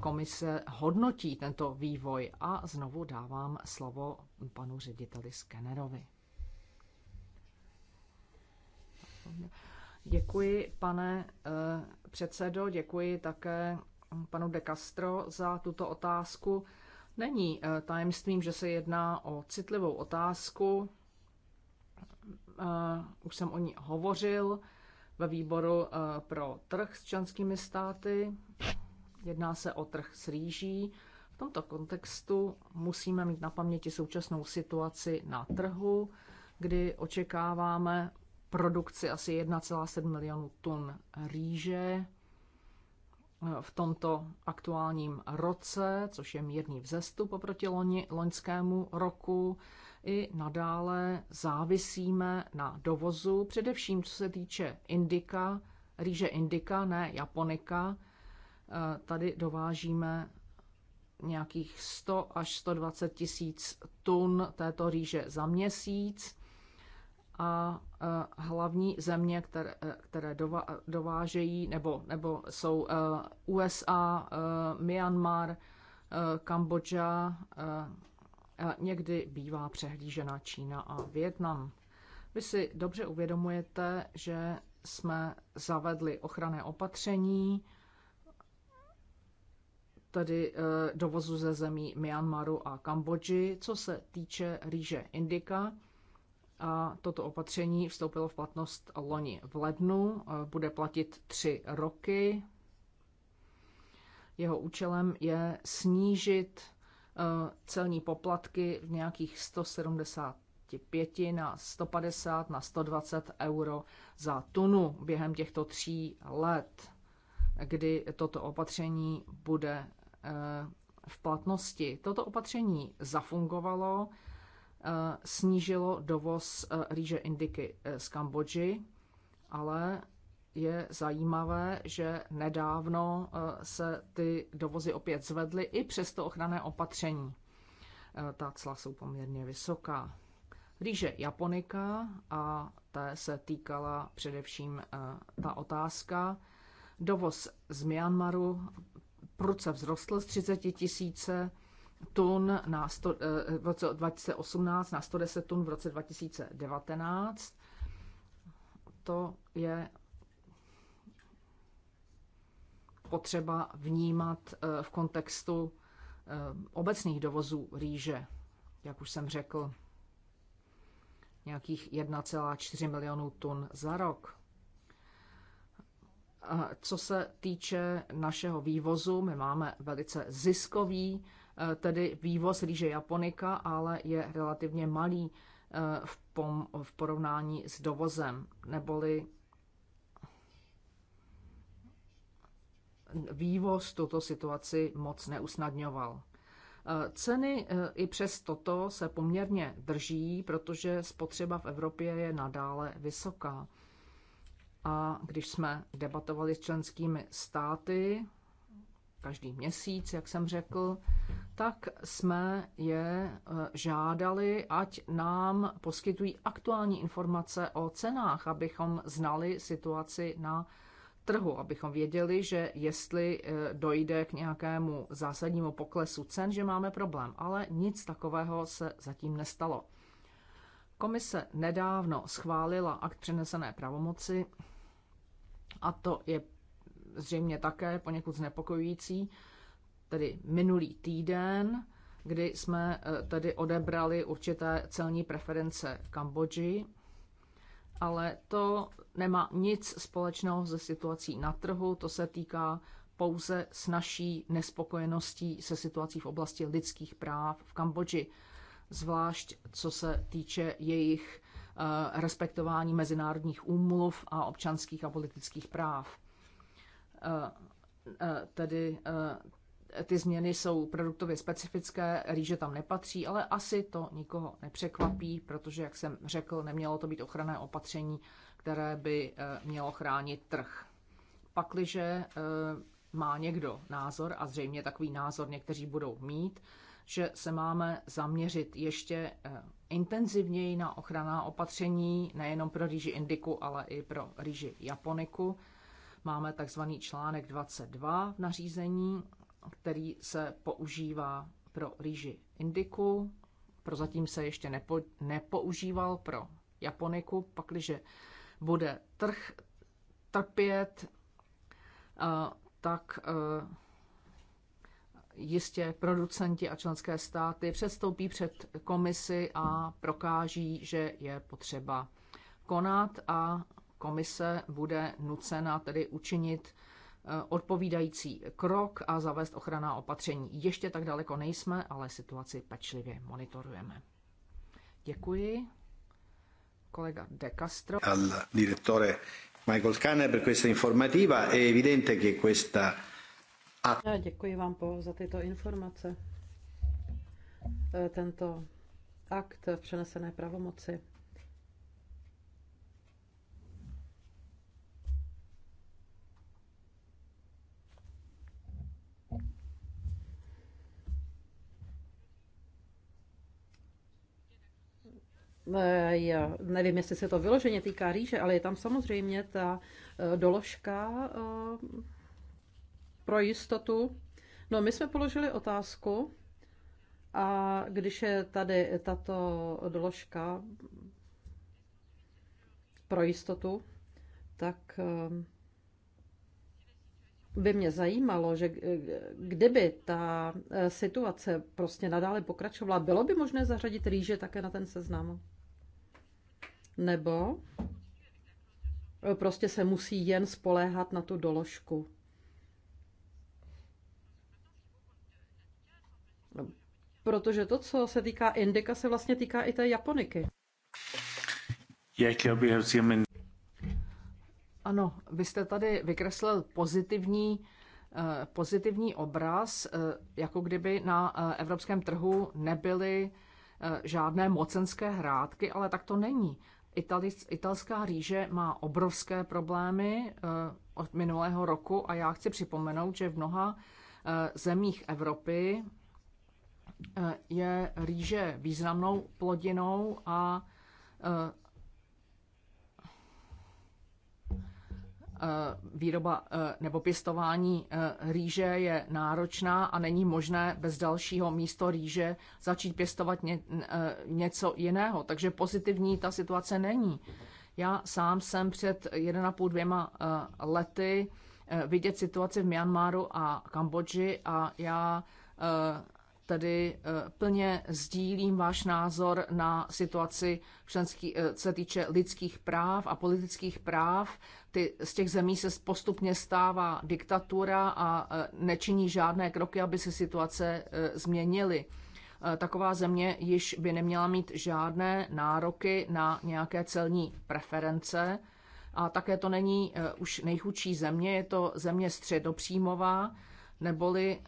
Speaker 2: komise hodnotí tento vývoj. A znovu dávám slovo panu řediteli Skenerovi. Děkuji, pane eh, předsedo, děkuji také panu De Castro za tuto otázku. Není eh, tajemstvím, že se jedná o citlivou otázku. Eh, už jsem o ní hovořil ve výboru pro trh s členskými státy. Jedná se o trh s rýží. V tomto kontextu musíme mít na paměti současnou situaci na trhu, kdy očekáváme produkci asi 1,7 milionů tun rýže eh, v tomto aktuálním roce, což je mírný vzestup oproti loni, loňskému roku. I nadále závisíme na dovozu, především co se týče indika, rýže indika, ne japonika, Eh, tady dovážíme nějakých 100 až 120 tisíc tun této rýže za měsíc a eh, hlavní země, které, eh, které dovážejí nebo, nebo jsou USA, Myanmar, Kambodža, někdy bývá přehlížena Čína a Větnam. Vy si dobře uvědomujete, že jsme zavedli ochranné opatření, tedy eh, dovozu ze zemí Myanmaru a Kambodži. Co se týče rýže Indika, a toto opatření vstoupilo v platnost loni v lednu, eh, bude platit tři roky. Jeho účelem je snížit eh, celní poplatky v nějakých 175 na 150 na 120 euro za tunu během těchto tří let, kdy toto opatření bude Eh, v platnosti. Toto opatření zafungovalo, eh, snížilo dovoz eh, rýže indiky z Kambodži, ale je zajímavé, že nedávno se ty dovozy opět zvedly i přes to ochranné opatření. Ta cla jsou poměrně vysoká. Rýže japonika a té se týkala především ta otázka. Dovoz z Myanmaru prudce vzrostl z 30 tisíce tun na sto, eh, v roce 2018 na 110 tun v roce 2019. To je potřeba vnímat eh, v kontextu eh, obecných dovozů rýže, jak už jsem řekl, nějakých 1,4 milionů tun za rok. Co se týče našeho vývozu, my máme velice ziskový, e, tedy vývoz rýže japonika, ale je relativně malý e, v, pom, v porovnání s dovozem, neboli vývoz tuto situaci moc neusnadňoval. E, ceny i přes toto se poměrně drží, protože spotřeba v Evropě je nadále vysoká. A když jsme debatovali s členskými státy, každý měsíc, jak jsem řekl, tak jsme je e, žádali, ať nám poskytují aktuální informace o cenách, abychom znali situaci na trhu, abychom věděli, že jestli e, dojde k nějakému zásadnímu poklesu cen, že máme problém. Ale nic takového se zatím nestalo. Komise nedávno schválila akt přenesené pravomoci, a to je zřejmě také poněkud znepokojující, tedy minulý týden, kdy jsme eh, tedy odebrali určité celní preference v Kambodži, ale to nemá nic společného se situací na trhu, to se týká pouze s naší nespokojeností se situací v oblasti lidských práv v Kambodži, zvlášť co se týče jejich Eh, respektování mezinárodních úmluv a občanských a politických práv. Eh, eh, tedy ty změny jsou produktově specifické, rýže tam nepatří, ale asi to nikoho nepřekvapí, protože, jak jsem řekl, nemělo to být ochranné opatření, které by mělo chránit trh. Pakliže má někdo názor, a zřejmě takový názor někteří budou mít, že se máme zaměřit ještě intenzivněji na ochranná opatření nejenom pro rýži indiku, ale i pro rýži japoniku. Máme takzvaný článek 22 v nařízení, který se používá pro rýži indiku. Prozatím se ještě nepo, nepoužíval pro japoniku. Pakliže bude trh trpět, eh, tak eh, jistě producenti a členské státy předstoupí před komisi a prokáží, že je potřeba konat a komise bude nucena tedy učinit eh, odpovídající krok a zavést ochranná opatření. Ještě tak daleko nejsme, ale situaci pečlivě monitorujeme. Děkuji. Kolega De Castro. Al
Speaker 3: direttore Michael Scanner per questa informativa. È evidente che questa
Speaker 4: a... Já děkuji vám po, za tyto informace. E, tento akt v přenesené pravomoci. E, já nevím, jestli se to vyloženě týká rýže, ale je tam samozřejmě ta e, doložka pro jistotu. No, my jsme položili otázku a když je tady tato doložka pro jistotu, tak ehm, by mě zajímalo, že kdyby ta eh, situace prostě nadále pokračovala, bylo by možné zařadit rýže také na ten seznam? Nebo prostě se musí jen spoléhat na tu doložku? Protože to, co se týká Indika, se vlastně týká i té
Speaker 2: Japoniky. Ano, vy jste tady vykreslil pozitivní, eh, pozitivní obraz, eh, jako kdyby na eh, evropském trhu nebyly žádné mocenské hrádky, ale tak to není. italská rýže má obrovské problémy od minulého roku a já chci připomenout, že v mnoha zemích Evropy Eh, je rýže významnou plodinou a eh, eh, výroba nebo pěstování rýže je náročná a není možné bez dalšího místo rýže začít pěstovat něco jiného. Takže pozitivní ta situace není. Já sám jsem před 15 dvěma lety vidět situaci v Myanmaru a Kambodži a já tedy eh, plně sdílím váš názor na situaci členský, eh, se týče lidských práv a politických práv. Ty, z těch zemí se postupně stává diktatura a eh, nečiní žádné kroky, aby se situace změnily. Taková země již by neměla mít žádné nároky na nějaké celní preference. A také to není už nejchudší země, je to země středopříjmová, neboli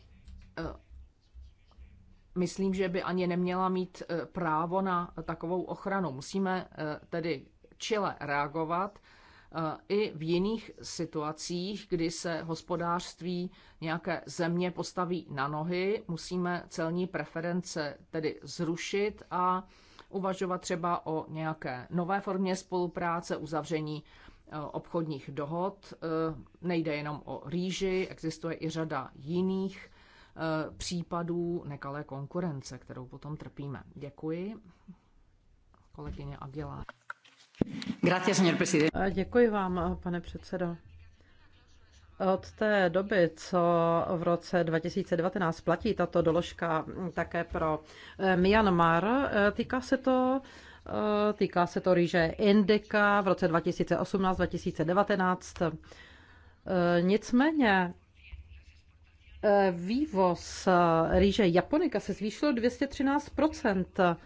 Speaker 2: myslím, že by ani neměla mít eh, právo na eh, takovou ochranu. Musíme eh, tedy čile reagovat i v jiných situacích, kdy se hospodářství nějaké země postaví na nohy, musíme celní preference tedy zrušit a uvažovat třeba o nějaké nové formě spolupráce, uzavření obchodních dohod. Nejde jenom o rýži, existuje i řada jiných Eh, případů nekalé konkurence, kterou potom trpíme. Děkuji. Kolegyně Aguilar.
Speaker 4: Děkuji vám, pane předsedo. Od té doby, co v roce 2019 platí tato doložka také pro eh, Myanmar, eh, týká se to týká se to rýže Indika v roce 2018-2019. Nicméně Eh, vývoz eh, rýže japonika se zvýšil 213 eh,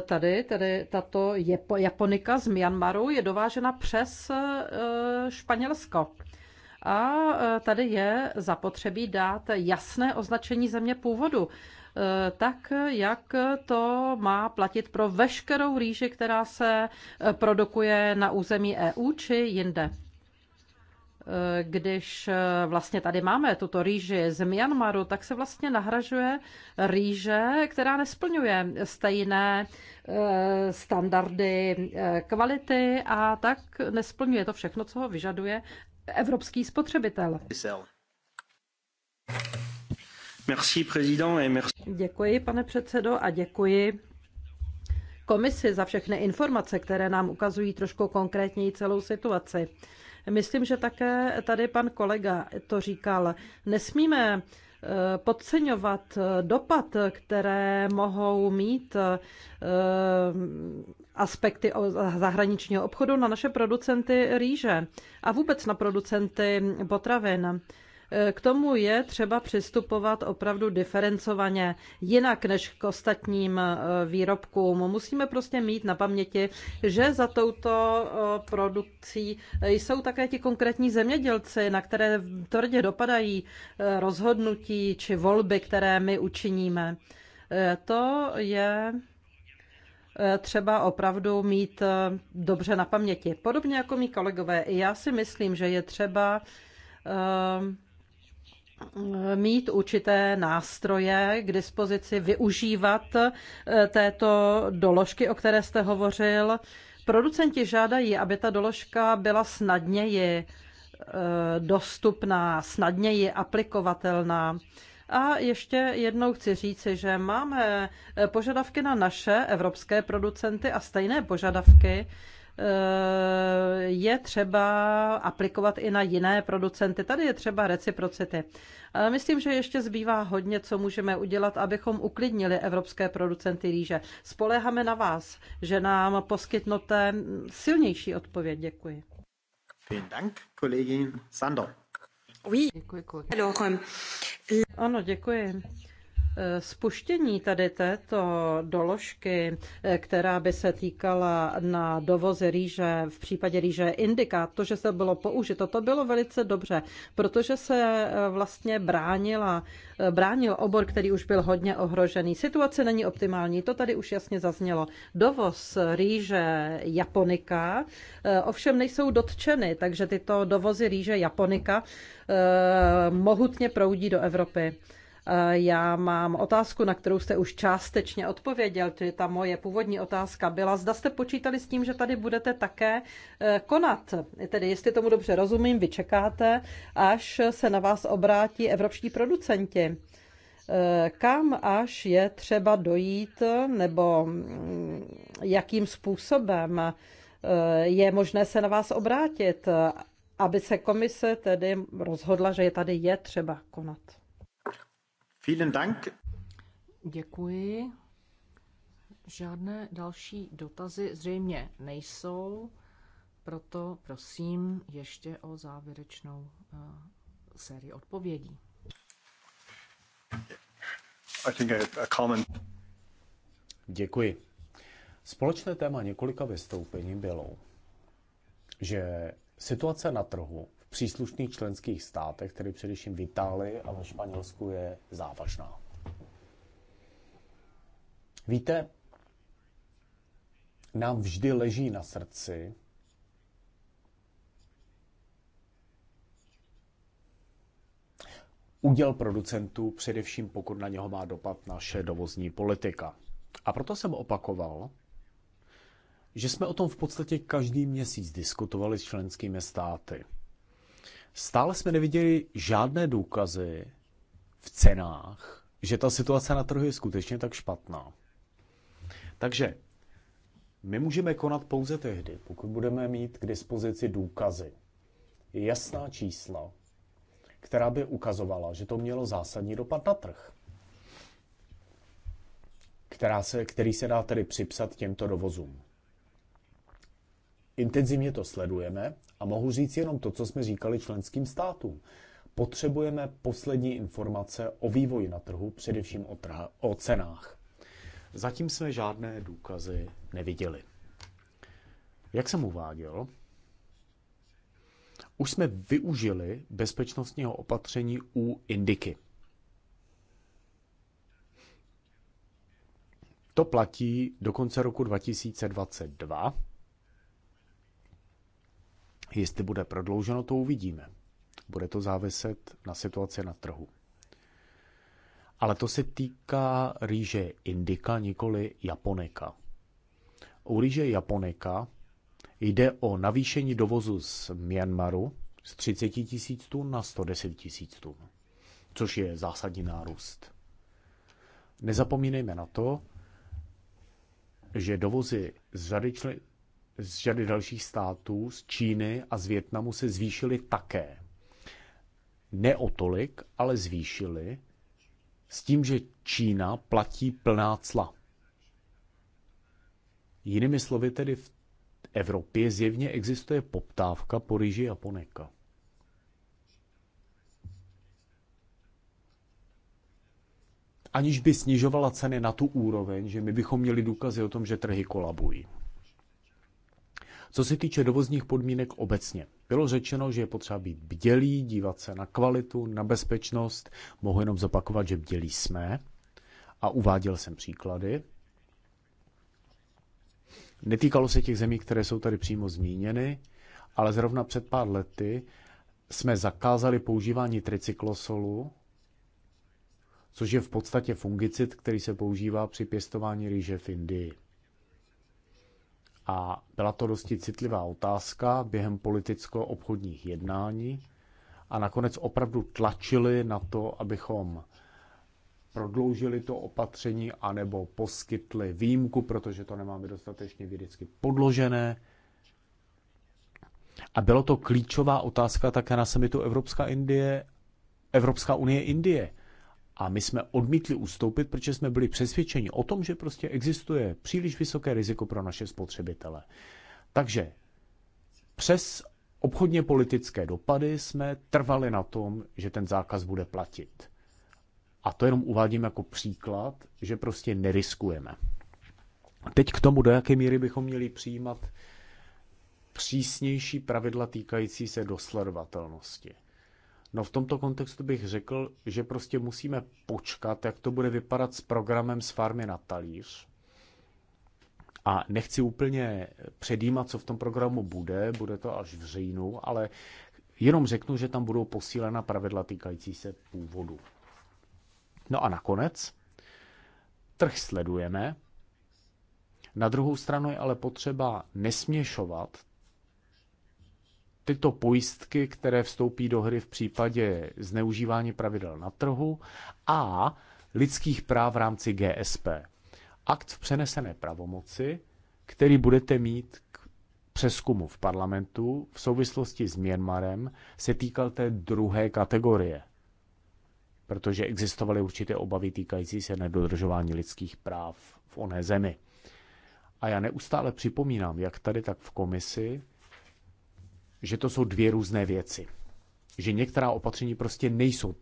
Speaker 4: Tady, tady tato japonika z Myanmaru je dovážena přes Španělsko. A tady je zapotřebí dát jasné označení země původu, tak jak to má platit pro veškerou rýži, která se produkuje na území EU či jinde. Eh, když eh, vlastně tady máme tuto rýži z Myanmaru, tak se vlastně nahražuje rýže, která nesplňuje stejné eh, standardy kvality a tak nesplňuje to všechno, co ho vyžaduje evropský spotřebitel.
Speaker 1: Merci, président, et merci.
Speaker 4: Děkuji, pane předsedo, a děkuji komisi za všechny informace, které nám ukazují trošku konkrétněji celou situaci. Myslím, že také tady pan kolega to říkal. Nesmíme eh, podceňovat eh, dopad, které mohou mít eh, aspekty zahraničního obchodu na naše producenty rýže a vůbec na producenty potravin. K tomu je třeba přistupovat opravdu diferencovaně, jinak než k ostatním e, výrobkům. Musíme prostě mít na paměti, že za touto e, produkcí e, jsou také ti konkrétní zemědělci, na které tvrdě dopadají rozhodnutí či volby, které my učiníme. To je třeba opravdu mít dobře na paměti. Podobně jako mý kolegové, i já si myslím, že je třeba mít určité nástroje k dispozici, využívat eh, této doložky, o které jste hovořil. Producenti žádají, aby ta doložka byla snadněji eh, dostupná, snadněji aplikovatelná. A ještě jednou chci říci, že máme eh, požadavky na naše evropské producenty a stejné požadavky Eh, je třeba aplikovat i na jiné producenty. Tady je třeba reciprocity. Eh, myslím, že ještě zbývá hodně, co můžeme udělat, abychom uklidnili evropské producenty rýže. Spoleháme na vás, že nám poskytnete silnější odpověď. Děkuji.
Speaker 3: Vielen Dank, Kollegin Sandor.
Speaker 4: Oui. Děkuji, kolegy. Euh, ano, děkuji. Spuštění tady této doložky, eh, která by se týkala na dovozy rýže, v případě rýže indika, to, že se bylo použito, to bylo velice dobře, protože se eh, vlastně bránila, eh, bránil obor, který už byl hodně ohrožený. Situace není optimální, to tady už jasně zaznělo. Dovoz rýže japonika ovšem nejsou dotčeny, takže tyto dovozy rýže japonika mohutně proudí do Evropy. Eh, já mám otázku, na kterou jste už částečně odpověděl, tedy ta moje původní otázka byla, zda jste počítali s tím, že tady budete také eh, konat. Tedy, jestli tomu dobře rozumím, vy čekáte, až se na vás obrátí evropští producenti. Eh, kam až je třeba dojít, nebo mm, jakým způsobem je možné se na vás obrátit, aby se komise tedy rozhodla, že je tady je třeba konat?
Speaker 3: Vielen Dank.
Speaker 2: Děkuji. Žádné další dotazy zřejmě nejsou, proto prosím ještě o závěrečnou eh, sérii odpovědí.
Speaker 5: I think a comment.
Speaker 3: Děkuji. Společné téma několika vystoupení bylo, že situace na trhu příslušných členských státech, tedy především v Itálii a ve Španělsku, je závažná. Víte, nám vždy leží na srdci úděl producentů, především pokud na něho má dopad naše dovozní politika. A proto jsem opakoval, že jsme o tom v podstatě každý měsíc diskutovali s členskými státy. Stále jsme neviděli žádné důkazy v cenách, že ta situace na trhu je skutečně tak špatná. Takže my můžeme konat pouze tehdy, pokud budeme mít k dispozici důkazy. Jasná čísla, která by ukazovala, že to mělo zásadní dopad na trh, která se, který se dá tedy připsat těmto dovozům. Intenzivně to sledujeme a mohu říct jenom to, co jsme říkali členským státům. Potřebujeme poslední informace o vývoji na trhu, především o, trha, o cenách. Zatím jsme žádné důkazy neviděli. Jak jsem uváděl, už jsme využili bezpečnostního opatření u Indiky. To platí do konce roku 2022 Jestli bude prodlouženo, to uvidíme. Bude to záviset na situaci na trhu. Ale to se týká rýže indika, nikoli japoneka. U rýže japoneka jde o navýšení dovozu z Myanmaru z 30 tisíc tun na 110 tisíc tun, což je zásadní nárůst. Nezapomínejme na to, že dovozy z řady z řady dalších států, z Číny a z Větnamu se zvýšily také. Ne o tolik, ale zvýšily s tím, že Čína platí plná cla. Jinými slovy tedy v Evropě zjevně existuje poptávka po ryži a Aniž by snižovala ceny na tu úroveň, že my bychom měli důkazy o tom, že trhy kolabují. Co se týče dovozních podmínek obecně, bylo řečeno, že je potřeba být bdělý, dívat se na kvalitu, na bezpečnost. Mohu jenom zopakovat, že bdělí jsme a uváděl jsem příklady. Netýkalo se těch zemí, které jsou tady přímo zmíněny, ale zrovna před pár lety jsme zakázali používání tricyklosolu, což je v podstatě fungicid, který se používá při pěstování rýže v Indii. A byla to dosti citlivá otázka během politicko-obchodních jednání a nakonec opravdu tlačili na to, abychom prodloužili to opatření anebo poskytli výjimku, protože to nemáme dostatečně vědecky podložené. A bylo to klíčová otázka také na samitu Evropská, Indie, Evropská unie Indie. A my jsme odmítli ustoupit, protože jsme byli přesvědčeni o tom, že prostě existuje příliš vysoké riziko pro naše spotřebitele. Takže přes obchodně politické dopady jsme trvali na tom, že ten zákaz bude platit. A to jenom uvádím jako příklad, že prostě neriskujeme. Teď k tomu, do jaké míry bychom měli přijímat přísnější pravidla týkající se dosledovatelnosti. No v tomto kontextu bych řekl, že prostě musíme počkat, jak to bude vypadat s programem z farmy na talíř. A nechci úplně předjímat, co v tom programu bude, bude to až v říjnu, ale jenom řeknu, že tam budou posílena pravidla týkající se původu. No a nakonec, trh sledujeme, na druhou stranu je ale potřeba nesměšovat tyto pojistky, které vstoupí do hry v případě zneužívání pravidel na trhu a lidských práv v rámci GSP. Akt v přenesené pravomoci, který budete mít k přeskumu v parlamentu v souvislosti s Myanmarem, se týkal té druhé kategorie, protože existovaly určité obavy týkající se nedodržování lidských práv v oné zemi. A já neustále připomínám, jak tady, tak v komisi, že to jsou dvě různé věci. Že některá opatření prostě nejsou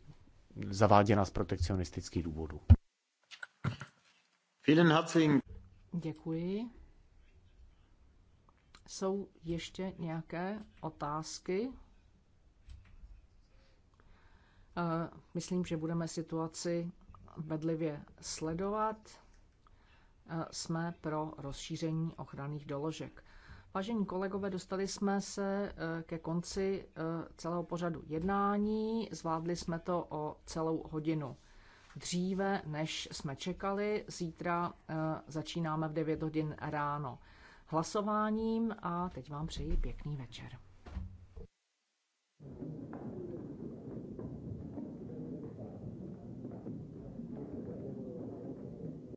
Speaker 3: zaváděna z protekcionistických důvodů.
Speaker 2: Děkuji. Jsou ještě nějaké otázky? Eh, myslím, že budeme situaci bedlivě sledovat. Eh, jsme pro rozšíření ochranných doložek. Vážení kolegové, dostali jsme se eh, ke konci eh, celého pořadu jednání. Zvládli jsme to o celou hodinu dříve, než jsme čekali. Zítra eh, začínáme v 9 hodin ráno hlasováním a teď vám přeji pěkný večer.